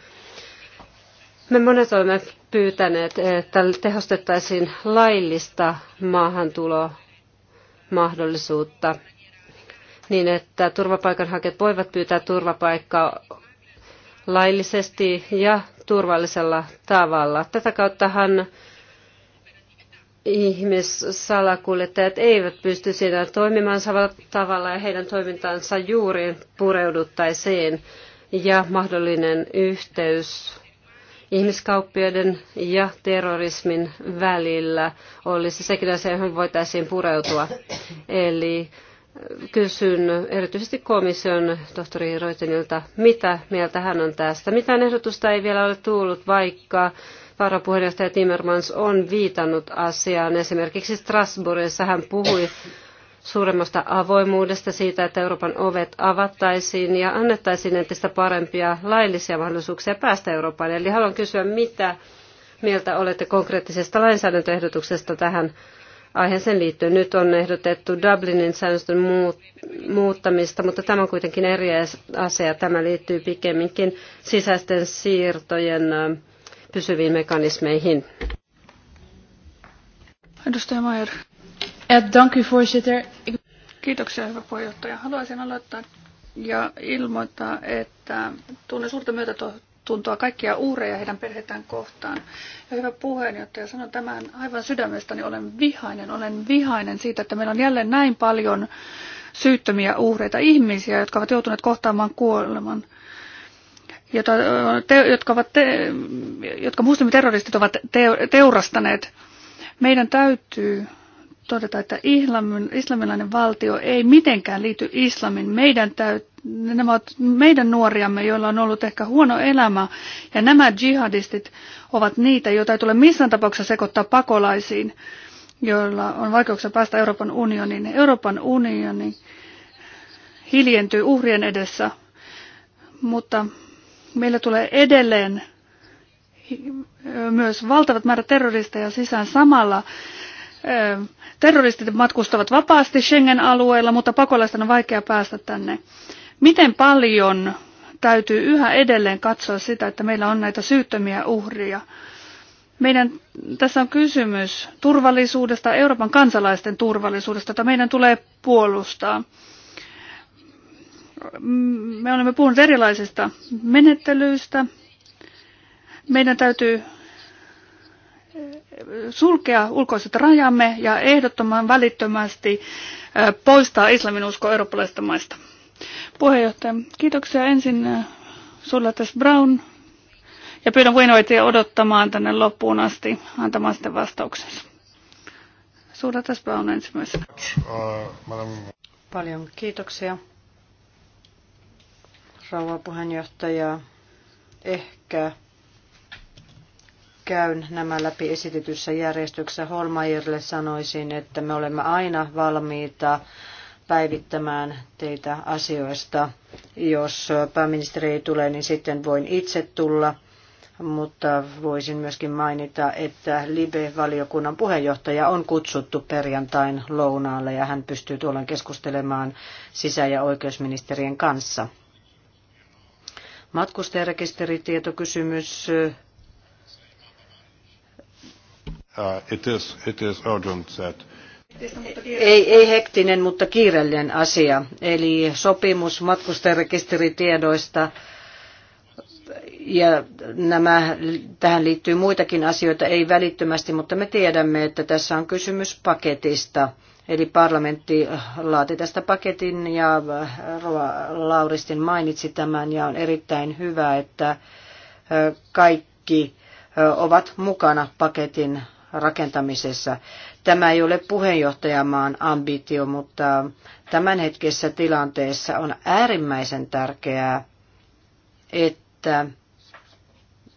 Me monet olemme pyytäneet, että tehostettaisiin laillista maahantulomahdollisuutta niin, että turvapaikanhakijat voivat pyytää turvapaikkaa laillisesti ja turvallisella tavalla. Tätä kauttahan ihmissalakuljettajat eivät pysty siinä toimimaan samalla tavalla ja heidän toimintaansa juuri pureuduttaisiin ja mahdollinen yhteys ihmiskauppioiden ja terrorismin välillä olisi sekin asia, johon voitaisiin pureutua. Eli äh, kysyn erityisesti komission tohtori Roitenilta, mitä mieltä hän on tästä. Mitään ehdotusta ei vielä ole tullut, vaikka varapuheenjohtaja Timmermans on viitannut asiaan. Esimerkiksi Strasbourgissa hän puhui suuremmasta avoimuudesta siitä, että Euroopan ovet avattaisiin ja annettaisiin entistä parempia laillisia mahdollisuuksia päästä Eurooppaan. Eli haluan kysyä, mitä mieltä olette konkreettisesta lainsäädäntöehdotuksesta tähän aiheeseen liittyen. Nyt on ehdotettu Dublinin säännösten muuttamista, mutta tämä on kuitenkin eri asia. Tämä liittyy pikemminkin sisäisten siirtojen pysyviin mekanismeihin. Edustaja Maier. Dank u voorzitter. Kiitoksia, hyvä puheenjohtaja. Haluaisin aloittaa ja ilmoittaa, että tunnen suurta myötätuntoa kaikkia uureja heidän perheitään kohtaan. Ja hyvä puheenjohtaja, sanon tämän aivan sydämestäni, olen vihainen. Olen vihainen siitä, että meillä on jälleen näin paljon syyttömiä uhreita, ihmisiä, jotka ovat joutuneet kohtaamaan kuoleman jota, te, jotka, ovat te, jotka muslimiterroristit ovat te, teurastaneet. Meidän täytyy todeta, että islamin, islamilainen valtio ei mitenkään liity islamin. Meidän, täyt, nämä ovat meidän nuoriamme, joilla on ollut ehkä huono elämä, ja nämä jihadistit ovat niitä, joita ei tule missään tapauksessa sekoittaa pakolaisiin, joilla on vaikeuksia päästä Euroopan unioniin. Euroopan unioni hiljentyy uhrien edessä, mutta meillä tulee edelleen myös valtavat määrät terroristeja sisään samalla. Terroristit matkustavat vapaasti Schengen-alueella, mutta pakolaisten on vaikea päästä tänne. Miten paljon täytyy yhä edelleen katsoa sitä, että meillä on näitä syyttömiä uhria? Meidän, tässä on kysymys turvallisuudesta, Euroopan kansalaisten turvallisuudesta, jota meidän tulee puolustaa me olemme puhuneet erilaisista menettelyistä. Meidän täytyy eh, sulkea ulkoiset rajamme ja ehdottoman välittömästi eh, poistaa islamin usko eurooppalaisista maista. Puheenjohtaja, kiitoksia ensin eh, tässä Brown ja pyydän Winoitia odottamaan tänne loppuun asti antamaan sitten vastauksensa. Sullates Brown ensimmäisenä. Uh, Paljon kiitoksia rouva puheenjohtaja. Ehkä käyn nämä läpi esitetyssä järjestyksessä. Holmajerille sanoisin, että me olemme aina valmiita päivittämään teitä asioista. Jos pääministeri ei tule, niin sitten voin itse tulla mutta voisin myöskin mainita, että Libe-valiokunnan puheenjohtaja on kutsuttu perjantain lounaalle ja hän pystyy tuolloin keskustelemaan sisä- ja oikeusministerien kanssa matkustajarekisteritietokysymys. Uh, ei, ei hektinen, mutta kiireellinen asia. Eli sopimus matkustajarekisteritiedoista ja nämä, tähän liittyy muitakin asioita, ei välittömästi, mutta me tiedämme, että tässä on kysymys paketista. Eli parlamentti laati tästä paketin ja äh, Lauristin mainitsi tämän ja on erittäin hyvä, että äh, kaikki äh, ovat mukana paketin rakentamisessa. Tämä ei ole puheenjohtajamaan ambitio, mutta hetkessä tilanteessa on äärimmäisen tärkeää, että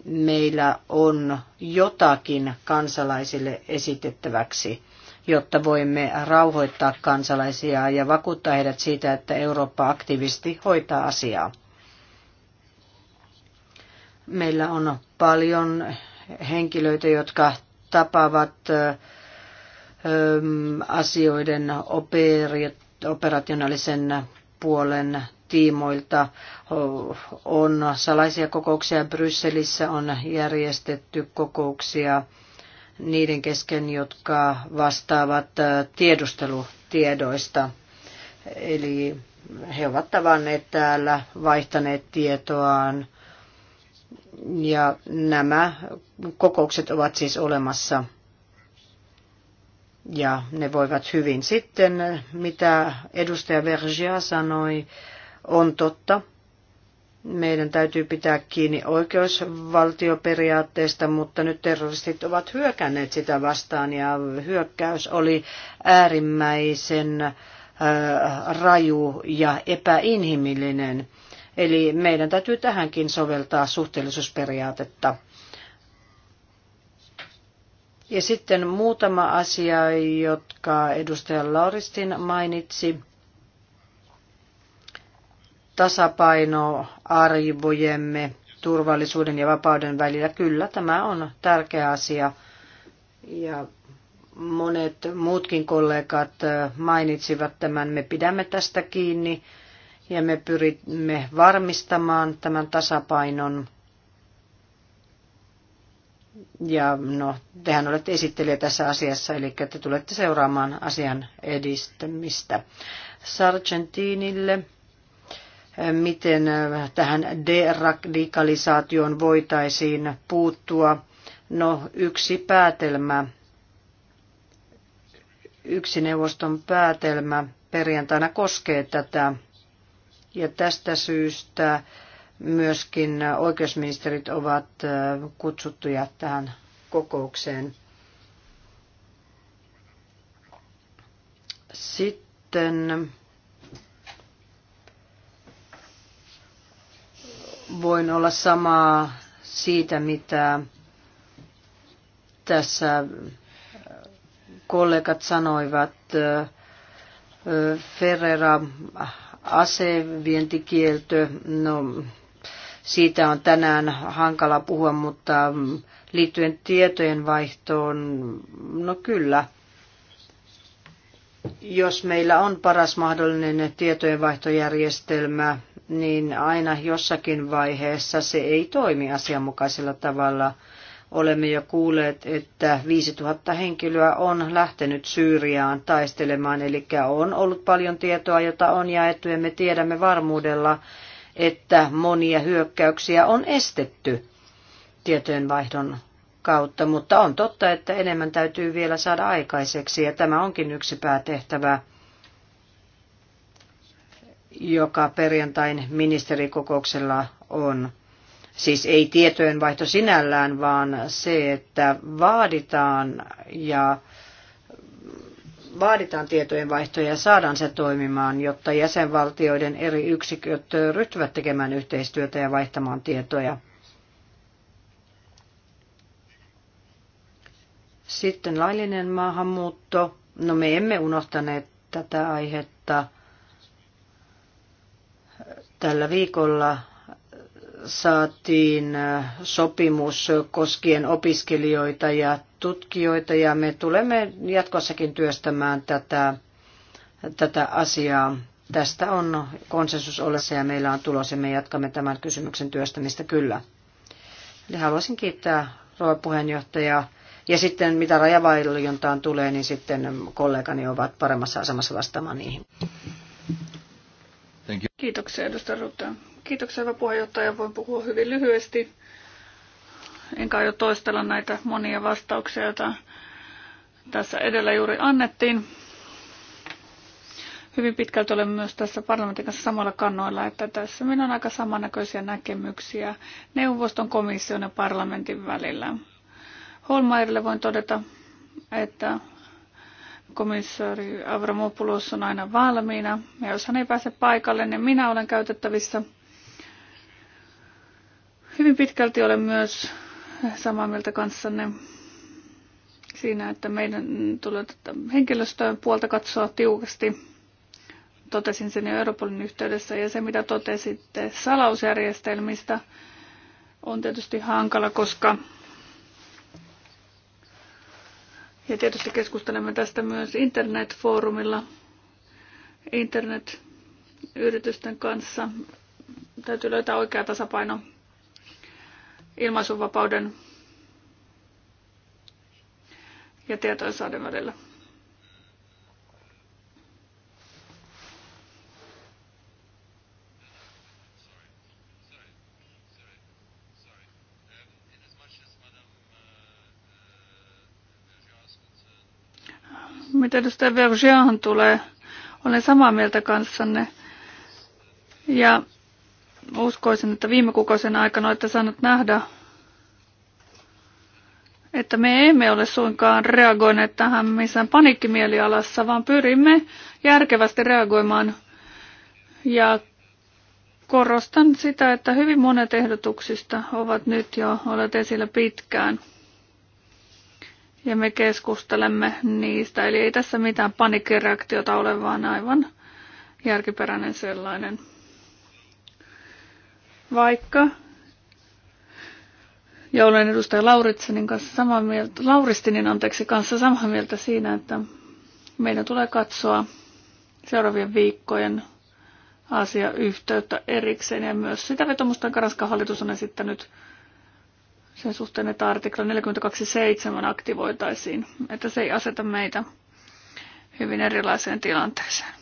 meillä on jotakin kansalaisille esitettäväksi jotta voimme rauhoittaa kansalaisia ja vakuuttaa heidät siitä, että Eurooppa aktiivisesti hoitaa asiaa. Meillä on paljon henkilöitä, jotka tapaavat asioiden operationaalisen puolen tiimoilta. On salaisia kokouksia Brysselissä, on järjestetty kokouksia niiden kesken, jotka vastaavat äh, tiedustelutiedoista. Eli he ovat tavanneet täällä, vaihtaneet tietoaan ja nämä kokoukset ovat siis olemassa ja ne voivat hyvin. Sitten mitä edustaja Vergia sanoi, on totta. Meidän täytyy pitää kiinni oikeusvaltioperiaatteesta, mutta nyt terroristit ovat hyökänneet sitä vastaan ja hyökkäys oli äärimmäisen raju ja epäinhimillinen. Eli meidän täytyy tähänkin soveltaa suhteellisuusperiaatetta. Ja sitten muutama asia, jotka edustaja Lauristin mainitsi tasapaino arvojemme turvallisuuden ja vapauden välillä. Kyllä, tämä on tärkeä asia. Ja monet muutkin kollegat mainitsivat tämän. Me pidämme tästä kiinni ja me pyrimme varmistamaan tämän tasapainon. Ja no, tehän olette esittelijä tässä asiassa, eli te tulette seuraamaan asian edistämistä. Sargentinille miten tähän deradikalisaatioon voitaisiin puuttua. No, yksi päätelmä, yksi neuvoston päätelmä perjantaina koskee tätä. Ja tästä syystä myöskin oikeusministerit ovat kutsuttuja tähän kokoukseen. Sitten voin olla samaa siitä, mitä tässä äh, kollegat sanoivat. Äh, Ferrera asevientikielto, no siitä on tänään hankala puhua, mutta liittyen tietojen vaihtoon, no kyllä. Jos meillä on paras mahdollinen tietojenvaihtojärjestelmä, niin aina jossakin vaiheessa se ei toimi asianmukaisella tavalla. Olemme jo kuulleet, että 5000 henkilöä on lähtenyt Syyriaan taistelemaan, eli on ollut paljon tietoa, jota on jaettu, ja me tiedämme varmuudella, että monia hyökkäyksiä on estetty tietojenvaihdon kautta, mutta on totta, että enemmän täytyy vielä saada aikaiseksi, ja tämä onkin yksi päätehtävä joka perjantain ministerikokouksella on. Siis ei tietojenvaihto sinällään, vaan se, että vaaditaan ja vaaditaan tietojenvaihtoja ja saadaan se toimimaan, jotta jäsenvaltioiden eri yksiköt ryhtyvät tekemään yhteistyötä ja vaihtamaan tietoja. Sitten laillinen maahanmuutto. No me emme unohtaneet tätä aihetta – Tällä viikolla saatiin äh, sopimus koskien opiskelijoita ja tutkijoita ja me tulemme jatkossakin työstämään tätä, tätä asiaa. Tästä on konsensus olemassa ja meillä on tulos ja me jatkamme tämän kysymyksen työstämistä kyllä. Eli haluaisin kiittää rouva puheenjohtajaa. Ja sitten mitä rajavaillontaan tulee, niin sitten kollegani ovat paremmassa asemassa vastaamaan niihin. Kiitoksia edustaja Kiitoksia hyvä puheenjohtaja. Voin puhua hyvin lyhyesti. Enkä aio toistella näitä monia vastauksia, joita tässä edellä juuri annettiin. Hyvin pitkälti olen myös tässä parlamentin kanssa samalla kannoilla, että tässä meillä on aika samannäköisiä näkemyksiä neuvoston, komission ja parlamentin välillä. Holmairille voin todeta, että komissaari Avramopoulos on aina valmiina. Ja jos hän ei pääse paikalle, niin minä olen käytettävissä. Hyvin pitkälti olen myös samaa mieltä kanssanne siinä, että meidän tulee tätä henkilöstöön puolta katsoa tiukasti. Totesin sen jo Europolin yhteydessä ja se, mitä totesitte salausjärjestelmistä, on tietysti hankala, koska Ja tietysti keskustelemme tästä myös internetfoorumilla, internetyritysten kanssa. Täytyy löytää oikea tasapaino ilmaisunvapauden ja tietojen välillä. Mitä edustaja Vergeahan tulee, olen samaa mieltä kanssanne. Ja uskoisin, että viime kuukausien aikana olette saaneet nähdä, että me emme ole suinkaan reagoineet tähän missään paniikkimielialassa, vaan pyrimme järkevästi reagoimaan. Ja korostan sitä, että hyvin monet ehdotuksista ovat nyt jo olleet esillä pitkään – ja me keskustelemme niistä. Eli ei tässä mitään panikkireaktiota ole, vaan aivan järkiperäinen sellainen. Vaikka, ja olen edustaja Lauritsinin kanssa samaa mieltä, Lauristinin anteeksi kanssa samaa mieltä siinä, että meidän tulee katsoa seuraavien viikkojen asiayhteyttä erikseen ja myös sitä vetomusta, jonka Ranskan hallitus on esittänyt sen suhteen, että artikla 42.7 aktivoitaisiin, että se ei aseta meitä hyvin erilaiseen tilanteeseen.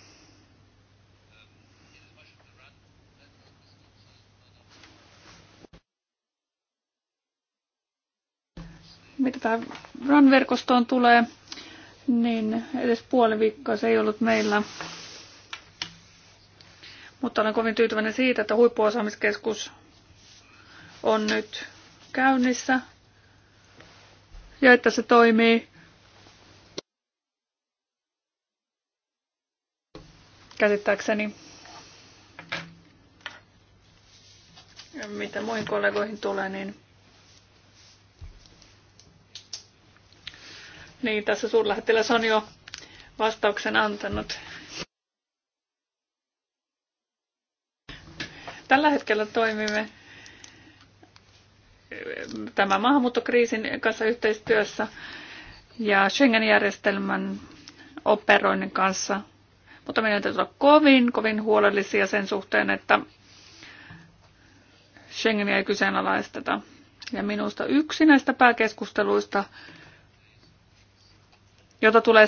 Mitä tähän RAN-verkostoon tulee, niin edes puoli viikkoa se ei ollut meillä. Mutta olen kovin tyytyväinen siitä, että huippuosaamiskeskus on nyt käynnissä ja että se toimii. Käsittääkseni, ja mitä muihin kollegoihin tulee, niin, niin tässä suurlähettiläs on jo vastauksen antanut. Tällä hetkellä toimimme tämän maahanmuuttokriisin kanssa yhteistyössä ja Schengen-järjestelmän operoinnin kanssa. Mutta meidän täytyy olla kovin, kovin huolellisia sen suhteen, että Schengeniä ei kyseenalaisteta. Ja minusta yksi näistä pääkeskusteluista, jota tulee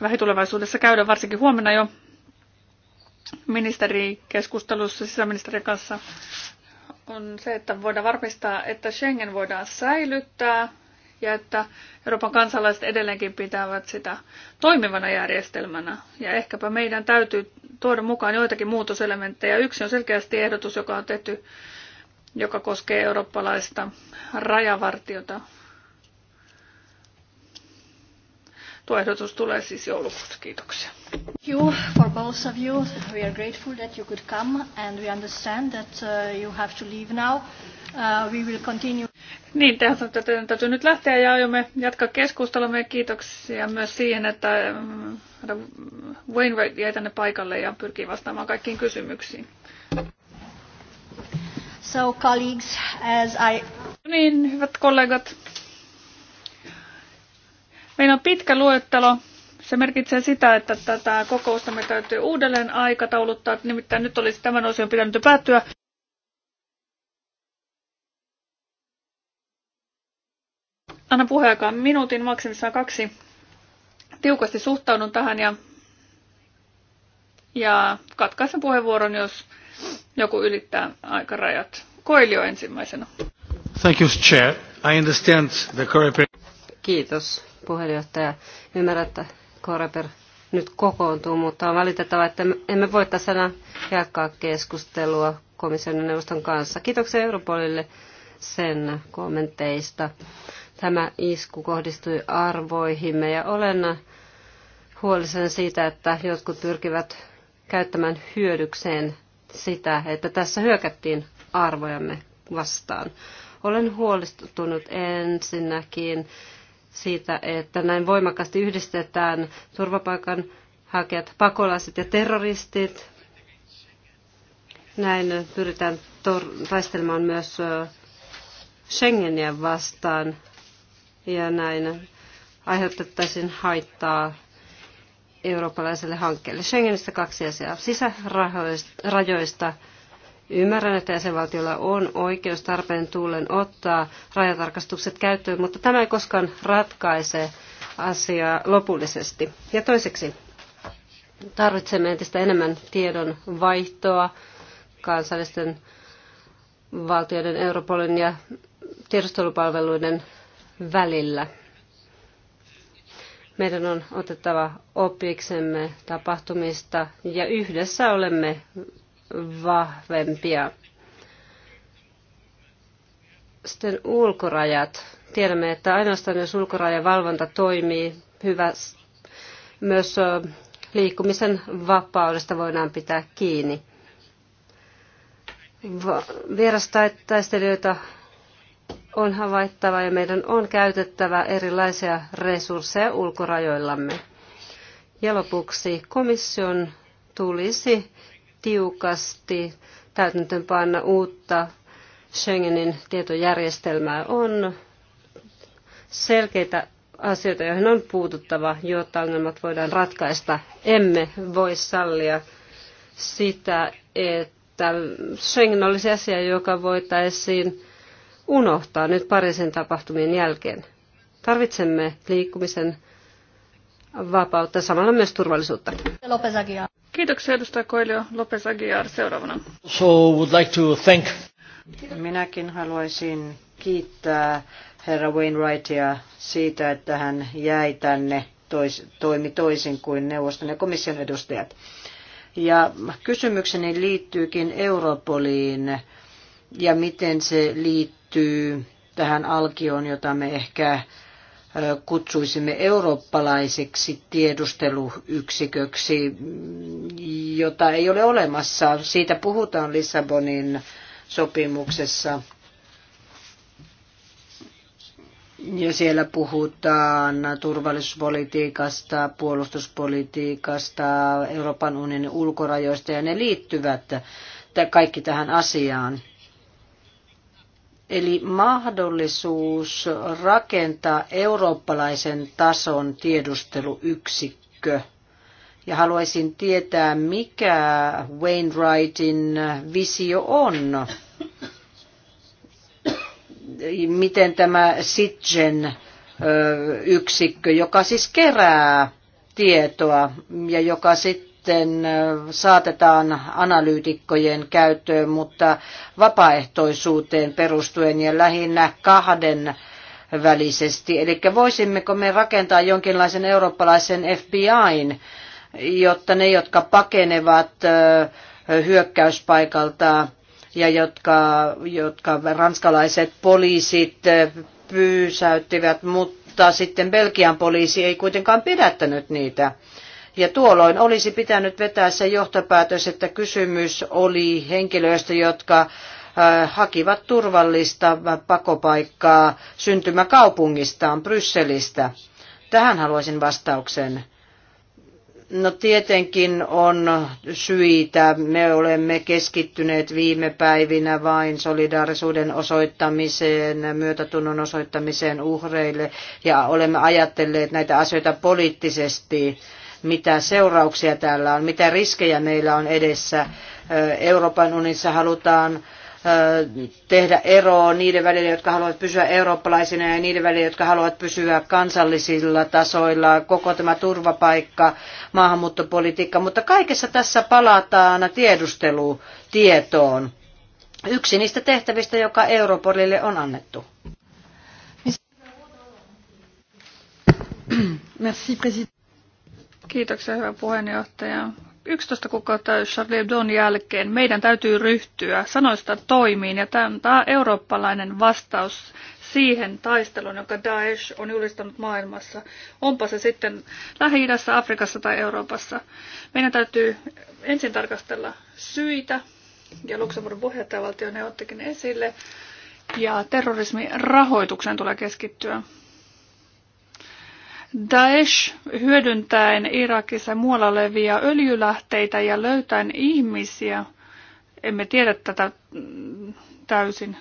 lähitulevaisuudessa käydä, varsinkin huomenna jo ministerikeskustelussa sisäministerin kanssa, on se, että voidaan varmistaa, että Schengen voidaan säilyttää ja että Euroopan kansalaiset edelleenkin pitävät sitä toimivana järjestelmänä. Ja ehkäpä meidän täytyy tuoda mukaan joitakin muutoselementtejä. Yksi on selkeästi ehdotus, joka on tehty, joka koskee eurooppalaista rajavartiota. Tuo tulee siis joulukuussa. Kiitoksia. You, for both of you, we are grateful that you could come and we understand that uh, you have to leave now. Uh, we will continue. Niin, tehän sanoitte, että teidän täytyy nyt lähteä ja aiomme jatkaa keskustelua. Ja kiitoksia myös siihen, että mm, Wayne jäi tänne paikalle ja pyrkii vastaamaan kaikkiin kysymyksiin. So, colleagues, as I... Niin, hyvät kollegat, Meillä on pitkä luettelo. Se merkitsee sitä, että tätä kokousta me täytyy uudelleen aikatauluttaa. Nimittäin nyt olisi tämän osion pitänyt päättyä. Anna puheenjohtajan minuutin, maksimissaan kaksi. Tiukasti suhtaudun tähän ja, ja katkaisen puheenvuoron, jos joku ylittää aikarajat. Koilio ensimmäisenä. Thank you, Chair. I understand the Kiitos puheenjohtaja. Ymmärrän, että Koreper nyt kokoontuu, mutta on valitettava, että emme voi tässä jatkaa keskustelua komission neuvoston kanssa. Kiitoksia Europolille sen kommenteista. Tämä isku kohdistui arvoihimme ja olen huolissani siitä, että jotkut pyrkivät käyttämään hyödykseen sitä, että tässä hyökättiin arvojamme vastaan. Olen huolestunut ensinnäkin siitä, että näin voimakkaasti yhdistetään turvapaikan hakijat, pakolaiset ja terroristit. Näin pyritään tor- taistelemaan myös Schengeniä vastaan ja näin aiheutettaisiin haittaa eurooppalaiselle hankkeelle. Schengenistä kaksi asiaa. Sisärajoista Ymmärrän, että jäsenvaltiolla on oikeus tarpeen tullen ottaa rajatarkastukset käyttöön, mutta tämä ei koskaan ratkaise asiaa lopullisesti. Ja toiseksi, tarvitsemme entistä enemmän tiedon vaihtoa kansallisten valtioiden, Europolin ja tiedustelupalveluiden välillä. Meidän on otettava opiksemme tapahtumista ja yhdessä olemme vahvempia. Sitten ulkorajat. Tiedämme, että ainoastaan jos ulkorajavalvonta toimii, hyvä myös liikkumisen vapaudesta voidaan pitää kiinni. Vierastaistelijoita on havaittava ja meidän on käytettävä erilaisia resursseja ulkorajoillamme. Ja lopuksi komission tulisi tiukasti täytäntöönpanna uutta Schengenin tietojärjestelmää on selkeitä asioita, joihin on puututtava, jotta ongelmat voidaan ratkaista. Emme voi sallia sitä, että Schengen olisi asia, joka voitaisiin unohtaa nyt Pariisin tapahtumien jälkeen. Tarvitsemme liikkumisen vapautta, samalla myös turvallisuutta. Lopes Aguiar. Kiitoksia edustaja Koilio. Lopez Aguiar seuraavana. So would like to thank. Minäkin haluaisin kiittää herra Wainwrightia siitä, että hän jäi tänne, tois, toimi toisin kuin neuvoston ja komission edustajat. Ja kysymykseni liittyykin Europoliin ja miten se liittyy tähän alkioon, jota me ehkä kutsuisimme eurooppalaiseksi tiedusteluyksiköksi, jota ei ole olemassa. Siitä puhutaan Lissabonin sopimuksessa. Ja siellä puhutaan turvallisuuspolitiikasta, puolustuspolitiikasta, Euroopan unionin ulkorajoista ja ne liittyvät kaikki tähän asiaan. Eli mahdollisuus rakentaa eurooppalaisen tason tiedusteluyksikkö. Ja haluaisin tietää, mikä Wainwrightin visio on. Miten tämä Sitgen yksikkö, joka siis kerää tietoa ja joka sitten sitten saatetaan analyytikkojen käyttöön, mutta vapaaehtoisuuteen perustuen ja lähinnä kahden välisesti. Eli voisimmeko me rakentaa jonkinlaisen eurooppalaisen FBIn, jotta ne, jotka pakenevat hyökkäyspaikalta ja jotka, jotka ranskalaiset poliisit pysäyttivät, mutta sitten Belgian poliisi ei kuitenkaan pidättänyt niitä ja tuolloin olisi pitänyt vetää se johtopäätös, että kysymys oli henkilöistä, jotka äh, hakivat turvallista pakopaikkaa syntymäkaupungistaan, Brysselistä. Tähän haluaisin vastauksen. No tietenkin on syitä. Me olemme keskittyneet viime päivinä vain solidaarisuuden osoittamiseen, myötätunnon osoittamiseen uhreille ja olemme ajatelleet näitä asioita poliittisesti mitä seurauksia täällä on, mitä riskejä meillä on edessä. Euroopan unissa halutaan tehdä eroa niiden välillä, jotka haluavat pysyä eurooppalaisina ja niiden välillä, jotka haluavat pysyä kansallisilla tasoilla, koko tämä turvapaikka, maahanmuuttopolitiikka, mutta kaikessa tässä palataan tiedustelutietoon. Yksi niistä tehtävistä, joka Europolille on annettu. Merci, president. Kiitoksia, hyvä puheenjohtaja. 11 kuukautta Charlie Hebdon jälkeen meidän täytyy ryhtyä sanoista toimiin ja tämä eurooppalainen vastaus siihen taisteluun, jonka Daesh on julistanut maailmassa, onpa se sitten Lähi-idässä, Afrikassa tai Euroopassa. Meidän täytyy ensin tarkastella syitä, ja Luxemburgin puheenjohtajavaltio ne ottikin esille, ja terrorismin rahoitukseen tulee keskittyä. Daesh hyödyntäen Irakissa muualla olevia öljylähteitä ja löytäen ihmisiä. Emme tiedä tätä täysin.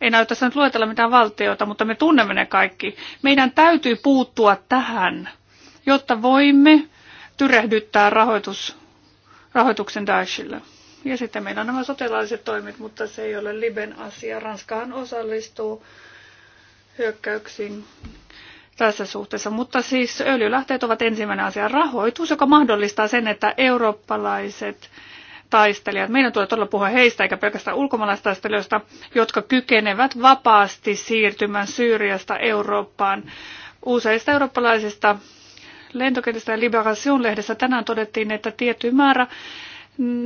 Ei näytä nyt luetella mitään valtiota, mutta me tunnemme ne kaikki. Meidän täytyy puuttua tähän, jotta voimme tyrehdyttää rahoitus, rahoituksen Daeshille. Ja sitten meillä on nämä sotilaalliset toimet, mutta se ei ole Liben asia. Ranskahan osallistuu hyökkäyksiin tässä suhteessa. Mutta siis öljylähteet ovat ensimmäinen asia. Rahoitus, joka mahdollistaa sen, että eurooppalaiset taistelijat, meidän tulee todella puhua heistä eikä pelkästään ulkomaalaistaistelijoista, jotka kykenevät vapaasti siirtymään Syyriasta Eurooppaan. Useista eurooppalaisista lentokentistä ja Liberation-lehdessä tänään todettiin, että tietty määrä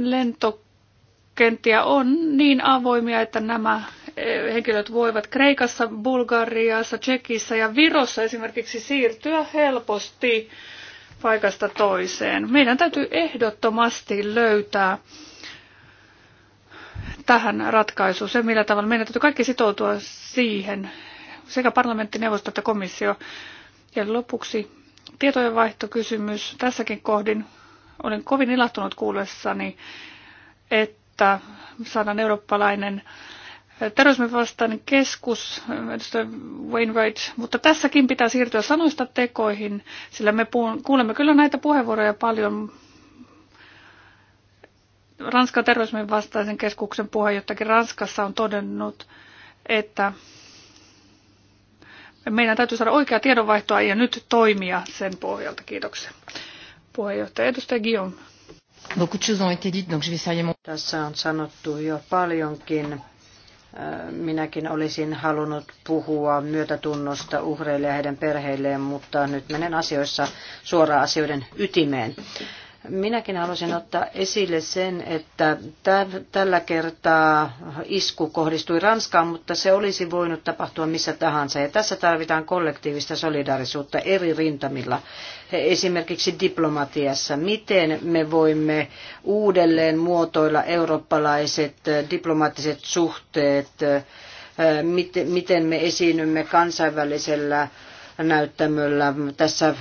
lentokenttiä on niin avoimia, että nämä henkilöt voivat Kreikassa, Bulgariassa, Tsekissä ja Virossa esimerkiksi siirtyä helposti paikasta toiseen. Meidän täytyy ehdottomasti löytää tähän ratkaisu, se millä tavalla meidän täytyy kaikki sitoutua siihen, sekä parlamentti, neuvosto että komissio. Ja lopuksi tietojenvaihtokysymys. Tässäkin kohdin olen kovin ilahtunut kuullessani, että saadaan eurooppalainen terrorismin keskus, edustaja Wainwright, mutta tässäkin pitää siirtyä sanoista tekoihin, sillä me kuulemme kyllä näitä puheenvuoroja paljon. Ranskan terrorismin vastaisen keskuksen puheenjohtajakin Ranskassa on todennut, että meidän täytyy saada oikea tiedonvaihtoa ja nyt toimia sen pohjalta. Kiitoksia. Puheenjohtaja edustaja Guillaume. Tässä on sanottu jo paljonkin Minäkin olisin halunnut puhua myötätunnosta uhreille ja heidän perheilleen, mutta nyt menen asioissa suoraan asioiden ytimeen. Minäkin haluaisin ottaa esille sen, että tällä kertaa isku kohdistui Ranskaan, mutta se olisi voinut tapahtua missä tahansa. Ja tässä tarvitaan kollektiivista solidaarisuutta eri rintamilla. Esimerkiksi diplomatiassa. Miten me voimme uudelleen muotoilla eurooppalaiset äh, diplomaattiset suhteet, äh, miten me esiinnymme kansainvälisellä näyttämöllä. Tässä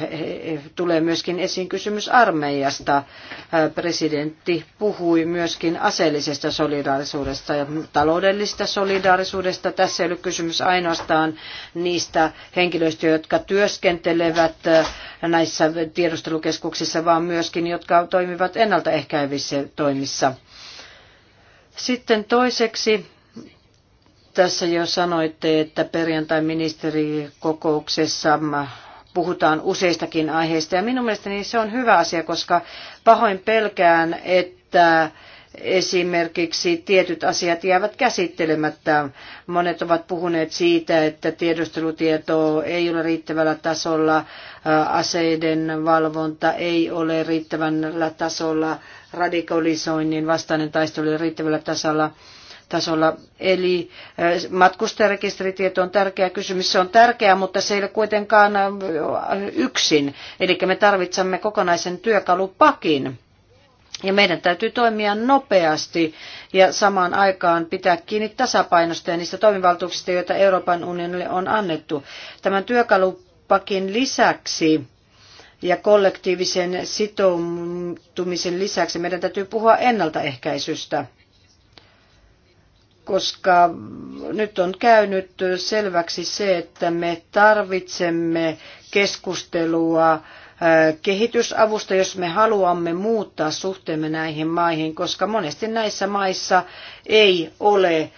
tulee myöskin esiin kysymys armeijasta. Presidentti puhui myöskin aseellisesta solidaarisuudesta ja taloudellisesta solidaarisuudesta. Tässä ei ole kysymys ainoastaan niistä henkilöistä, jotka työskentelevät näissä tiedustelukeskuksissa, vaan myöskin jotka toimivat ennaltaehkäivissä toimissa. Sitten toiseksi tässä jo sanoitte, että perjantain ministerikokouksessa puhutaan useistakin aiheista ja minun mielestäni se on hyvä asia, koska pahoin pelkään, että esimerkiksi tietyt asiat jäävät käsittelemättä. Monet ovat puhuneet siitä, että tiedustelutieto ei ole riittävällä tasolla, aseiden valvonta ei ole riittävällä tasolla, radikalisoinnin vastainen taistelu ei ole riittävällä tasolla tasolla. Eli eh, matkustajarekisteritieto on tärkeä kysymys. Se on tärkeä, mutta se ei ole kuitenkaan eh, yksin. Eli me tarvitsemme kokonaisen työkalupakin. Ja meidän täytyy toimia nopeasti ja samaan aikaan pitää kiinni tasapainosta ja niistä toimivaltuuksista, joita Euroopan unionille on annettu. Tämän työkalupakin lisäksi ja kollektiivisen sitoutumisen lisäksi meidän täytyy puhua ennaltaehkäisystä koska nyt on käynyt selväksi se, että me tarvitsemme keskustelua kehitysavusta, jos me haluamme muuttaa suhteemme näihin maihin, koska monesti näissä maissa ei ole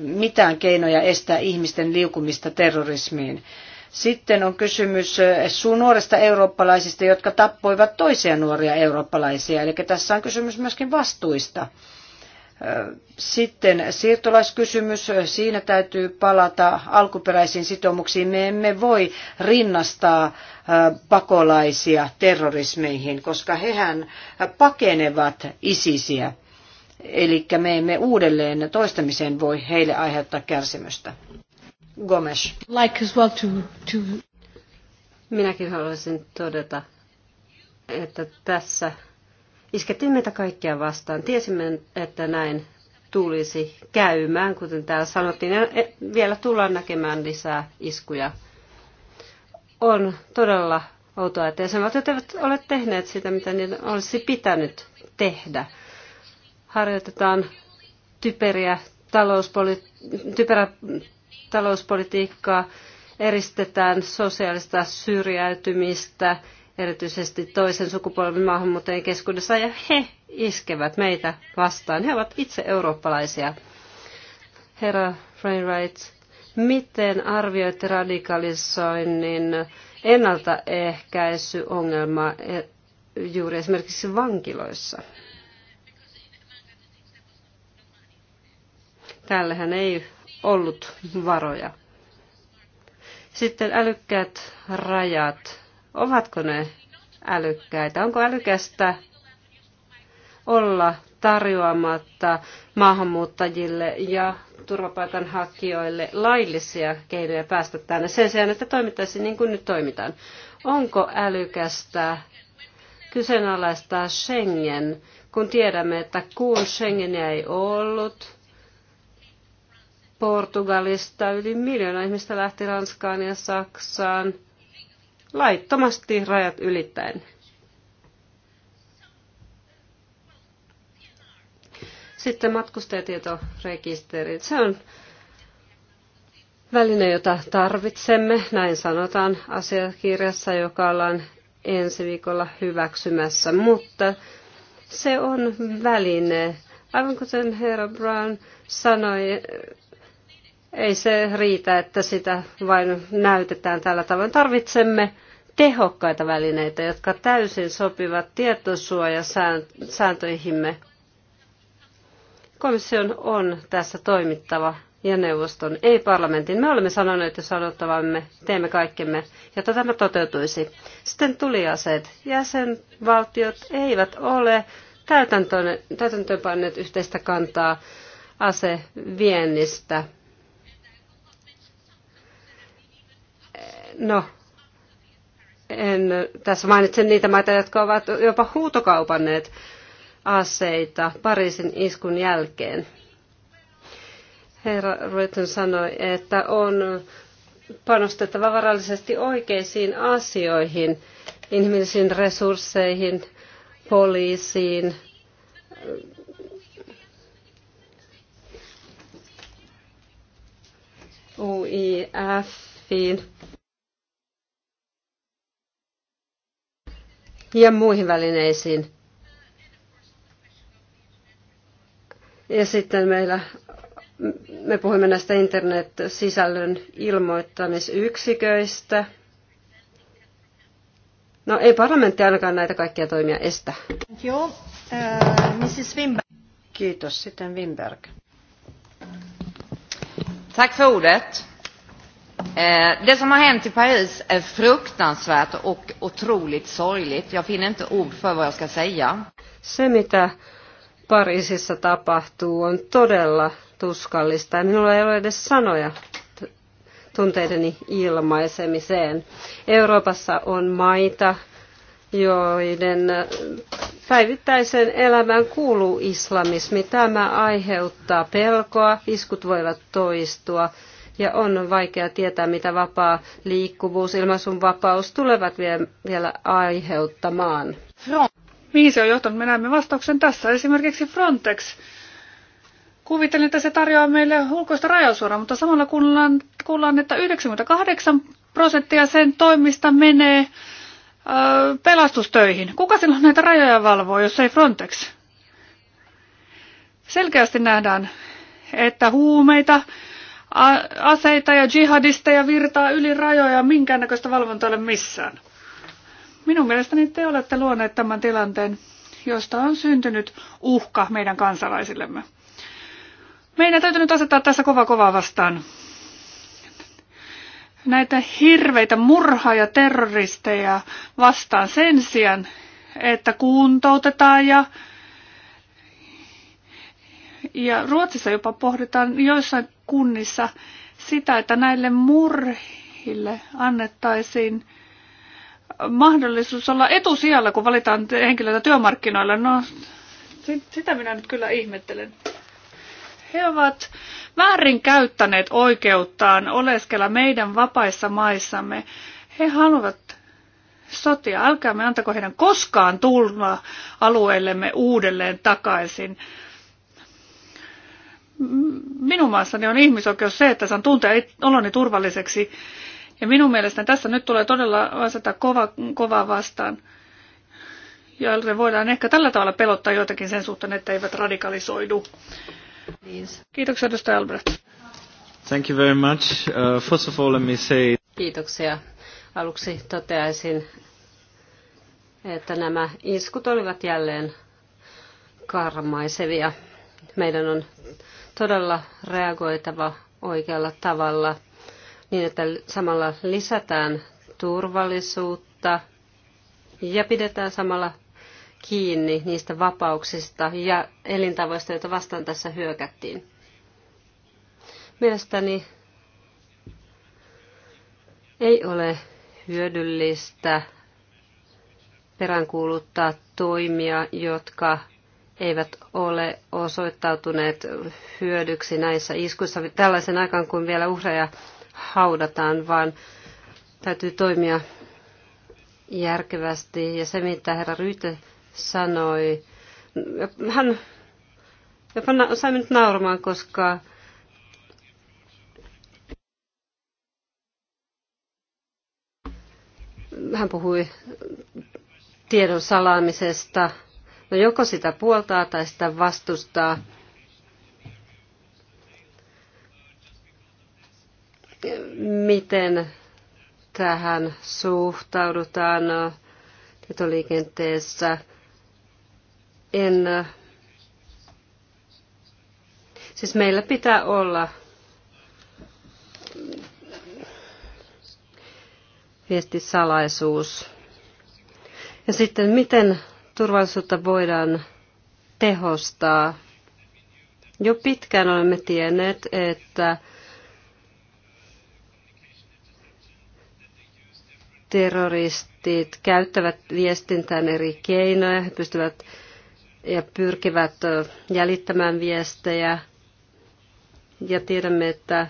mitään keinoja estää ihmisten liukumista terrorismiin. Sitten on kysymys sun nuoresta eurooppalaisista, jotka tappoivat toisia nuoria eurooppalaisia. Eli tässä on kysymys myöskin vastuista. Sitten siirtolaiskysymys. Siinä täytyy palata alkuperäisiin sitoumuksiin. Me emme voi rinnastaa pakolaisia terrorismeihin, koska hehän pakenevat isisiä. Eli me emme uudelleen toistamiseen voi heille aiheuttaa kärsimystä. Gomes. Like as well to, to... Minäkin haluaisin todeta, että tässä Iskettiin meitä kaikkia vastaan. Tiesimme, että näin tulisi käymään, kuten täällä sanottiin. Ja e, vielä tullaan näkemään lisää iskuja. On todella outoa, että jäsenvaltiot eivät ole tehneet sitä, mitä niiden olisi pitänyt tehdä. Harjoitetaan typeriä talouspoliti- typerä talouspolitiikkaa, eristetään sosiaalista syrjäytymistä, erityisesti toisen sukupolven maahanmuuttajien keskuudessa, ja he iskevät meitä vastaan. He ovat itse eurooppalaisia. Herra Freinwright, miten arvioitte radikalisoinnin ennaltaehkäisyongelmaa e, juuri esimerkiksi vankiloissa? Tällähän ei ollut varoja. Sitten älykkäät rajat Ovatko ne älykkäitä? Onko älykästä olla tarjoamatta maahanmuuttajille ja turvapaikanhakijoille laillisia keinoja päästä tänne sen sijaan, että toimittaisiin niin kuin nyt toimitaan. Onko älykästä kyseenalaistaa Schengen, kun tiedämme, että kun Schengeniä ei ollut, Portugalista yli miljoona ihmistä lähti Ranskaan ja Saksaan – laittomasti rajat ylittäen. Sitten matkustajatietorekisteri. Se on väline, jota tarvitsemme, näin sanotaan asiakirjassa, joka ollaan ensi viikolla hyväksymässä, mutta se on väline. Aivan kuten herra Brown sanoi, ei se riitä, että sitä vain näytetään tällä tavoin. Tarvitsemme tehokkaita välineitä, jotka täysin sopivat tietosuojasääntöihimme. Komission on tässä toimittava ja neuvoston, ei parlamentin. Me olemme sanoneet ja sanottavamme, teemme kaikkemme, jotta tämä toteutuisi. Sitten tuliaseet. Jäsenvaltiot eivät ole panneet yhteistä kantaa aseviennistä. No, en tässä mainitsen niitä maita, jotka ovat jopa huutokaupanneet aseita Pariisin iskun jälkeen. Herra Rueton sanoi, että on panostettava varallisesti oikeisiin asioihin, inhimillisiin resursseihin, poliisiin, UIFiin. ja muihin välineisiin. Ja sitten meillä, me puhumme näistä internet-sisällön ilmoittamisyksiköistä. No ei parlamentti ainakaan näitä kaikkia toimia estä. Joo, uh, Mrs. Wimberg. Kiitos, sitten Wimberg. Tack för ordet. Eh, det som har hänt i Paris är fruktansvärt och otroligt sorgligt. Jag finner inte ord för vad jag ska säga. Se mitä Pariisissa tapahtuu on todella tuskallista minulla ei ole edes sanoja tunteideni ilmaisemiseen. Euroopassa on maita, joiden päivittäisen elämään kuuluu islamismi. Tämä aiheuttaa pelkoa, iskut voivat toistua ja on vaikea tietää, mitä vapaa liikkuvuus, ilmaisun vapaus tulevat vielä aiheuttamaan. Mihin se on johtanut? Me näemme vastauksen tässä. Esimerkiksi Frontex. Kuvittelin, että se tarjoaa meille ulkoista rajasuoraa, mutta samalla kuullaan, kuullaan että 98 prosenttia sen toimista menee ö, pelastustöihin. Kuka silloin näitä rajoja valvoo, jos ei Frontex? Selkeästi nähdään, että huumeita, aseita ja jihadisteja virtaa yli rajoja, minkäännäköistä valvontaa ole missään. Minun mielestäni te olette luoneet tämän tilanteen, josta on syntynyt uhka meidän kansalaisillemme. Meidän täytyy nyt asettaa tässä kova kova vastaan. Näitä hirveitä murhaa ja terroristeja vastaan sen sijaan, että kuntoutetaan ja ja Ruotsissa jopa pohditaan joissain kunnissa sitä, että näille murhille annettaisiin mahdollisuus olla etusijalla, kun valitaan henkilöitä työmarkkinoilla. No, sitä minä nyt kyllä ihmettelen. He ovat väärin käyttäneet oikeuttaan oleskella meidän vapaissa maissamme. He haluavat sotia. me antako heidän koskaan tulla alueellemme uudelleen takaisin minun maassani on ihmisoikeus se, että saan tuntea oloni turvalliseksi. Ja minun mielestäni tässä nyt tulee todella asettaa kova, kovaa vastaan, joille voidaan ehkä tällä tavalla pelottaa joitakin sen suhteen, että eivät radikalisoidu. Kiitoksia, edustaja Albert. Thank you very much. Uh, first of all, let me say... Kiitoksia. Aluksi toteaisin, että nämä iskut olivat jälleen karmaisevia. Meidän on todella reagoitava oikealla tavalla niin, että samalla lisätään turvallisuutta ja pidetään samalla kiinni niistä vapauksista ja elintavoista, joita vastaan tässä hyökättiin. Mielestäni ei ole hyödyllistä peräänkuuluttaa toimia, jotka eivät ole osoittautuneet hyödyksi näissä iskuissa tällaisen aikaan, kun vielä uhreja haudataan, vaan täytyy toimia järkevästi. Ja se, mitä herra Ryte sanoi, hän jopa na- sai minut nauramaan, koska hän puhui tiedon salaamisesta – No joko sitä puoltaa tai sitä vastustaa. Miten tähän suhtaudutaan tietoliikenteessä? En Siis meillä pitää olla viestisalaisuus. Ja sitten miten turvallisuutta voidaan tehostaa. Jo pitkään olemme tienneet, että terroristit käyttävät viestintään eri keinoja, he pystyvät ja pyrkivät jäljittämään viestejä. Ja tiedämme, että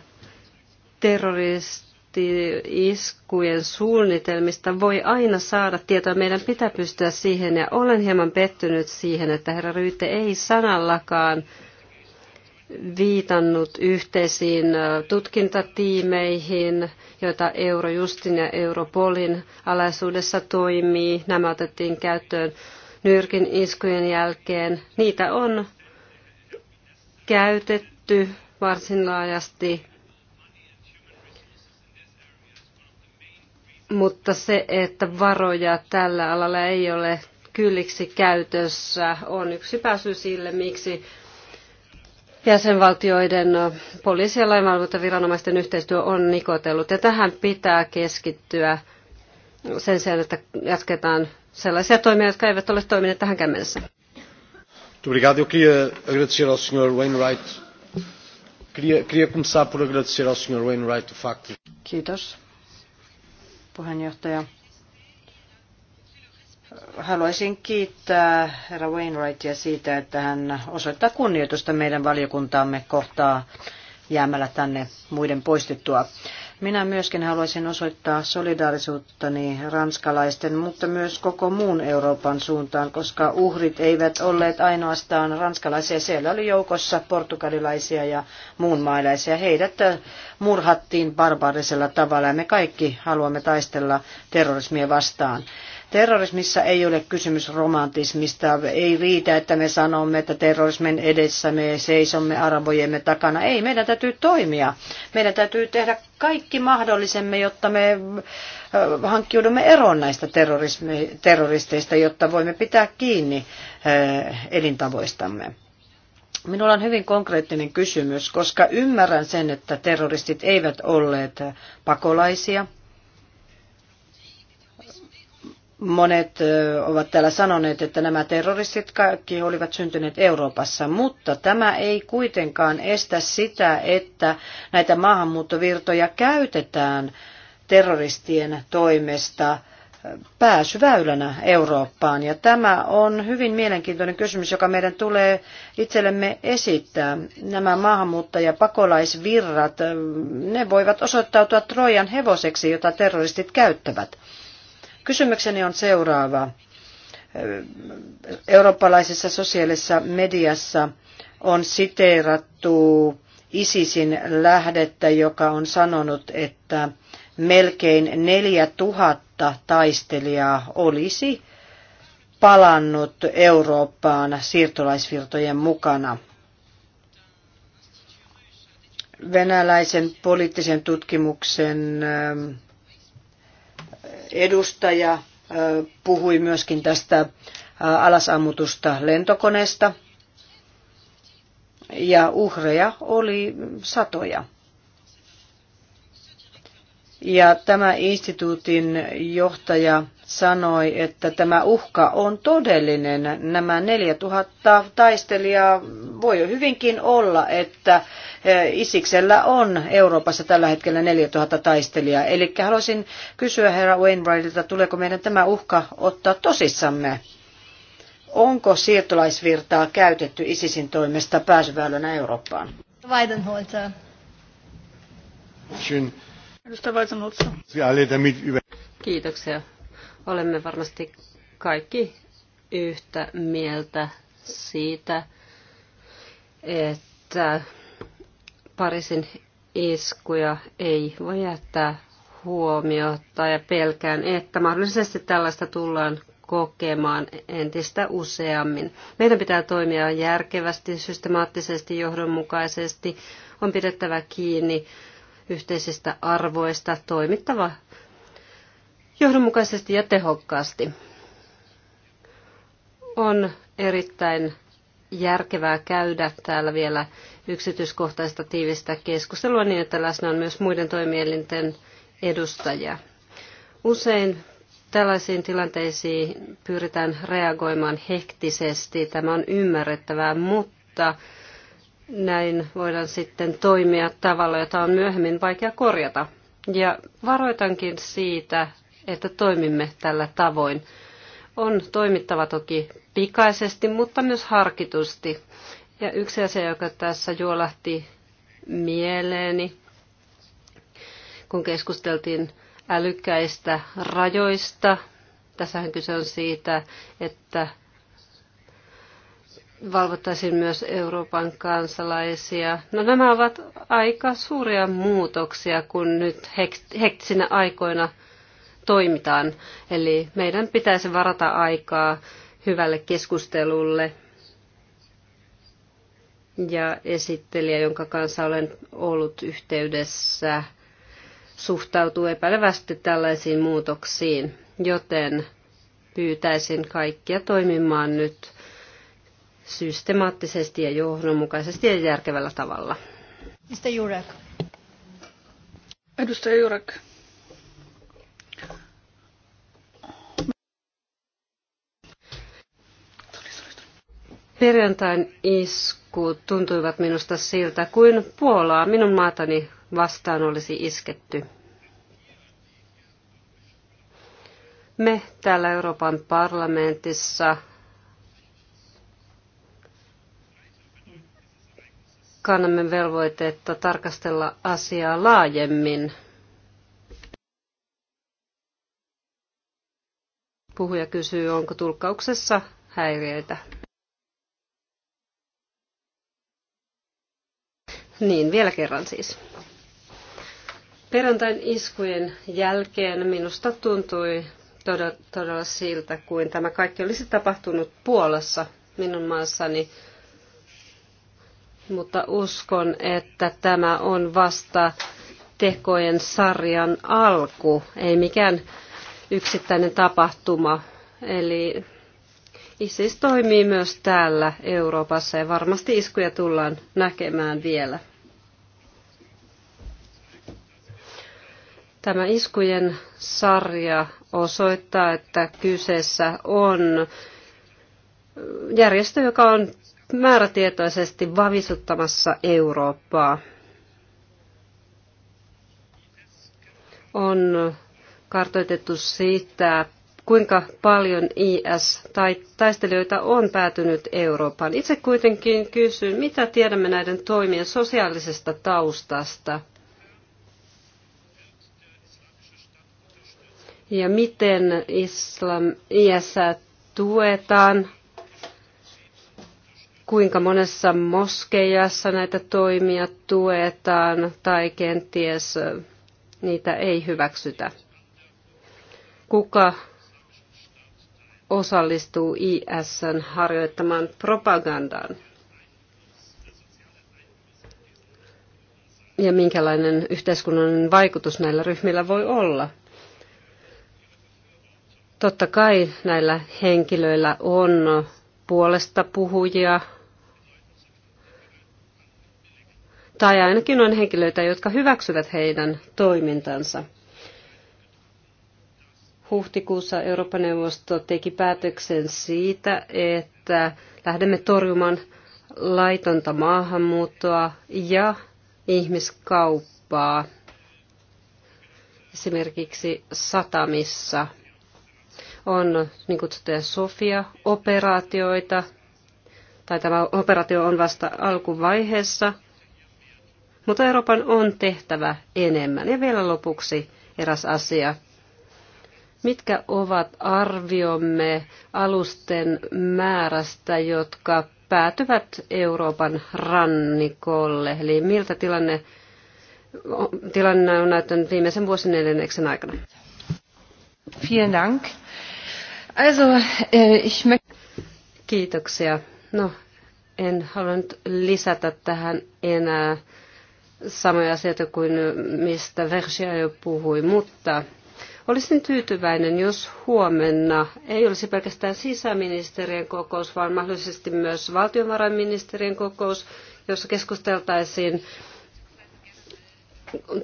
terroristit terroristi-iskujen suunnitelmista voi aina saada tietoa. Meidän pitää pystyä siihen ja olen hieman pettynyt siihen, että herra Ryytte ei sanallakaan viitannut yhteisiin tutkintatiimeihin, joita Eurojustin ja Europolin alaisuudessa toimii. Nämä otettiin käyttöön Nyrkin iskujen jälkeen. Niitä on käytetty varsin laajasti mutta se, että varoja tällä alalla ei ole kylliksi käytössä, on yksi pääsy sille, miksi jäsenvaltioiden poliisi- ja lainvalvontaviranomaisten yhteistyö on nikotellut. Ja tähän pitää keskittyä sen sijaan, että jatketaan sellaisia toimia, jotka eivät ole toimineet tähänkään mennessä. Obrigado. Eu queria agradecer ao Sr. Wainwright. Queria, queria começar por agradecer ao Sr. Wainwright o facto. Kiitos puheenjohtaja. Haluaisin kiittää herra Wainwrightia siitä, että hän osoittaa kunnioitusta meidän valiokuntaamme kohtaa jäämällä tänne muiden poistettua. Minä myöskin haluaisin osoittaa solidaarisuuttani ranskalaisten, mutta myös koko muun Euroopan suuntaan, koska uhrit eivät olleet ainoastaan ranskalaisia. Siellä oli joukossa portugalilaisia ja muunmaalaisia. Heidät äh, murhattiin barbaarisella tavalla ja me kaikki haluamme taistella terrorismia vastaan. Terrorismissa ei ole kysymys romantismista. Ei riitä, että me sanomme, että terrorismin edessä me seisomme arvojemme takana. Ei, meidän täytyy toimia. Meidän täytyy tehdä kaikki mahdollisemme, jotta me hankkiudumme eroon näistä terroristeista, jotta voimme pitää kiinni elintavoistamme. Minulla on hyvin konkreettinen kysymys, koska ymmärrän sen, että terroristit eivät olleet pakolaisia – Monet ovat täällä sanoneet, että nämä terroristit kaikki olivat syntyneet Euroopassa, mutta tämä ei kuitenkaan estä sitä, että näitä maahanmuuttovirtoja käytetään terroristien toimesta pääsyväylänä Eurooppaan. Ja tämä on hyvin mielenkiintoinen kysymys, joka meidän tulee itsellemme esittää. Nämä maahanmuuttajapakolaisvirrat, ne voivat osoittautua Trojan hevoseksi, jota terroristit käyttävät. Kysymykseni on seuraava. Eurooppalaisessa sosiaalisessa mediassa on siteerattu ISISin lähdettä, joka on sanonut, että melkein 4000 taistelijaa olisi palannut Eurooppaan siirtolaisvirtojen mukana. Venäläisen poliittisen tutkimuksen edustaja puhui myöskin tästä alasammutusta lentokoneesta ja uhreja oli satoja. Ja tämä instituutin johtaja sanoi, että tämä uhka on todellinen. Nämä 4000 taistelijaa voi jo hyvinkin olla, että eh, Isiksellä on Euroopassa tällä hetkellä 4000 taistelijaa. Eli haluaisin kysyä herra Wainwrightilta, tuleeko meidän tämä uhka ottaa tosissamme? Onko siirtolaisvirtaa käytetty ISISin toimesta pääsyväylänä Eurooppaan? Weidenholzer. Kiitoksia. Olemme varmasti kaikki yhtä mieltä siitä, että Pariisin iskuja ei voi jättää huomiota ja pelkään, että mahdollisesti tällaista tullaan kokemaan entistä useammin. Meidän pitää toimia järkevästi, systemaattisesti, johdonmukaisesti. On pidettävä kiinni yhteisistä arvoista toimittava johdonmukaisesti ja tehokkaasti. On erittäin järkevää käydä täällä vielä yksityiskohtaista tiivistä keskustelua niin, että läsnä on myös muiden toimielinten edustajia. Usein tällaisiin tilanteisiin pyritään reagoimaan hektisesti, tämä on ymmärrettävää, mutta näin voidaan sitten toimia tavalla, jota on myöhemmin vaikea korjata. Ja varoitankin siitä, että toimimme tällä tavoin. On toimittava toki pikaisesti, mutta myös harkitusti. Ja yksi asia, joka tässä juolahti mieleeni, kun keskusteltiin älykkäistä rajoista. Tässähän kyse on siitä, että valvottaisiin myös Euroopan kansalaisia. No nämä ovat aika suuria muutoksia, kun nyt hektisinä aikoina toimitaan. Eli meidän pitäisi varata aikaa hyvälle keskustelulle. Ja esittelijä, jonka kanssa olen ollut yhteydessä, suhtautuu epäilevästi tällaisiin muutoksiin, joten pyytäisin kaikkia toimimaan nyt systemaattisesti ja johdonmukaisesti ja järkevällä tavalla. Mr. Jurek. Edustaja Jurek. Perjantain iskut tuntuivat minusta siltä kuin Puolaa minun maatani vastaan olisi isketty. Me täällä Euroopan parlamentissa kannamme velvoitetta tarkastella asiaa laajemmin. Puhuja kysyy, onko tulkkauksessa häiriöitä. Niin, vielä kerran siis. Perjantain iskujen jälkeen minusta tuntui todella, todella siltä, kuin tämä kaikki olisi tapahtunut Puolassa minun maassani mutta uskon, että tämä on vasta tekojen sarjan alku, ei mikään yksittäinen tapahtuma. Eli ISIS toimii myös täällä Euroopassa ja varmasti iskuja tullaan näkemään vielä. Tämä iskujen sarja osoittaa, että kyseessä on järjestö, joka on määrätietoisesti vavisuttamassa Eurooppaa. On kartoitettu siitä, kuinka paljon IS-taistelijoita on päätynyt Eurooppaan. Itse kuitenkin kysyn, mitä tiedämme näiden toimien sosiaalisesta taustasta ja miten islam, IS tuetaan kuinka monessa moskeijassa näitä toimia tuetaan tai kenties niitä ei hyväksytä. Kuka osallistuu ISn harjoittamaan propagandaan? Ja minkälainen yhteiskunnallinen vaikutus näillä ryhmillä voi olla? Totta kai näillä henkilöillä on puolesta puhujia, tai ainakin on henkilöitä, jotka hyväksyvät heidän toimintansa. Huhtikuussa eurooppa neuvosto teki päätöksen siitä, että lähdemme torjumaan laitonta maahanmuuttoa ja ihmiskauppaa esimerkiksi satamissa. On niin kutsuttuja Sofia-operaatioita, tai tämä operaatio on vasta alkuvaiheessa – mutta Euroopan on tehtävä enemmän. Ja vielä lopuksi eräs asia. Mitkä ovat arviomme alusten määrästä, jotka päätyvät Euroopan rannikolle? Eli miltä tilanne, tilanne on näyttänyt viimeisen vuosien neljänneksen aikana? Vielen Dank. Also, äh, ich Kiitoksia. No, en halunnut lisätä tähän enää samoja asioita kuin mistä Versia jo puhui, mutta olisin tyytyväinen, jos huomenna ei olisi pelkästään sisäministerien kokous, vaan mahdollisesti myös valtiovarainministerien kokous, jossa keskusteltaisiin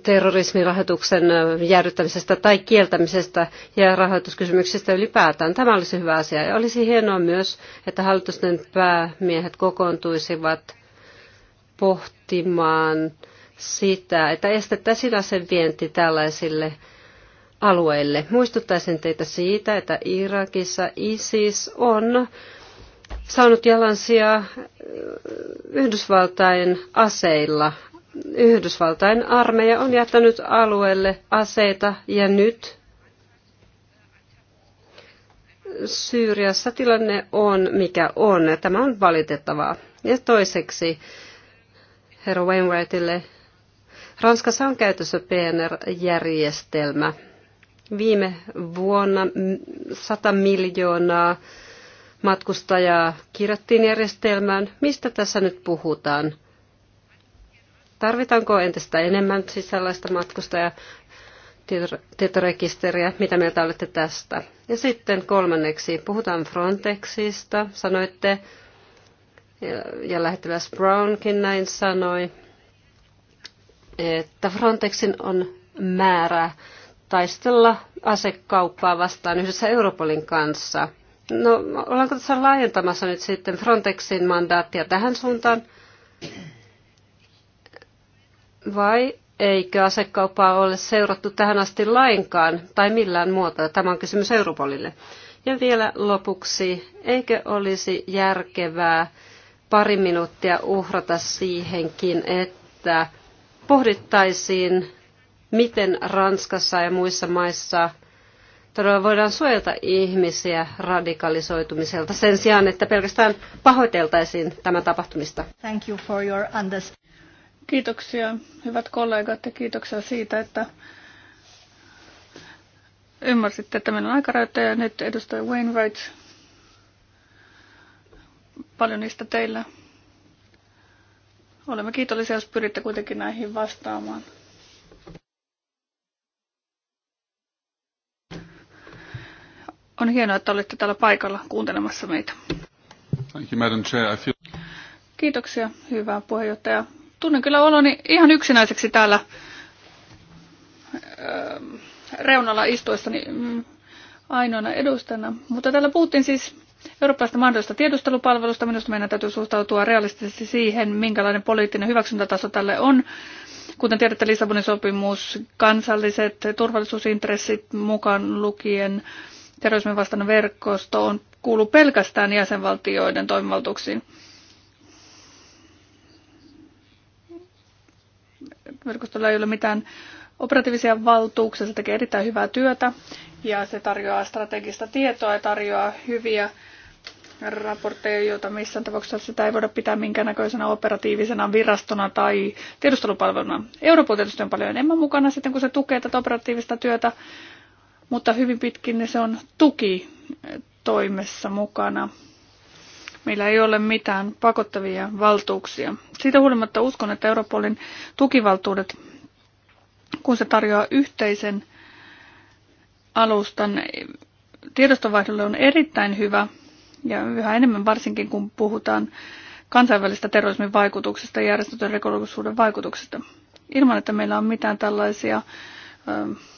terrorismirahoituksen jäädyttämisestä tai kieltämisestä ja rahoituskysymyksistä ylipäätään. Tämä olisi hyvä asia. Ja olisi hienoa myös, että hallitusten päämiehet kokoontuisivat pohtimaan sitä, että estettäisiin vienti tällaisille alueille. Muistuttaisin teitä siitä, että Irakissa ISIS on saanut jalansia äh, Yhdysvaltain aseilla. Yhdysvaltain armeija on jättänyt alueelle aseita ja nyt Syyriassa tilanne on mikä on. Tämä on valitettavaa. Ja toiseksi herra Wainwrightille Ranskassa on käytössä PNR-järjestelmä. Viime vuonna 100 miljoonaa matkustajaa kirjattiin järjestelmään. Mistä tässä nyt puhutaan? Tarvitaanko entistä enemmän sisällaista sellaista matkustajaa? tietorekisteriä. Mitä mieltä olette tästä? Ja sitten kolmanneksi, puhutaan Frontexista, sanoitte, ja lähettiläs Brownkin näin sanoi, että Frontexin on määrä taistella asekauppaa vastaan yhdessä Europolin kanssa. No, ollaanko tässä laajentamassa nyt sitten Frontexin mandaattia tähän suuntaan? Vai eikö asekauppaa ole seurattu tähän asti lainkaan tai millään muuta? Tämä on kysymys Europolille. Ja vielä lopuksi, eikö olisi järkevää pari minuuttia uhrata siihenkin, että pohdittaisiin, miten Ranskassa ja muissa maissa todella voidaan suojata ihmisiä radikalisoitumiselta sen sijaan, että pelkästään pahoiteltaisiin tämä tapahtumista. Thank you for your Kiitoksia, hyvät kollegat, ja kiitoksia siitä, että ymmärsitte, että meillä on aikarajoite ja nyt edustaja Wainwright. Paljon niistä teillä. Olemme kiitollisia, jos pyritte kuitenkin näihin vastaamaan. On hienoa, että olette täällä paikalla kuuntelemassa meitä. Kiitoksia, hyvä puheenjohtaja. Tunnen kyllä oloni ihan yksinäiseksi täällä ähm, reunalla istuessani mm, ainoana edustajana. Mutta täällä puhuttiin siis eurooppalaista mahdollisesta tiedustelupalvelusta. Minusta meidän täytyy suhtautua realistisesti siihen, minkälainen poliittinen hyväksyntätaso tälle on. Kuten tiedätte, Lissabonin sopimus, kansalliset turvallisuusintressit mukaan lukien terrorismin vastainen verkosto on, kuuluu pelkästään jäsenvaltioiden toimivaltuuksiin. Verkostolla ei ole mitään operatiivisia valtuuksia, se tekee erittäin hyvää työtä ja se tarjoaa strategista tietoa ja tarjoaa hyviä raportteja, joita missään tapauksessa sitä ei voida pitää minkäännäköisenä operatiivisena virastona tai tiedustelupalveluna. Europol tietysti on paljon enemmän mukana sitten, kun se tukee tätä operatiivista työtä, mutta hyvin pitkin se on tuki toimessa mukana. Meillä ei ole mitään pakottavia valtuuksia. Siitä huolimatta uskon, että Europolin tukivaltuudet, kun se tarjoaa yhteisen alustan tiedostovaihdolle, on erittäin hyvä – ja yhä enemmän varsinkin kun puhutaan kansainvälistä terrorismin vaikutuksesta ja järjestetyn rikollisuuden vaikutuksesta. Ilman, että meillä on mitään tällaisia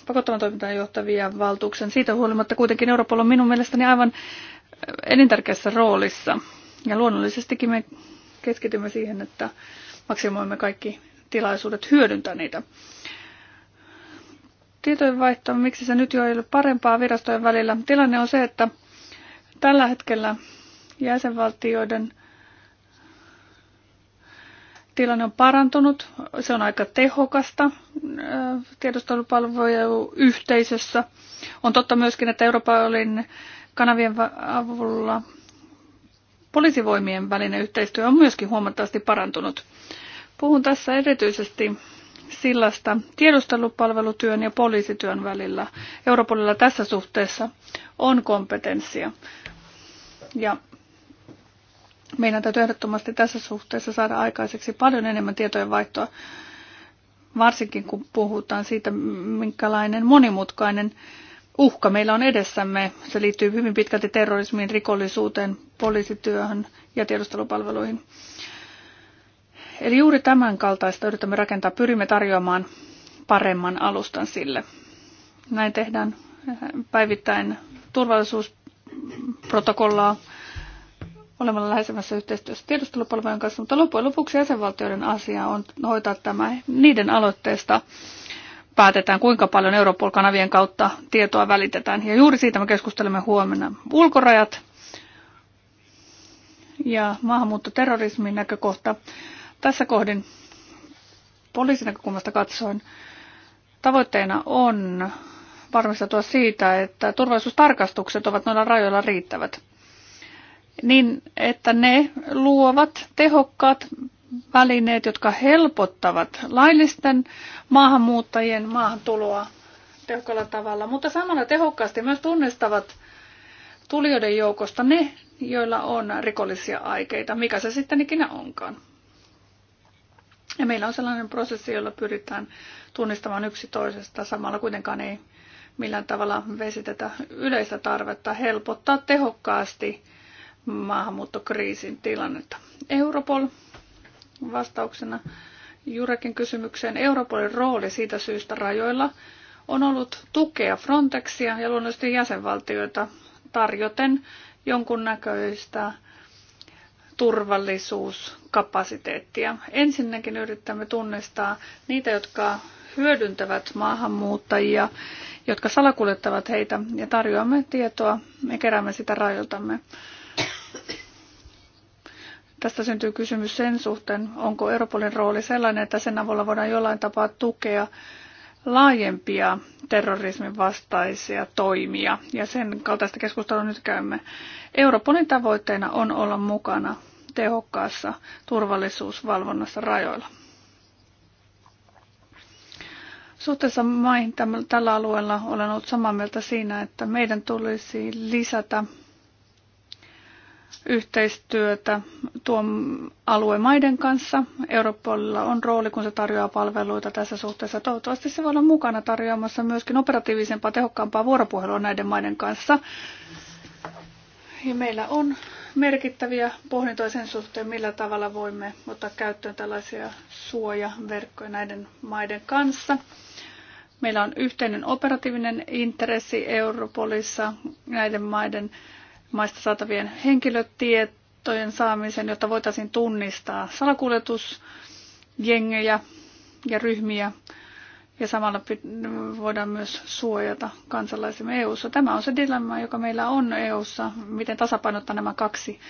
pakottavan toimintaan johtavia valtuuksia. Siitä huolimatta kuitenkin Europol on minun mielestäni aivan elintärkeässä roolissa. Ja luonnollisestikin me keskitymme siihen, että maksimoimme kaikki tilaisuudet hyödyntää niitä. Tietojenvaihto, miksi se nyt jo ei ole parempaa virastojen välillä? Tilanne on se, että Tällä hetkellä jäsenvaltioiden tilanne on parantunut. Se on aika tehokasta tiedustelupalvelujen yhteisössä. On totta myöskin, että Euroopan olin kanavien avulla poliisivoimien välinen yhteistyö on myöskin huomattavasti parantunut. Puhun tässä erityisesti sillasta tiedustelupalvelutyön ja poliisityön välillä. Europolilla tässä suhteessa on kompetenssia. Ja meidän täytyy ehdottomasti tässä suhteessa saada aikaiseksi paljon enemmän tietojen vaihtoa, varsinkin kun puhutaan siitä, minkälainen monimutkainen uhka meillä on edessämme. Se liittyy hyvin pitkälti terrorismiin, rikollisuuteen, poliisityöhön ja tiedustelupalveluihin. Eli juuri tämän kaltaista yritämme rakentaa, pyrimme tarjoamaan paremman alustan sille. Näin tehdään eh, päivittäin turvallisuus protokollaa olemalla lähesemässä yhteistyössä tiedustelupalvelujen kanssa, mutta loppujen lopuksi jäsenvaltioiden asia on hoitaa tämä niiden aloitteesta päätetään, kuinka paljon Europol-kanavien kautta tietoa välitetään. Ja juuri siitä me keskustelemme huomenna. Ulkorajat ja maahanmuuttoterrorismin näkökohta. Tässä kohdin poliisin näkökulmasta katsoen tavoitteena on varmistautua siitä, että turvallisuustarkastukset ovat noilla rajoilla riittävät. Niin, että ne luovat tehokkaat välineet, jotka helpottavat laillisten maahanmuuttajien maahantuloa tehokkaalla tavalla, mutta samalla tehokkaasti myös tunnistavat tulijoiden joukosta ne, joilla on rikollisia aikeita, mikä se sitten ikinä onkaan. Ja meillä on sellainen prosessi, jolla pyritään tunnistamaan yksi toisesta, samalla kuitenkaan ei millään tavalla vesitetä yleistä tarvetta helpottaa tehokkaasti maahanmuuttokriisin tilannetta. Europol vastauksena Jurekin kysymykseen. Europolin rooli siitä syystä rajoilla on ollut tukea Frontexia ja luonnollisesti jäsenvaltioita tarjoten jonkunnäköistä turvallisuuskapasiteettia. Ensinnäkin yritämme tunnistaa niitä, jotka hyödyntävät maahanmuuttajia, jotka salakuljettavat heitä ja tarjoamme tietoa ja keräämme sitä rajoiltamme. Tästä syntyy kysymys sen suhteen, onko Europolin rooli sellainen, että sen avulla voidaan jollain tapaa tukea laajempia terrorismin vastaisia toimia. Ja sen kaltaista keskustelua nyt käymme. Europolin tavoitteena on olla mukana tehokkaassa turvallisuusvalvonnassa rajoilla. Suhteessa maihin tällä alueella olen ollut samaa mieltä siinä, että meidän tulisi lisätä yhteistyötä tuon alueen maiden kanssa. Europolilla on rooli, kun se tarjoaa palveluita tässä suhteessa. Toivottavasti se voi olla mukana tarjoamassa myöskin operatiivisempaa, tehokkaampaa vuoropuhelua näiden maiden kanssa. Ja meillä on merkittäviä pohdintoja sen suhteen, millä tavalla voimme ottaa käyttöön tällaisia suojaverkkoja näiden maiden kanssa. Meillä on yhteinen operatiivinen intressi Europolissa näiden maiden maista saatavien henkilötietojen saamisen, jotta voitaisiin tunnistaa salakuljetusjengejä ja ryhmiä ja samalla voidaan myös suojata kansalaisemme EU:ssa. Tämä on se dilemma, joka meillä on EU:ssa, miten tasapainottaa nämä kaksi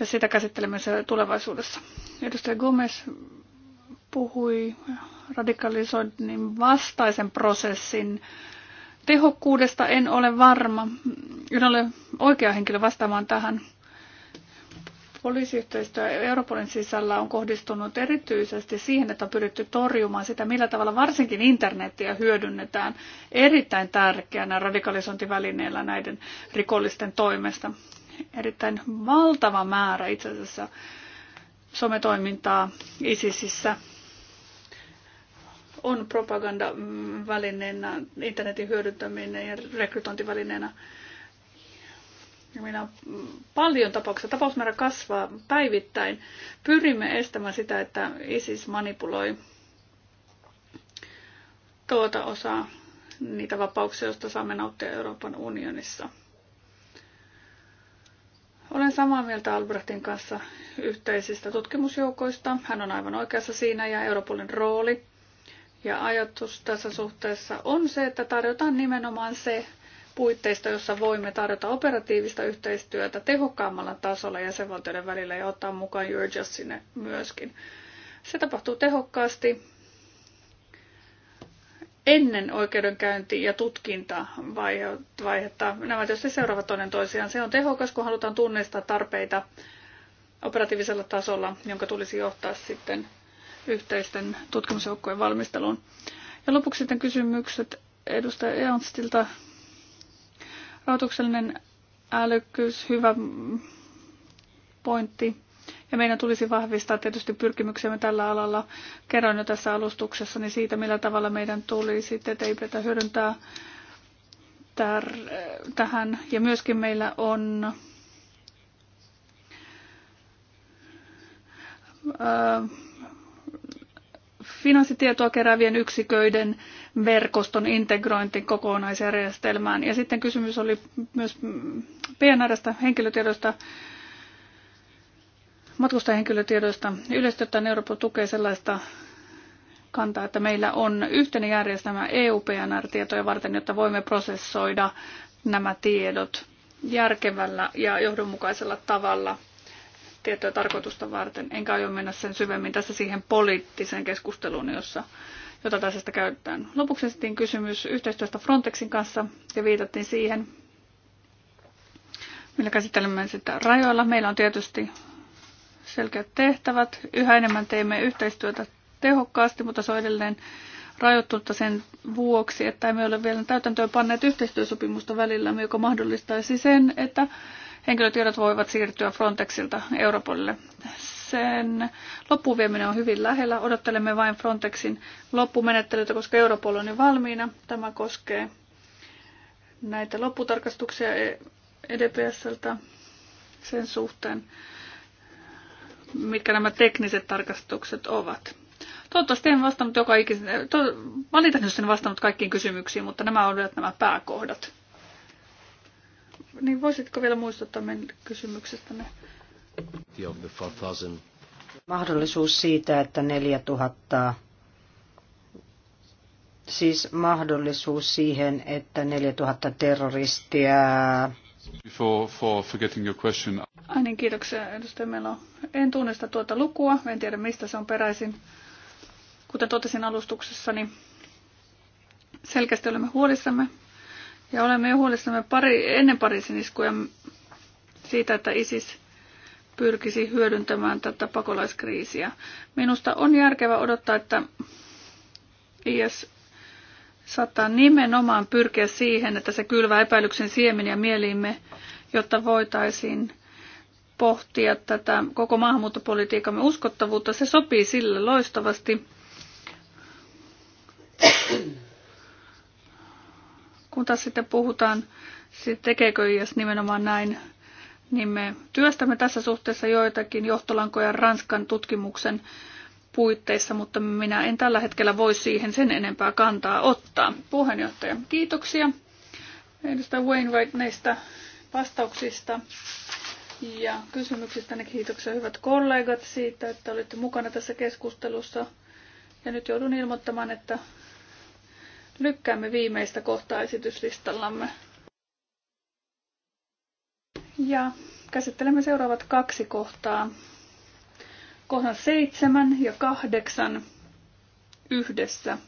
ja sitä käsittelemme se tulevaisuudessa. Edustaja Gomez puhui radikalisoinnin vastaisen prosessin tehokkuudesta. En ole varma, en ole oikea henkilö vastaamaan tähän poliisiyhteistyö Europolin sisällä on kohdistunut erityisesti siihen, että on pyritty torjumaan sitä, millä tavalla varsinkin internetiä hyödynnetään erittäin tärkeänä radikalisointivälineellä näiden rikollisten toimesta. Erittäin valtava määrä itse asiassa sometoimintaa ISISissä on propagandavälineenä, internetin hyödyntäminen ja rekrytointivälineenä ja meillä on paljon tapauksia, tapausmäärä kasvaa päivittäin. Pyrimme estämään sitä, että ISIS manipuloi tuota osaa niitä vapauksia, joista saamme nauttia Euroopan unionissa. Olen samaa mieltä Albrechtin kanssa yhteisistä tutkimusjoukoista. Hän on aivan oikeassa siinä ja Europolin rooli ja ajatus tässä suhteessa on se, että tarjotaan nimenomaan se, puitteista, jossa voimme tarjota operatiivista yhteistyötä tehokkaammalla tasolla jäsenvaltioiden välillä ja ottaa mukaan Eurojust sinne myöskin. Se tapahtuu tehokkaasti ennen oikeudenkäynti- ja tutkintavaihetta. Nämä tietysti seuraavat toinen toisiaan. Se on tehokas, kun halutaan tunnistaa tarpeita operatiivisella tasolla, jonka tulisi johtaa sitten yhteisten tutkimusjoukkojen valmisteluun. Ja lopuksi sitten kysymykset edustaja Eonstilta Rahoituksellinen älykkyys, hyvä pointti. Ja meidän tulisi vahvistaa tietysti pyrkimyksemme tällä alalla. Kerroin jo tässä alustuksessa niin siitä, millä tavalla meidän tulisi TTIPtä hyödyntää tär- tähän. Ja myöskin meillä on öö, finanssitietoa keräävien yksiköiden verkoston integrointi kokonaisjärjestelmään. Ja sitten kysymys oli myös PNRstä, henkilötiedoista, matkustajahenkilötiedoista. Yleisesti ottaen Eurooppa tukee sellaista kantaa, että meillä on yhteinen järjestelmä EU-PNR-tietoja varten, jotta voimme prosessoida nämä tiedot järkevällä ja johdonmukaisella tavalla – tiettyä tarkoitusta varten, enkä aio mennä sen syvemmin tässä siihen poliittiseen keskusteluun, jossa, jota tästä käytetään. Lopuksi esitin kysymys yhteistyöstä Frontexin kanssa ja viitattiin siihen, millä käsittelemme sitä rajoilla. Meillä on tietysti selkeät tehtävät. Yhä enemmän teemme yhteistyötä tehokkaasti, mutta se on edelleen rajoittunutta sen vuoksi, että emme ole vielä täytäntöön panneet yhteistyösopimusta välillä, joka mahdollistaisi sen, että henkilötiedot voivat siirtyä Frontexilta Europolille. Sen loppuvieminen on hyvin lähellä. Odottelemme vain Frontexin loppumenettelyitä, koska Europol on jo valmiina. Tämä koskee näitä lopputarkastuksia EDPSltä e sen suhteen, mitkä nämä tekniset tarkastukset ovat. Toivottavasti en vastannut joka ikinä, to, valitettavasti en vastannut kaikkiin kysymyksiin, mutta nämä olivat nämä pääkohdat. Niin voisitko vielä muistuttaa meidän kysymyksestäne? Mahdollisuus siitä, että 4000 siis mahdollisuus siihen, että 4000 terroristia... For, for forgetting your question. Ai niin, kiitoksia edustaja Melo. En tunnista tuota lukua, en tiedä mistä se on peräisin. Kuten totesin alustuksessa, niin selkeästi olemme huolissamme ja olemme jo huolissamme pari, ennen Pariisin iskuja siitä, että ISIS pyrkisi hyödyntämään tätä pakolaiskriisiä. Minusta on järkevää odottaa, että IS saattaa nimenomaan pyrkiä siihen, että se kylvää epäilyksen siemeniä mieliimme, jotta voitaisiin pohtia tätä koko maahanmuuttopolitiikamme uskottavuutta. Se sopii sille loistavasti. Kun taas sitten puhutaan, tekeekö IS nimenomaan näin, niin me työstämme tässä suhteessa joitakin johtolankoja Ranskan tutkimuksen puitteissa, mutta minä en tällä hetkellä voi siihen sen enempää kantaa ottaa. Puheenjohtaja, kiitoksia edustaja Wainwright näistä vastauksista ja kysymyksistä. Ne kiitoksia hyvät kollegat siitä, että olitte mukana tässä keskustelussa. Ja nyt joudun ilmoittamaan, että lykkäämme viimeistä kohtaa esityslistallamme. Ja käsittelemme seuraavat kaksi kohtaa. Kohdan seitsemän ja kahdeksan yhdessä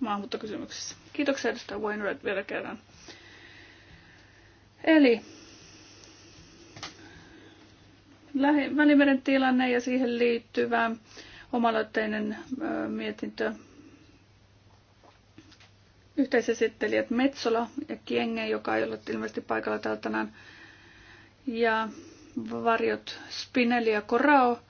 maahanmuuttokysymyksessä. Kiitoksia edustaja Wainwright vielä kerran. Eli Välimeren tilanne ja siihen liittyvä omaloitteinen mietintö yhteisesittelijät Metsola ja Kienge, joka ei ollut ilmeisesti paikalla täällä tänään, ja varjot Spinelli ja Korao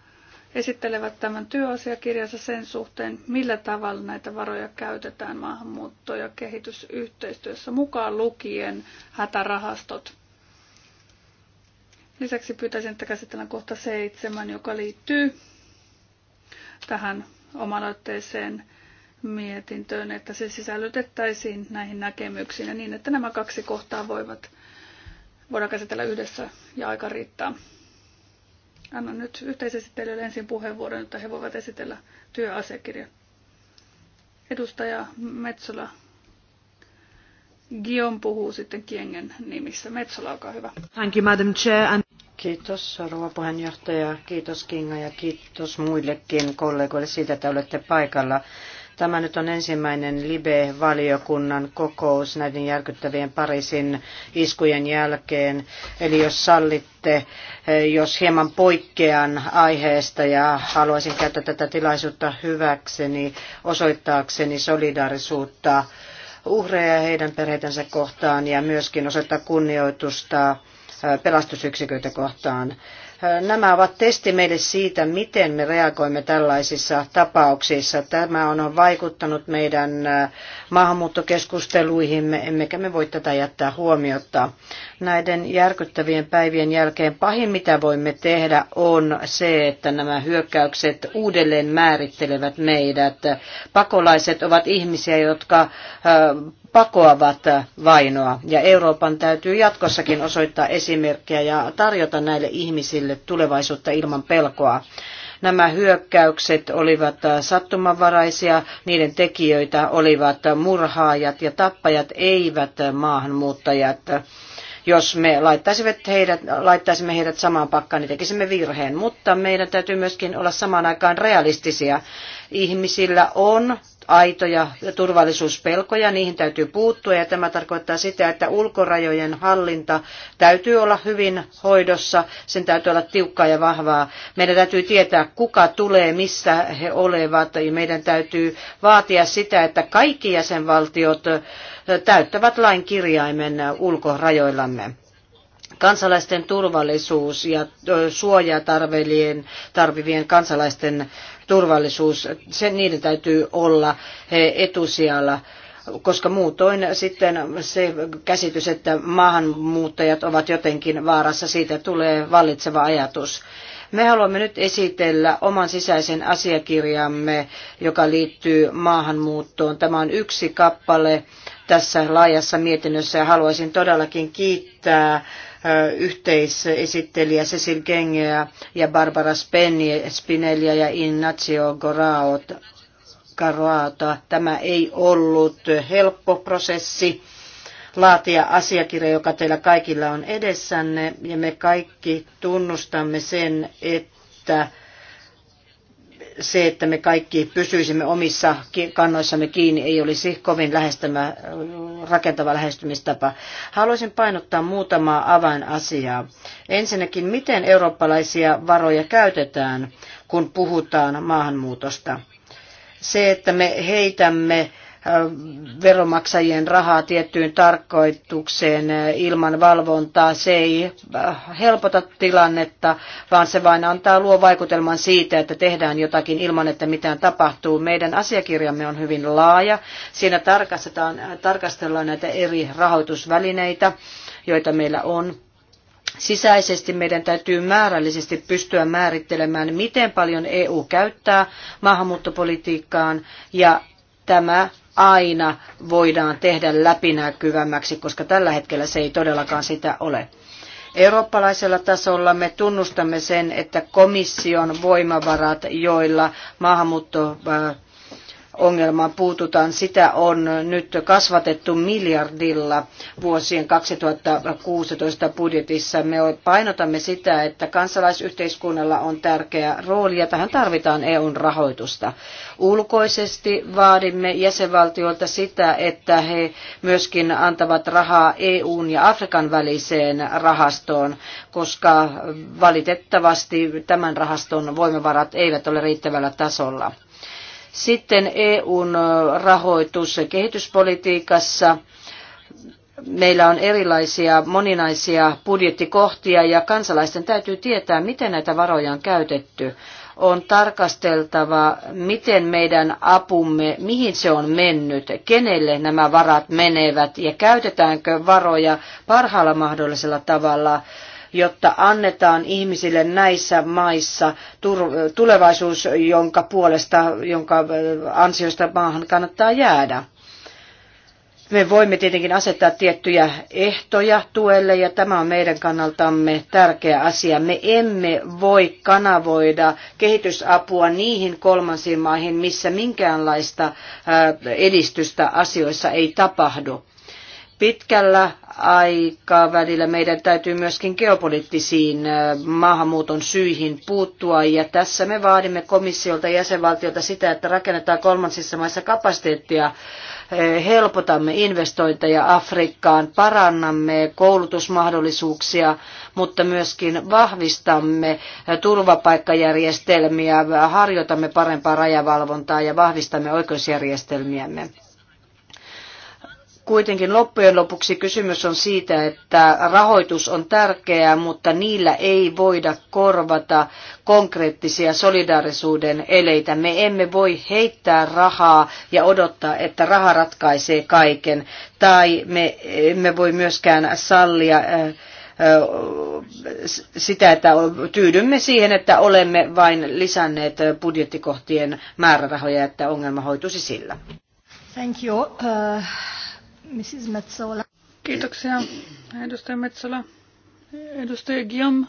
esittelevät tämän työasiakirjansa sen suhteen, millä tavalla näitä varoja käytetään maahanmuutto- ja kehitysyhteistyössä mukaan lukien hätärahastot. Lisäksi pyytäisin, että käsitellään kohta seitsemän, joka liittyy tähän omaloitteeseen mietintöön, että se sisällytettäisiin näihin näkemyksiin ja niin, että nämä kaksi kohtaa voivat, voidaan käsitellä yhdessä ja aika riittää. Annan nyt yhteisesittelijöille ensin puheenvuoron, jotta he voivat esitellä työasiakirjan. Edustaja Metsola Gion puhuu sitten Kiengen nimissä. Metsola, olkaa hyvä. Thank you, Madam Chair. And... Kiitos rouva puheenjohtaja, kiitos Kinga ja kiitos muillekin kollegoille siitä, että olette paikalla. Tämä nyt on ensimmäinen Libe-valiokunnan kokous näiden järkyttävien Pariisin iskujen jälkeen. Eli jos sallitte, eh, jos hieman poikkean aiheesta ja haluaisin käyttää tätä tilaisuutta hyväkseni osoittaakseni solidaarisuutta uhreja heidän perheitensä kohtaan ja myöskin osoittaa kunnioitusta eh, pelastusyksiköitä kohtaan. Nämä ovat testi meille siitä, miten me reagoimme tällaisissa tapauksissa. Tämä on vaikuttanut meidän äh, maahanmuuttokeskusteluihimme, emmekä me voi tätä jättää huomiota näiden järkyttävien päivien jälkeen pahin, mitä voimme tehdä, on se, että nämä hyökkäykset uudelleen määrittelevät meidät. Pakolaiset ovat ihmisiä, jotka pakoavat vainoa. Ja Euroopan täytyy jatkossakin osoittaa esimerkkiä ja tarjota näille ihmisille tulevaisuutta ilman pelkoa. Nämä hyökkäykset olivat sattumanvaraisia, niiden tekijöitä olivat murhaajat ja tappajat, eivät maahanmuuttajat. Jos me laittaisimme heidät, laittaisimme heidät samaan pakkaan, niin tekisimme virheen. Mutta meidän täytyy myöskin olla samaan aikaan realistisia. Ihmisillä on aitoja turvallisuuspelkoja, niihin täytyy puuttua ja tämä tarkoittaa sitä, että ulkorajojen hallinta täytyy olla hyvin hoidossa, sen täytyy olla tiukkaa ja vahvaa. Meidän täytyy tietää, kuka tulee, missä he olevat ja meidän täytyy vaatia sitä, että kaikki jäsenvaltiot täyttävät lain kirjaimen ulkorajoillamme kansalaisten turvallisuus ja suojaa tarvivien, tarvivien kansalaisten turvallisuus, sen, niiden täytyy olla etusijalla koska muutoin sitten se käsitys, että maahanmuuttajat ovat jotenkin vaarassa, siitä tulee vallitseva ajatus. Me haluamme nyt esitellä oman sisäisen asiakirjamme, joka liittyy maahanmuuttoon. Tämä on yksi kappale tässä laajassa mietinnössä ja haluaisin todellakin kiittää yhteisesittelijä Cecil Gengeä ja Barbara Spinellia ja Innazio Karoata. Tämä ei ollut helppo prosessi laatia asiakirja, joka teillä kaikilla on edessänne, ja me kaikki tunnustamme sen, että se, että me kaikki pysyisimme omissa kannoissamme kiinni, ei olisi kovin lähestymä rakentava lähestymistapa. Haluaisin painottaa muutamaa avainasiaa. Ensinnäkin, miten eurooppalaisia varoja käytetään, kun puhutaan maahanmuutosta. Se, että me heitämme veromaksajien rahaa tiettyyn tarkoitukseen ilman valvontaa. Se ei helpota tilannetta, vaan se vain antaa luo vaikutelman siitä, että tehdään jotakin ilman, että mitään tapahtuu. Meidän asiakirjamme on hyvin laaja. Siinä tarkastetaan, tarkastellaan näitä eri rahoitusvälineitä, joita meillä on sisäisesti meidän täytyy määrällisesti pystyä määrittelemään, miten paljon EU käyttää maahanmuuttopolitiikkaan ja tämä aina voidaan tehdä läpinäkyvämmäksi, koska tällä hetkellä se ei todellakaan sitä ole. Eurooppalaisella tasolla me tunnustamme sen, että komission voimavarat, joilla maahanmuutto ongelmaan puututaan. Sitä on nyt kasvatettu miljardilla vuosien 2016 budjetissa. Me painotamme sitä, että kansalaisyhteiskunnalla on tärkeä rooli ja tähän tarvitaan EUn rahoitusta. Ulkoisesti vaadimme jäsenvaltioilta sitä, että he myöskin antavat rahaa EUn ja Afrikan väliseen rahastoon, koska valitettavasti tämän rahaston voimavarat eivät ole riittävällä tasolla. Sitten EUn rahoitus kehityspolitiikassa. Meillä on erilaisia moninaisia budjettikohtia ja kansalaisten täytyy tietää, miten näitä varoja on käytetty on tarkasteltava, miten meidän apumme, mihin se on mennyt, kenelle nämä varat menevät ja käytetäänkö varoja parhaalla mahdollisella tavalla jotta annetaan ihmisille näissä maissa tulevaisuus, jonka puolesta, jonka ansiosta maahan kannattaa jäädä. Me voimme tietenkin asettaa tiettyjä ehtoja tuelle ja tämä on meidän kannaltamme tärkeä asia. Me emme voi kanavoida kehitysapua niihin kolmansiin maihin, missä minkäänlaista edistystä asioissa ei tapahdu. Pitkällä aikavälillä meidän täytyy myöskin geopoliittisiin maahanmuuton syihin puuttua ja tässä me vaadimme komissiolta ja jäsenvaltiolta sitä, että rakennetaan kolmansissa maissa kapasiteettia, helpotamme investointeja Afrikkaan, parannamme koulutusmahdollisuuksia, mutta myöskin vahvistamme turvapaikkajärjestelmiä, harjoitamme parempaa rajavalvontaa ja vahvistamme oikeusjärjestelmiämme. Kuitenkin loppujen lopuksi kysymys on siitä, että rahoitus on tärkeää, mutta niillä ei voida korvata konkreettisia solidaarisuuden eleitä. Me emme voi heittää rahaa ja odottaa, että raha ratkaisee kaiken. Tai me emme voi myöskään sallia äh, äh, sitä, että tyydymme siihen, että olemme vain lisänneet budjettikohtien määrärahoja, että ongelma hoituisi sillä. Thank you. Uh... Mrs. Metsola. Kiitoksia, edustaja Metsola. Edustaja Guillaume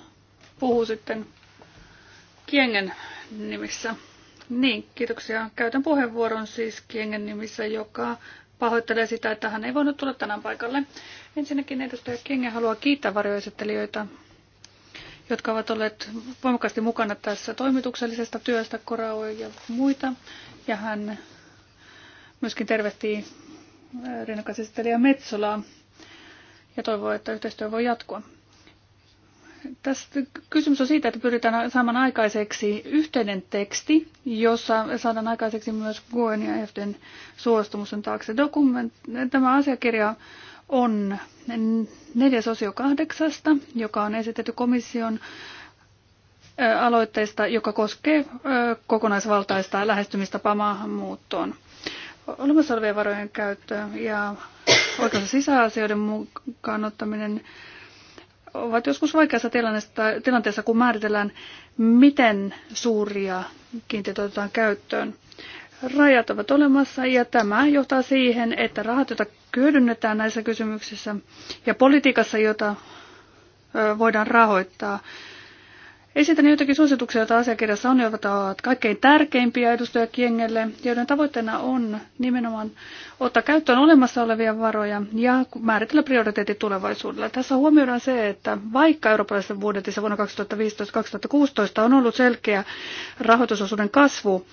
puhuu sitten Kiengen nimissä. Niin, kiitoksia. Käytän puheenvuoron siis Kiengen nimissä, joka pahoittelee sitä, että hän ei voinut tulla tänään paikalle. Ensinnäkin edustaja Kienge haluaa kiittää varjoesittelijöitä, jotka ovat olleet voimakkaasti mukana tässä toimituksellisesta työstä, Korao ja muita. Ja hän myöskin tervehtii rinnakkaisesittelijä Metsolaa ja toivoo, että yhteistyö voi jatkua. Tästä kysymys on siitä, että pyritään saamaan aikaiseksi yhteinen teksti, jossa saadaan aikaiseksi myös Guen ja Eften suostumuksen taakse. Dokument, tämä asiakirja on neljäs osio kahdeksasta, joka on esitetty komission aloitteesta, joka koskee kokonaisvaltaista lähestymistä maahanmuuttoon olemassa olevien varojen käyttö ja oikeus- sisäasioiden mukaan ottaminen ovat joskus vaikeassa tilanteessa, kun määritellään, miten suuria kiinteitä otetaan käyttöön. Rajat ovat olemassa ja tämä johtaa siihen, että rahat, joita hyödynnetään näissä kysymyksissä ja politiikassa, jota voidaan rahoittaa, Esitän niin joitakin suosituksia, joita asiakirjassa on, jotka ovat kaikkein tärkeimpiä edustaja Kiengelle, joiden tavoitteena on nimenomaan ottaa käyttöön olemassa olevia varoja ja määritellä prioriteetit tulevaisuudelle. Tässä huomioidaan se, että vaikka eurooppalaisessa budjetissa vuonna 2015-2016 on ollut selkeä rahoitusosuuden kasvu,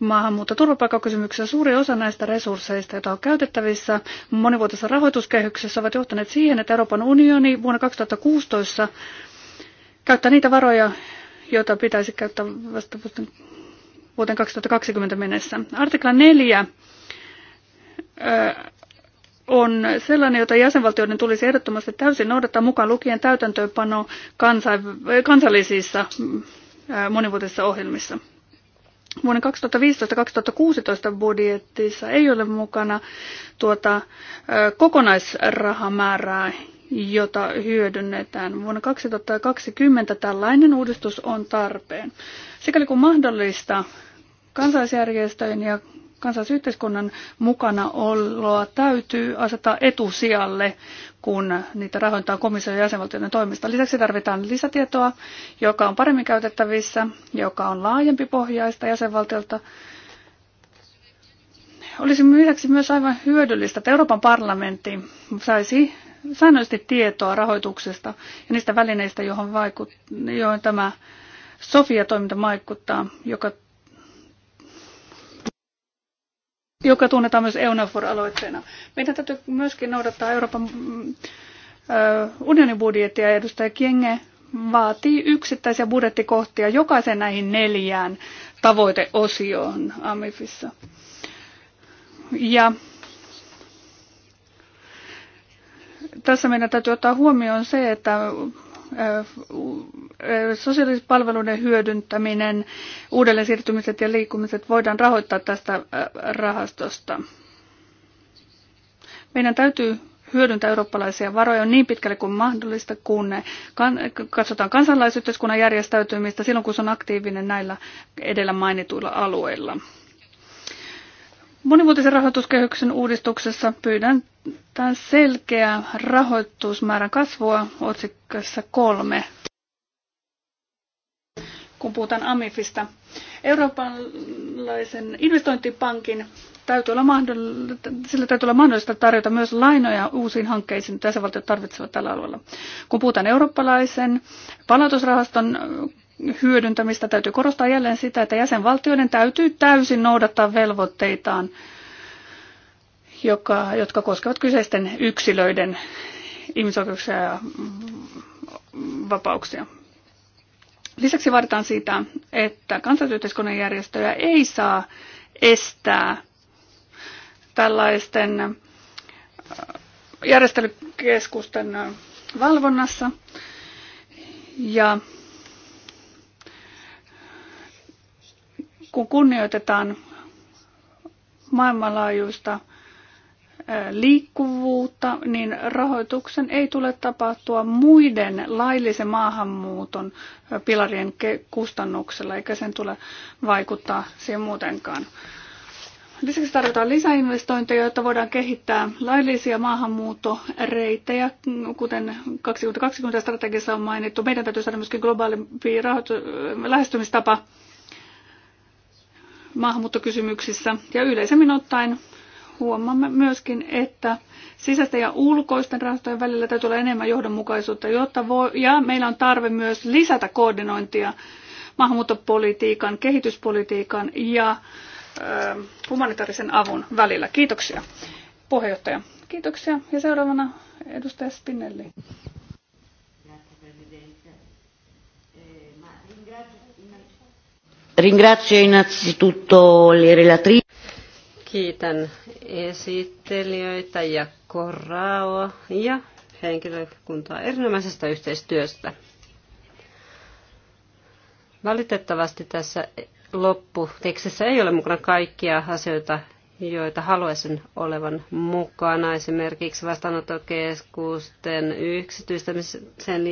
maahanmuutto- ja turvapaikkakysymyksiä. Suuri osa näistä resursseista, joita on käytettävissä monivuotisessa rahoituskehyksessä, ovat johtaneet siihen, että Euroopan unioni vuonna 2016 käyttää niitä varoja, joita pitäisi käyttää vasta vuoteen 2020 mennessä. Artikla 4 on sellainen, jota jäsenvaltioiden tulisi ehdottomasti täysin noudattaa mukaan lukien täytäntöönpano kansallisissa monivuotisissa ohjelmissa. Vuoden 2015-2016 budjetissa ei ole mukana tuota kokonaisrahamäärää, jota hyödynnetään. Vuonna 2020 tällainen uudistus on tarpeen. Sikäli kuin mahdollista, kansalaisjärjestöjen ja kansalaisyhteiskunnan mukana oloa täytyy asettaa etusijalle, kun niitä rahoittaa komission jäsenvaltioiden toimista. Lisäksi tarvitaan lisätietoa, joka on paremmin käytettävissä, joka on laajempi pohjaista jäsenvaltiolta. Olisi myös aivan hyödyllistä, että Euroopan parlamentti saisi säännöllisesti tietoa rahoituksesta ja niistä välineistä, johon, vaikut, johon tämä Sofia-toiminta vaikuttaa, joka, joka tunnetaan myös EUNAFOR-aloitteena. Meidän täytyy myöskin noudattaa Euroopan unionin budjettia ja edustaja Kienge vaatii yksittäisiä budjettikohtia jokaisen näihin neljään tavoiteosioon AMIFissa. Ja tässä meidän täytyy ottaa huomioon se, että sosiaalipalveluiden hyödyntäminen, uudelleen siirtymiset ja liikkumiset voidaan rahoittaa tästä rahastosta. Meidän täytyy hyödyntää eurooppalaisia varoja niin pitkälle kuin mahdollista, kun ne katsotaan kansalaisyhteiskunnan järjestäytymistä silloin, kun se on aktiivinen näillä edellä mainituilla alueilla. Monivuotisen rahoituskehyksen uudistuksessa pyydän tämän selkeää rahoitusmäärän kasvua otsikossa kolme, kun puhutaan AMIFista. Eurooppalaisen investointipankin täytyy olla sillä täytyy olla mahdollista tarjota myös lainoja uusiin hankkeisiin, mitä valtio tarvitsevat tällä alueella. Kun puhutaan eurooppalaisen palautusrahaston hyödyntämistä. Täytyy korostaa jälleen sitä, että jäsenvaltioiden täytyy täysin noudattaa velvoitteitaan, joka, jotka koskevat kyseisten yksilöiden ihmisoikeuksia ja vapauksia. Lisäksi vaaditaan sitä, että kansallisyhteiskunnan järjestöjä ei saa estää tällaisten äh, järjestelykeskusten äh, valvonnassa. Ja kun kunnioitetaan maailmanlaajuista liikkuvuutta, niin rahoituksen ei tule tapahtua muiden laillisen maahanmuuton pilarien kustannuksella, eikä sen tule vaikuttaa siihen muutenkaan. Lisäksi tarvitaan lisäinvestointeja, jotta voidaan kehittää laillisia maahanmuuttoreittejä, kuten 2020 strategiassa on mainittu. Meidän täytyy saada myöskin globaalimpi lähestymistapa maahanmuuttokysymyksissä. Ja yleisemmin ottaen huomaamme myöskin, että sisäisten ja ulkoisten rahastojen välillä täytyy olla enemmän johdonmukaisuutta, jotta voi, ja meillä on tarve myös lisätä koordinointia maahanmuuttopolitiikan, kehityspolitiikan ja ö, humanitaarisen avun välillä. Kiitoksia, puheenjohtaja. Kiitoksia. Ja seuraavana edustaja Spinelli. Ringrazio innanzitutto le relatrici. Kiitän esittelijöitä ja Korraoa ja henkilökuntaa erinomaisesta yhteistyöstä. Valitettavasti tässä lopputekstissä ei ole mukana kaikkia asioita, joita haluaisin olevan mukana, esimerkiksi vastaanottokeskusten yksityistämiseen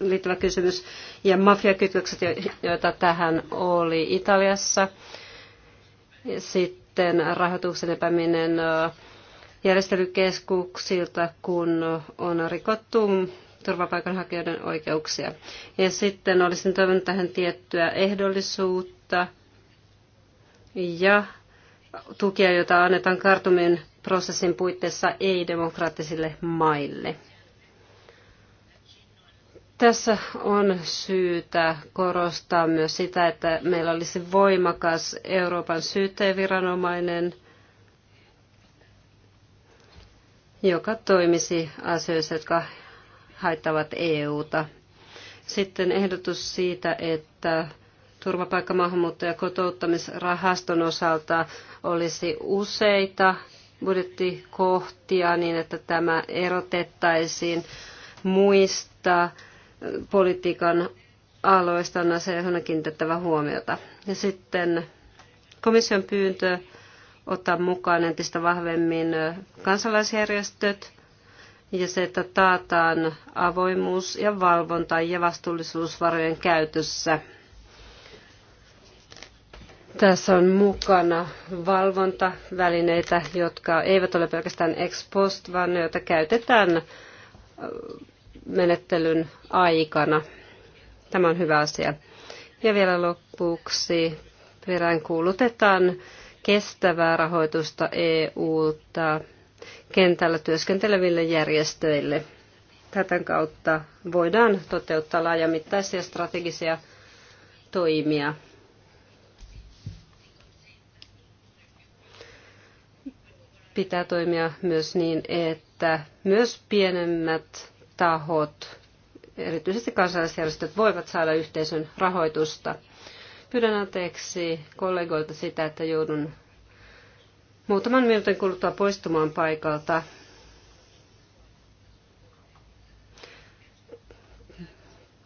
liittyvä kysymys ja mafiakytkökset, joita tähän oli Italiassa. Sitten rahoituksen epäminen järjestelykeskuksilta, kun on rikottu turvapaikanhakijoiden oikeuksia. Ja sitten olisin toivonut tähän tiettyä ehdollisuutta ja tukea, jota annetaan kartumin prosessin puitteissa ei-demokraattisille maille. Tässä on syytä korostaa myös sitä, että meillä olisi voimakas Euroopan syyteviranomainen, joka toimisi asioissa, jotka haittavat EUta. Sitten ehdotus siitä, että turvapaikka, maahanmuutto- ja kotouttamisrahaston osalta olisi useita budjettikohtia niin, että tämä erotettaisiin muista politiikan aloista on asioihin kiinnitettävä huomiota. Ja sitten komission pyyntö ottaa mukaan entistä vahvemmin kansalaisjärjestöt ja se, että taataan avoimuus ja valvonta ja vastuullisuus varojen käytössä. Tässä on mukana valvontavälineitä, jotka eivät ole pelkästään ex post, vaan ne, joita käytetään menettelyn aikana. Tämä on hyvä asia. Ja vielä lopuksi peräänkuulutetaan kestävää rahoitusta EU-ta kentällä työskenteleville järjestöille. Tätä kautta voidaan toteuttaa laajamittaisia strategisia toimia. pitää toimia myös niin, että myös pienemmät tahot, erityisesti kansalaisjärjestöt, voivat saada yhteisön rahoitusta. Pyydän anteeksi kollegoilta sitä, että joudun muutaman minuutin kuluttua poistumaan paikalta.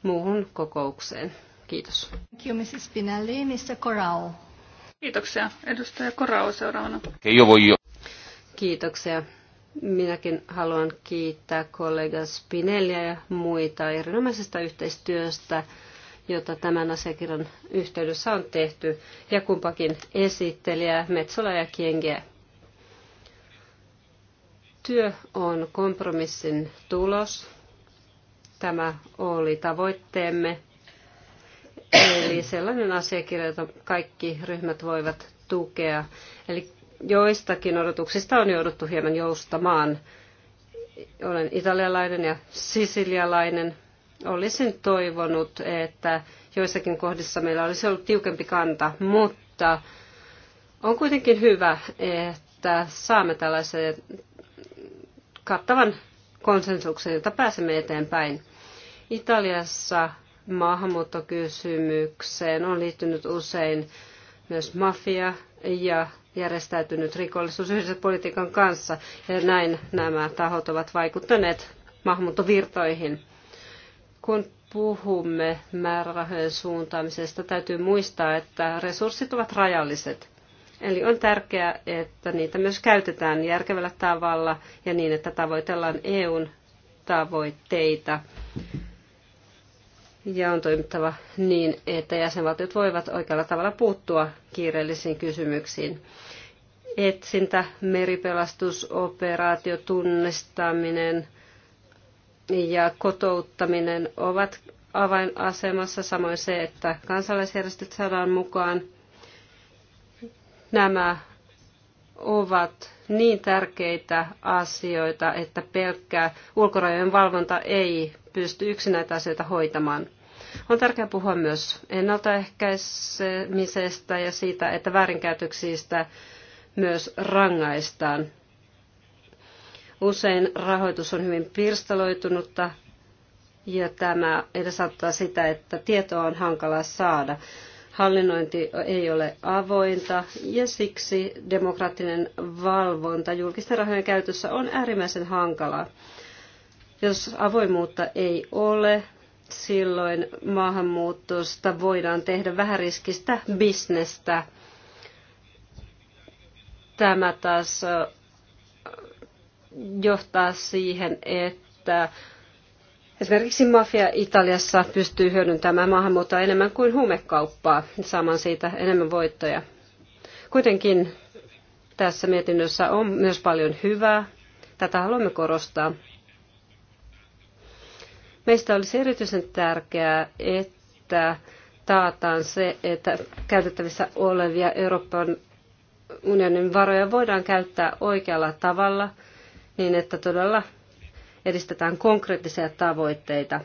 muuhun kokoukseen. Kiitos. Thank you, Mrs. Spinelli. Mr. Kiitoksia. Edustaja Corrao seuraavana. Io voglio Kiitoksia. Minäkin haluan kiittää kollega Spinelliä ja muita erinomaisesta yhteistyöstä, jota tämän asiakirjan yhteydessä on tehty, ja kumpakin esittelijää, Metsola ja Kiengeä. Työ on kompromissin tulos. Tämä oli tavoitteemme. Eli sellainen asiakirja, jota kaikki ryhmät voivat tukea. Eli joistakin odotuksista on jouduttu hieman joustamaan. Olen italialainen ja sisilialainen. Olisin toivonut, että joissakin kohdissa meillä olisi ollut tiukempi kanta, mutta on kuitenkin hyvä, että saamme tällaisen kattavan konsensuksen, jota pääsemme eteenpäin. Italiassa maahanmuuttokysymykseen on liittynyt usein myös mafia ja järjestäytynyt rikollisuus yhdessä politiikan kanssa. Ja näin nämä tahot ovat vaikuttaneet maahanmuuttovirtoihin. Kun puhumme määrärahojen suuntaamisesta, täytyy muistaa, että resurssit ovat rajalliset. Eli on tärkeää, että niitä myös käytetään järkevällä tavalla ja niin, että tavoitellaan EUn tavoitteita ja on toimittava niin, että jäsenvaltiot voivat oikealla tavalla puuttua kiireellisiin kysymyksiin. Etsintä, meripelastusoperaatio, tunnistaminen ja kotouttaminen ovat avainasemassa, samoin se, että kansalaisjärjestöt saadaan mukaan. Nämä ovat niin tärkeitä asioita, että pelkkää ulkorajojen valvonta ei pysty yksin näitä asioita hoitamaan. On tärkeää puhua myös ennaltaehkäisemisestä ja siitä, että väärinkäytöksistä myös rangaistaan. Usein rahoitus on hyvin pirstaloitunutta ja tämä edesauttaa sitä, että tietoa on hankala saada. Hallinnointi ei ole avointa ja siksi demokraattinen valvonta julkisten rahojen käytössä on äärimmäisen hankalaa. Jos avoimuutta ei ole, silloin maahanmuutosta voidaan tehdä vähäriskistä bisnestä. Tämä taas johtaa siihen, että esimerkiksi mafia Italiassa pystyy hyödyntämään maahanmuuttoa enemmän kuin huumekauppaa saamaan siitä enemmän voittoja. Kuitenkin tässä mietinnössä on myös paljon hyvää. Tätä haluamme korostaa. Meistä olisi erityisen tärkeää, että taataan se, että käytettävissä olevia Euroopan unionin varoja voidaan käyttää oikealla tavalla niin, että todella edistetään konkreettisia tavoitteita.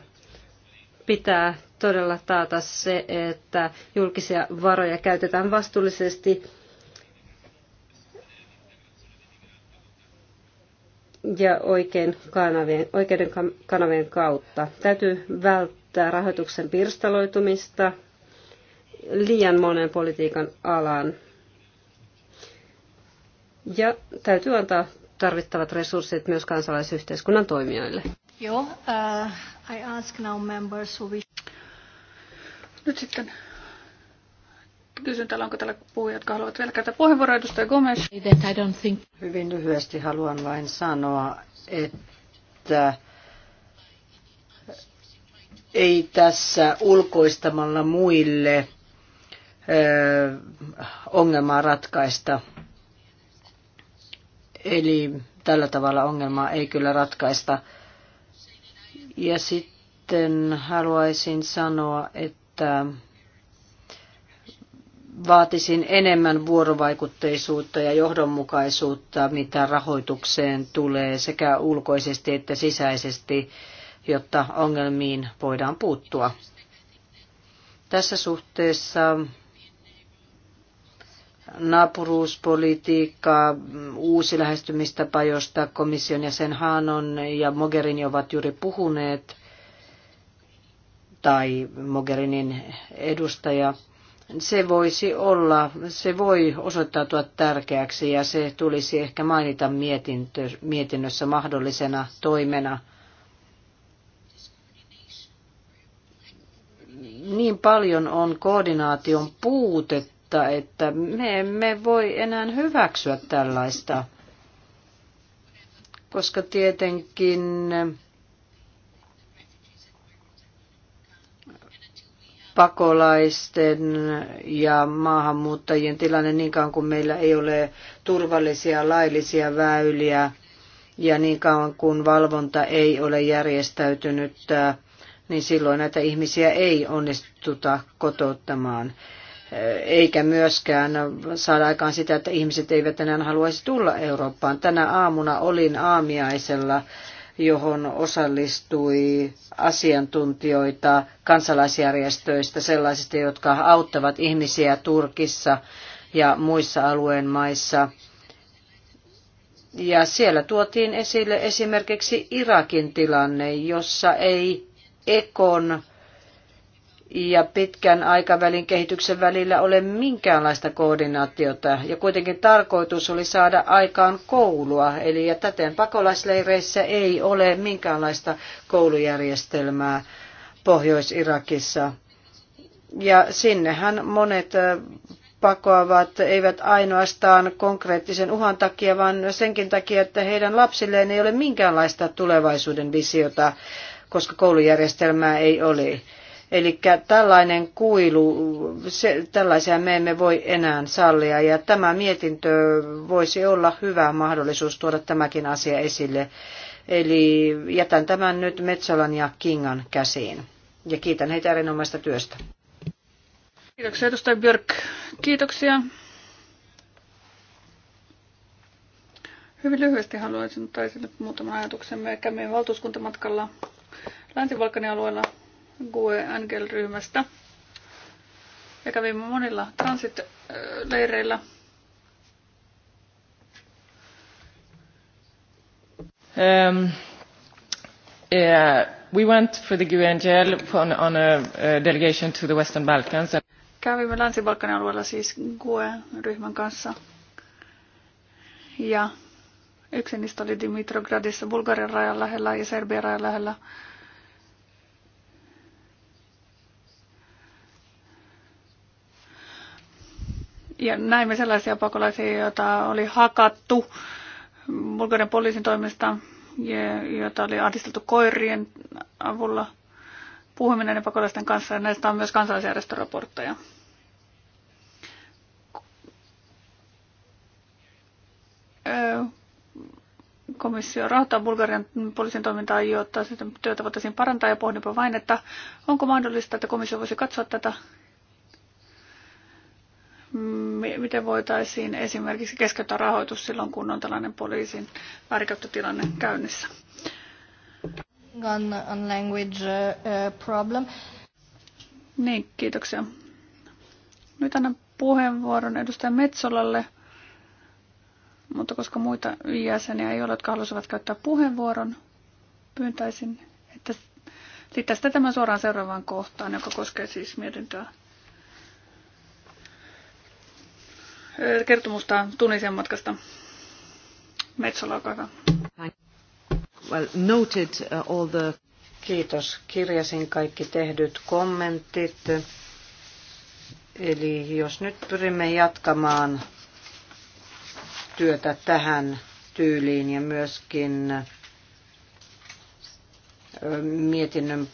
Pitää todella taata se, että julkisia varoja käytetään vastuullisesti ja oikein kanavien, oikeiden kanavien kautta. Täytyy välttää rahoituksen pirstaloitumista liian monen politiikan alan. Ja täytyy antaa tarvittavat resurssit myös kansalaisyhteiskunnan toimijoille. Joo, uh, I ask now members who wish... Nyt sitten Kysyn täällä, onko täällä puhuja, jotka haluavat vielä käyttää puheenvuoroa. Edustaja Gomes. think... Hyvin lyhyesti haluan vain sanoa, että ei tässä ulkoistamalla muille ongelmaa ratkaista. Eli tällä tavalla ongelmaa ei kyllä ratkaista. Ja sitten haluaisin sanoa, että vaatisin enemmän vuorovaikutteisuutta ja johdonmukaisuutta, mitä rahoitukseen tulee sekä ulkoisesti että sisäisesti, jotta ongelmiin voidaan puuttua. Tässä suhteessa naapuruuspolitiikka, uusi lähestymistapa, josta komission jäsen Haanon ja Mogherini ovat juuri puhuneet, tai Mogherinin edustaja – se voisi olla, se voi osoittautua tärkeäksi ja se tulisi ehkä mainita mietintö, mietinnössä mahdollisena toimena. Niin paljon on koordinaation puutetta, että me emme voi enää hyväksyä tällaista, koska tietenkin pakolaisten ja maahanmuuttajien tilanne niin kauan kuin meillä ei ole turvallisia laillisia väyliä ja niin kauan kuin valvonta ei ole järjestäytynyt, niin silloin näitä ihmisiä ei onnistuta kotouttamaan. Eikä myöskään saada aikaan sitä, että ihmiset eivät enää haluaisi tulla Eurooppaan. Tänä aamuna olin aamiaisella johon osallistui asiantuntijoita kansalaisjärjestöistä, sellaisista, jotka auttavat ihmisiä Turkissa ja muissa alueen maissa. Ja siellä tuotiin esille esimerkiksi Irakin tilanne, jossa ei Ekon ja pitkän aikavälin kehityksen välillä ole minkäänlaista koordinaatiota. Ja kuitenkin tarkoitus oli saada aikaan koulua, eli ja täten pakolaisleireissä ei ole minkäänlaista koulujärjestelmää Pohjois-Irakissa. Ja sinnehän monet pakoavat eivät ainoastaan konkreettisen uhan takia, vaan senkin takia, että heidän lapsilleen ei ole minkäänlaista tulevaisuuden visiota, koska koulujärjestelmää ei ole. Eli tällainen kuilu, se, tällaisia me emme voi enää sallia ja tämä mietintö voisi olla hyvä mahdollisuus tuoda tämäkin asia esille. Eli jätän tämän nyt Metsolan ja Kingan käsiin ja kiitän heitä erinomaista työstä. Kiitoksia edustaja Björk. Kiitoksia. Hyvin lyhyesti haluaisin ottaa esille muutaman ajatuksen. Me kävimme valtuuskuntamatkalla länsi alueella GUE Angel-ryhmästä. Ja kävimme monilla transit-leireillä. Um, yeah, we went for the GUE Angel on, on a, a delegation to the Western Balkans. Kävimme Länsi-Balkanin alueella siis GUE-ryhmän kanssa. Ja yksi niistä oli Dimitrogradissa Bulgarian rajan lähellä ja Serbian rajan lähellä. Ja näimme sellaisia pakolaisia, joita oli hakattu Bulgarian poliisin toimesta, joita oli ahdisteltu koirien avulla puhuimme näiden pakolaisten kanssa ja näistä on myös kansalaisjärjestöraportteja. Komissio rahoittaa Bulgarian poliisin toimintaa, jotta sitä työtä voitaisiin parantaa ja pohdimme vain, että onko mahdollista, että komissio voisi katsoa tätä miten voitaisiin esimerkiksi keskeyttää rahoitus silloin, kun on tällainen poliisin väärinkäyttötilanne käynnissä. On, on language uh, problem. Niin, kiitoksia. Nyt annan puheenvuoron edustaja Metsolalle, mutta koska muita jäseniä ei ole, jotka haluaisivat käyttää puheenvuoron, pyyntäisin, että liittäisitte tämän suoraan seuraavaan kohtaan, joka koskee siis mietintöä kertomusta Tunisian matkasta. Metsola, Well, noted uh, all the... Kiitos. Kirjasin kaikki tehdyt kommentit. Eli jos nyt pyrimme jatkamaan työtä tähän tyyliin ja myöskin mietinnön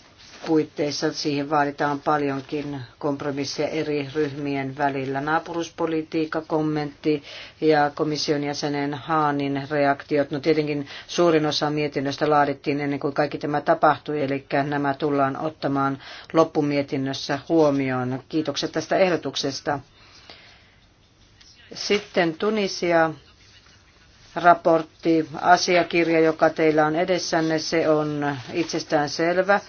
puitteissa siihen vaaditaan paljonkin kompromisseja eri ryhmien välillä. Naapuruspolitiikka, kommentti ja komission jäsenen Haanin reaktiot. No tietenkin suurin osa mietinnöstä laadittiin ennen kuin kaikki tämä tapahtui, eli nämä tullaan ottamaan loppumietinnössä huomioon. Kiitokset tästä ehdotuksesta. Sitten Tunisia raportti, asiakirja, joka teillä on edessänne, se on itsestään selvä.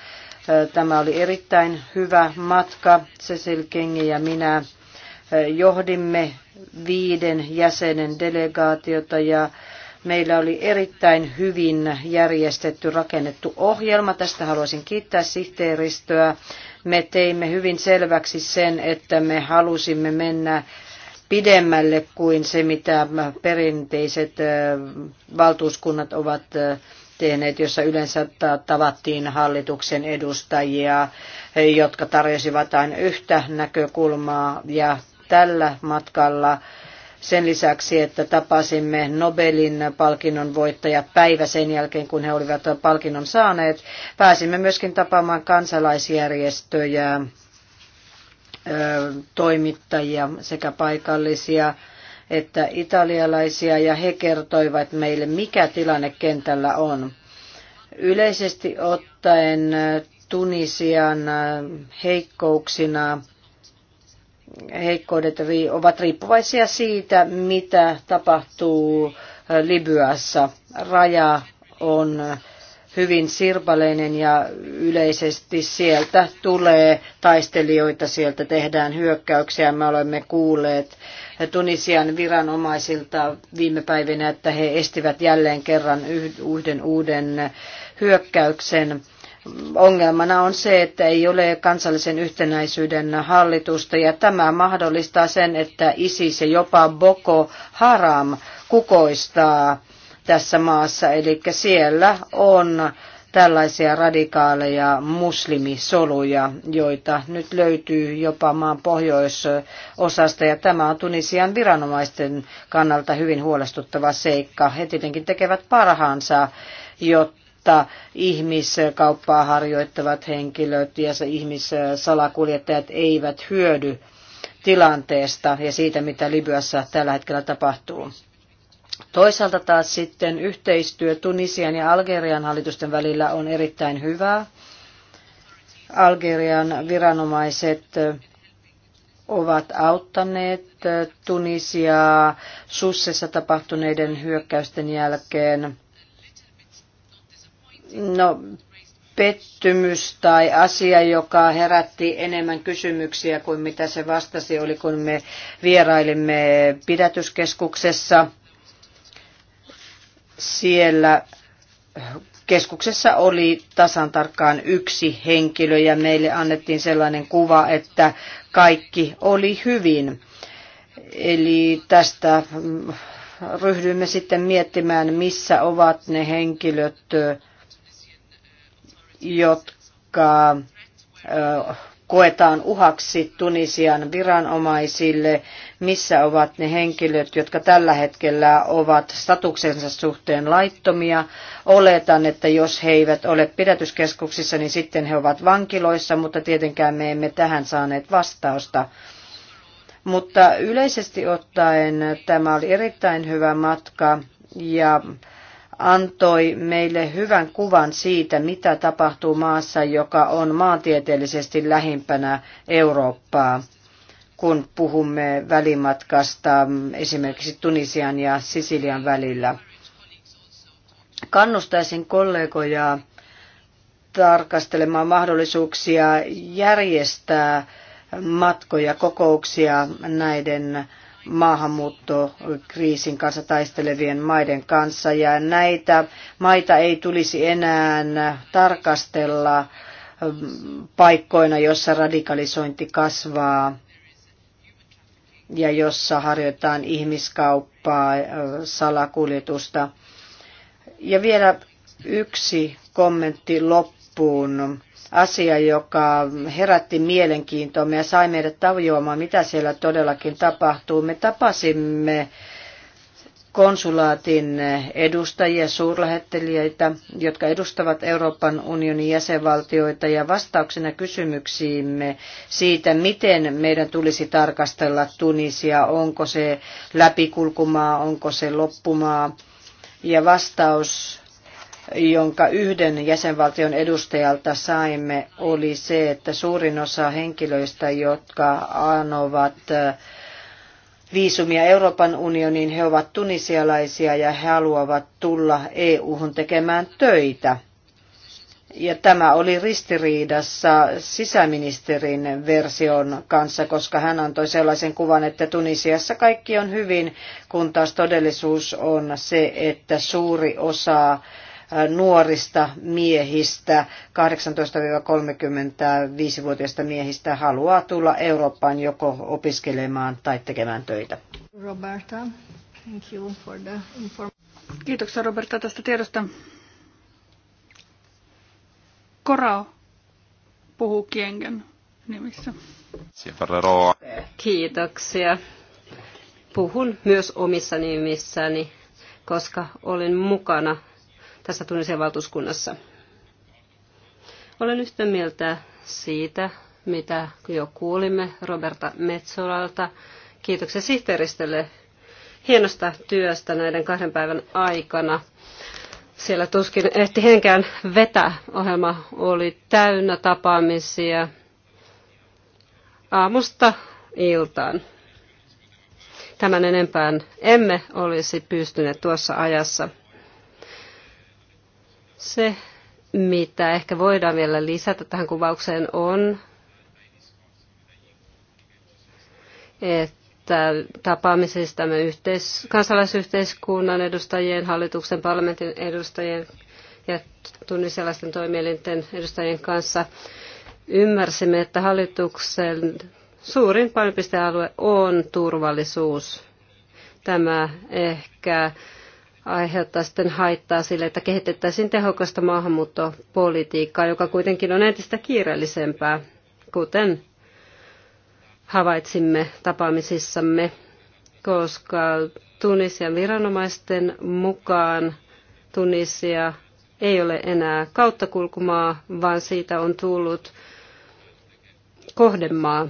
Tämä oli erittäin hyvä matka. Cecil King ja minä johdimme viiden jäsenen delegaatiota ja meillä oli erittäin hyvin järjestetty, rakennettu ohjelma. Tästä haluaisin kiittää sihteeristöä. Me teimme hyvin selväksi sen, että me halusimme mennä pidemmälle kuin se, mitä perinteiset valtuuskunnat ovat tehneet, jossa yleensä tavattiin hallituksen edustajia, jotka tarjosivat aina yhtä näkökulmaa. Ja tällä matkalla sen lisäksi, että tapasimme Nobelin palkinnon voittajat päivä sen jälkeen, kun he olivat palkinnon saaneet, pääsimme myöskin tapaamaan kansalaisjärjestöjä, toimittajia sekä paikallisia että italialaisia ja he kertoivat meille, mikä tilanne kentällä on. Yleisesti ottaen Tunisian heikkouksina heikkoudet ovat riippuvaisia siitä, mitä tapahtuu Libyassa. Raja on hyvin sirpaleinen ja yleisesti sieltä tulee taistelijoita, sieltä tehdään hyökkäyksiä. Me olemme kuulleet Tunisian viranomaisilta viime päivinä, että he estivät jälleen kerran yhden uuden hyökkäyksen. Ongelmana on se, että ei ole kansallisen yhtenäisyyden hallitusta ja tämä mahdollistaa sen, että ISIS ja jopa Boko Haram kukoistaa tässä maassa, eli siellä on tällaisia radikaaleja muslimisoluja, joita nyt löytyy jopa maan pohjoisosasta, ja tämä on Tunisian viranomaisten kannalta hyvin huolestuttava seikka. He tietenkin tekevät parhaansa, jotta mutta ihmiskauppaa harjoittavat henkilöt ja se ihmissalakuljettajat eivät hyödy tilanteesta ja siitä, mitä Libyassa tällä hetkellä tapahtuu. Toisaalta taas sitten yhteistyö Tunisian ja Algerian hallitusten välillä on erittäin hyvää. Algerian viranomaiset ovat auttaneet Tunisiaa Sussessa tapahtuneiden hyökkäysten jälkeen. No, pettymys tai asia, joka herätti enemmän kysymyksiä kuin mitä se vastasi, oli kun me vierailimme pidätyskeskuksessa – siellä keskuksessa oli tasan tarkkaan yksi henkilö ja meille annettiin sellainen kuva, että kaikki oli hyvin. Eli tästä mm, ryhdyimme sitten miettimään, missä ovat ne henkilöt, jotka koetaan uhaksi Tunisian viranomaisille, missä ovat ne henkilöt, jotka tällä hetkellä ovat statuksensa suhteen laittomia. Oletan, että jos he eivät ole pidätyskeskuksissa, niin sitten he ovat vankiloissa, mutta tietenkään me emme tähän saaneet vastausta. Mutta yleisesti ottaen tämä oli erittäin hyvä matka ja antoi meille hyvän kuvan siitä, mitä tapahtuu maassa, joka on maantieteellisesti lähimpänä Eurooppaa, kun puhumme välimatkasta esimerkiksi Tunisian ja Sisilian välillä. Kannustaisin kollegoja tarkastelemaan mahdollisuuksia järjestää matkoja, kokouksia näiden maahanmuuttokriisin kanssa taistelevien maiden kanssa. Ja näitä maita ei tulisi enää tarkastella mm, paikkoina, jossa radikalisointi kasvaa ja jossa harjoitetaan ihmiskauppaa, salakuljetusta. Ja vielä yksi kommentti loppuun asia, joka herätti mielenkiintoa ja sai meidät tajuamaan, mitä siellä todellakin tapahtuu. Me tapasimme konsulaatin edustajia, suurlähettelijöitä, jotka edustavat Euroopan unionin jäsenvaltioita ja vastauksena kysymyksiimme siitä, miten meidän tulisi tarkastella Tunisia, onko se läpikulkumaa, onko se loppumaa. Ja vastaus jonka yhden jäsenvaltion edustajalta saimme, oli se, että suurin osa henkilöistä, jotka anovat äh, viisumia Euroopan unioniin, he ovat tunisialaisia ja he haluavat tulla EU-hun tekemään töitä. Ja tämä oli ristiriidassa sisäministerin version kanssa, koska hän antoi sellaisen kuvan, että Tunisiassa kaikki on hyvin, kun taas todellisuus on se, että suuri osa nuorista miehistä, 18-35-vuotiaista miehistä haluaa tulla Eurooppaan joko opiskelemaan tai tekemään töitä. Roberta, thank you for the Kiitoksia Roberta tästä tiedosta. Korao puhuu Kiengen nimissä. Kiitoksia. Puhun myös omissa nimissäni, koska olin mukana tässä Tunisian valtuuskunnassa. Olen yhtä mieltä siitä, mitä jo kuulimme Roberta Metsolalta. Kiitoksia sihteeristölle hienosta työstä näiden kahden päivän aikana. Siellä tuskin ehti henkään vetää. Ohjelma oli täynnä tapaamisia aamusta iltaan. Tämän enempään emme olisi pystyneet tuossa ajassa. Se, mitä ehkä voidaan vielä lisätä tähän kuvaukseen, on, että me yhteis- kansalaisyhteiskunnan edustajien, hallituksen, parlamentin edustajien ja tunniselaisten toimielinten edustajien kanssa ymmärsimme, että hallituksen suurin painopistealue on turvallisuus. Tämä ehkä aiheuttaa sitten haittaa sille, että kehitettäisiin tehokasta maahanmuuttopolitiikkaa, joka kuitenkin on entistä kiireellisempää, kuten havaitsimme tapaamisissamme, koska Tunisian viranomaisten mukaan Tunisia ei ole enää kauttakulkumaa, vaan siitä on tullut kohdemaa.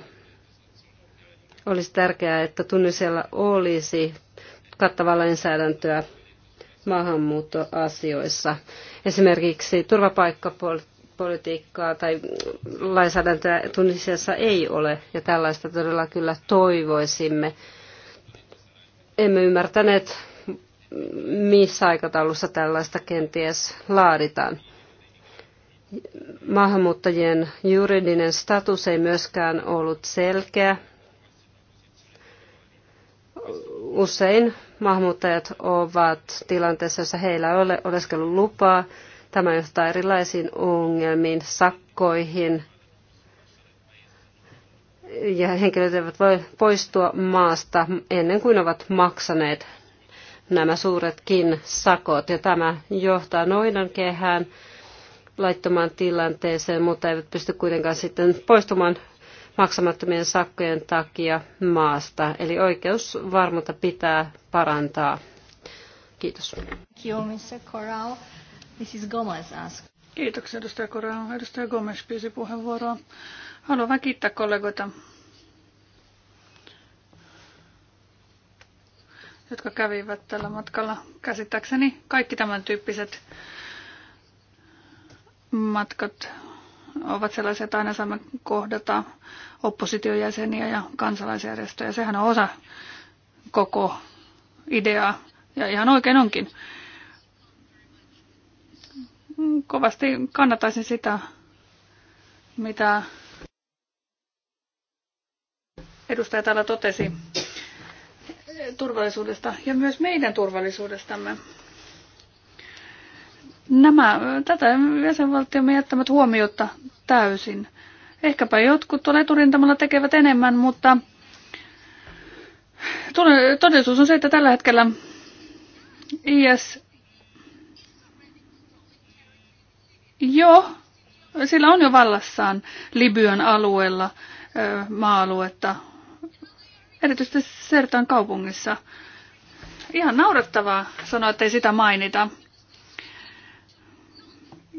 Olisi tärkeää, että Tunisialla olisi kattavaa lainsäädäntöä maahanmuuttoasioissa. Esimerkiksi turvapaikkapolitiikkaa tai lainsäädäntöä Tunisiassa ei ole, ja tällaista todella kyllä toivoisimme. Emme ymmärtäneet, missä aikataulussa tällaista kenties laaditaan. Maahanmuuttajien juridinen status ei myöskään ollut selkeä. Usein maahanmuuttajat ovat tilanteessa, jossa heillä ei ole oleskelulupaa. Tämä johtaa erilaisiin ongelmiin, sakkoihin. Ja henkilöt eivät voi poistua maasta ennen kuin ovat maksaneet nämä suuretkin sakot. Ja tämä johtaa noidan kehään laittomaan tilanteeseen, mutta eivät pysty kuitenkaan sitten poistumaan maksamattomien sakkojen takia maasta. Eli oikeusvarmuutta pitää parantaa. Kiitos. Mrs. Kiitoksia edustaja Korao. Edustaja Gomes pyysi puheenvuoroa. Haluan vain kiittää kollegoita, jotka kävivät tällä matkalla. Käsittääkseni kaikki tämän tyyppiset matkat ovat sellaisia, että aina saamme kohdata oppositiojäseniä ja kansalaisjärjestöjä. Sehän on osa koko ideaa, ja ihan oikein onkin. Kovasti kannattaisin sitä, mitä edustaja täällä totesi turvallisuudesta ja myös meidän turvallisuudestamme. Nämä tätä jäsenvaltiomme jättämät huomiota täysin. Ehkäpä jotkut tuolla eturintamalla tekevät enemmän, mutta todellisuus on se, että tällä hetkellä IS jo, sillä on jo vallassaan Libyan alueella maa-aluetta, erityisesti Sertan kaupungissa. Ihan naurettavaa sanoa, että ei sitä mainita.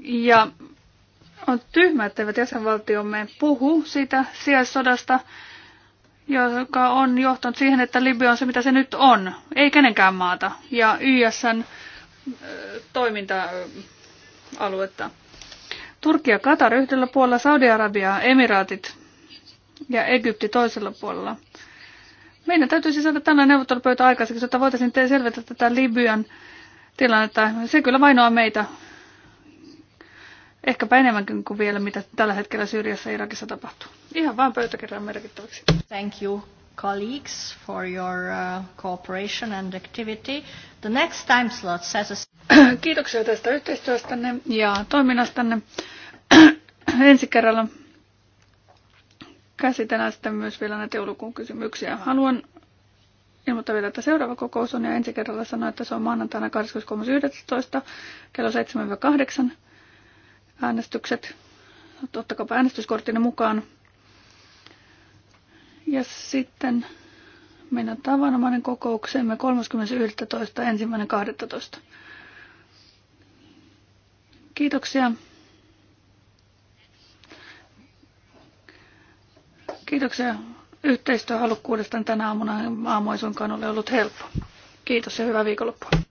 Ja on tyhmä, etteivät jäsenvaltiomme puhu siitä sijaissodasta, joka on johtanut siihen, että Libya on se, mitä se nyt on. Ei kenenkään maata. Ja YSN toiminta-aluetta. Turkia, Katar yhdellä puolella, Saudi-Arabia, Emiraatit ja Egypti toisella puolella. Meidän täytyisi siis saada tänään neuvottelupöytä aikaiseksi, jotta voitaisiin selvitä tätä Libyan tilannetta. Se kyllä vainoaa meitä Ehkäpä enemmänkin kuin vielä, mitä tällä hetkellä Syyriassa ja Irakissa tapahtuu. Ihan vain pöytäkirjan merkittäväksi. Thank you colleagues for your uh, cooperation and activity. The next time slot says a... <clears throat> Kiitoksia tästä yhteistyöstänne ja toiminnastanne. <clears throat> Ensi kerralla käsitellään sitten myös vielä näitä joulukuun kysymyksiä. Haluan ilmoittaa vielä, että seuraava kokous on ja ensi kerralla sanoa, että se on maanantaina 23.11. kello 7-8 äänestykset. Ottakaa äänestyskorttinne mukaan. Ja sitten meidän tavanomainen kokouksemme 31.1.12. Kiitoksia. Kiitoksia yhteistyöhalukkuudesta tänä aamuna. Aamu ei ole ollut helppo. Kiitos ja hyvää viikonloppua.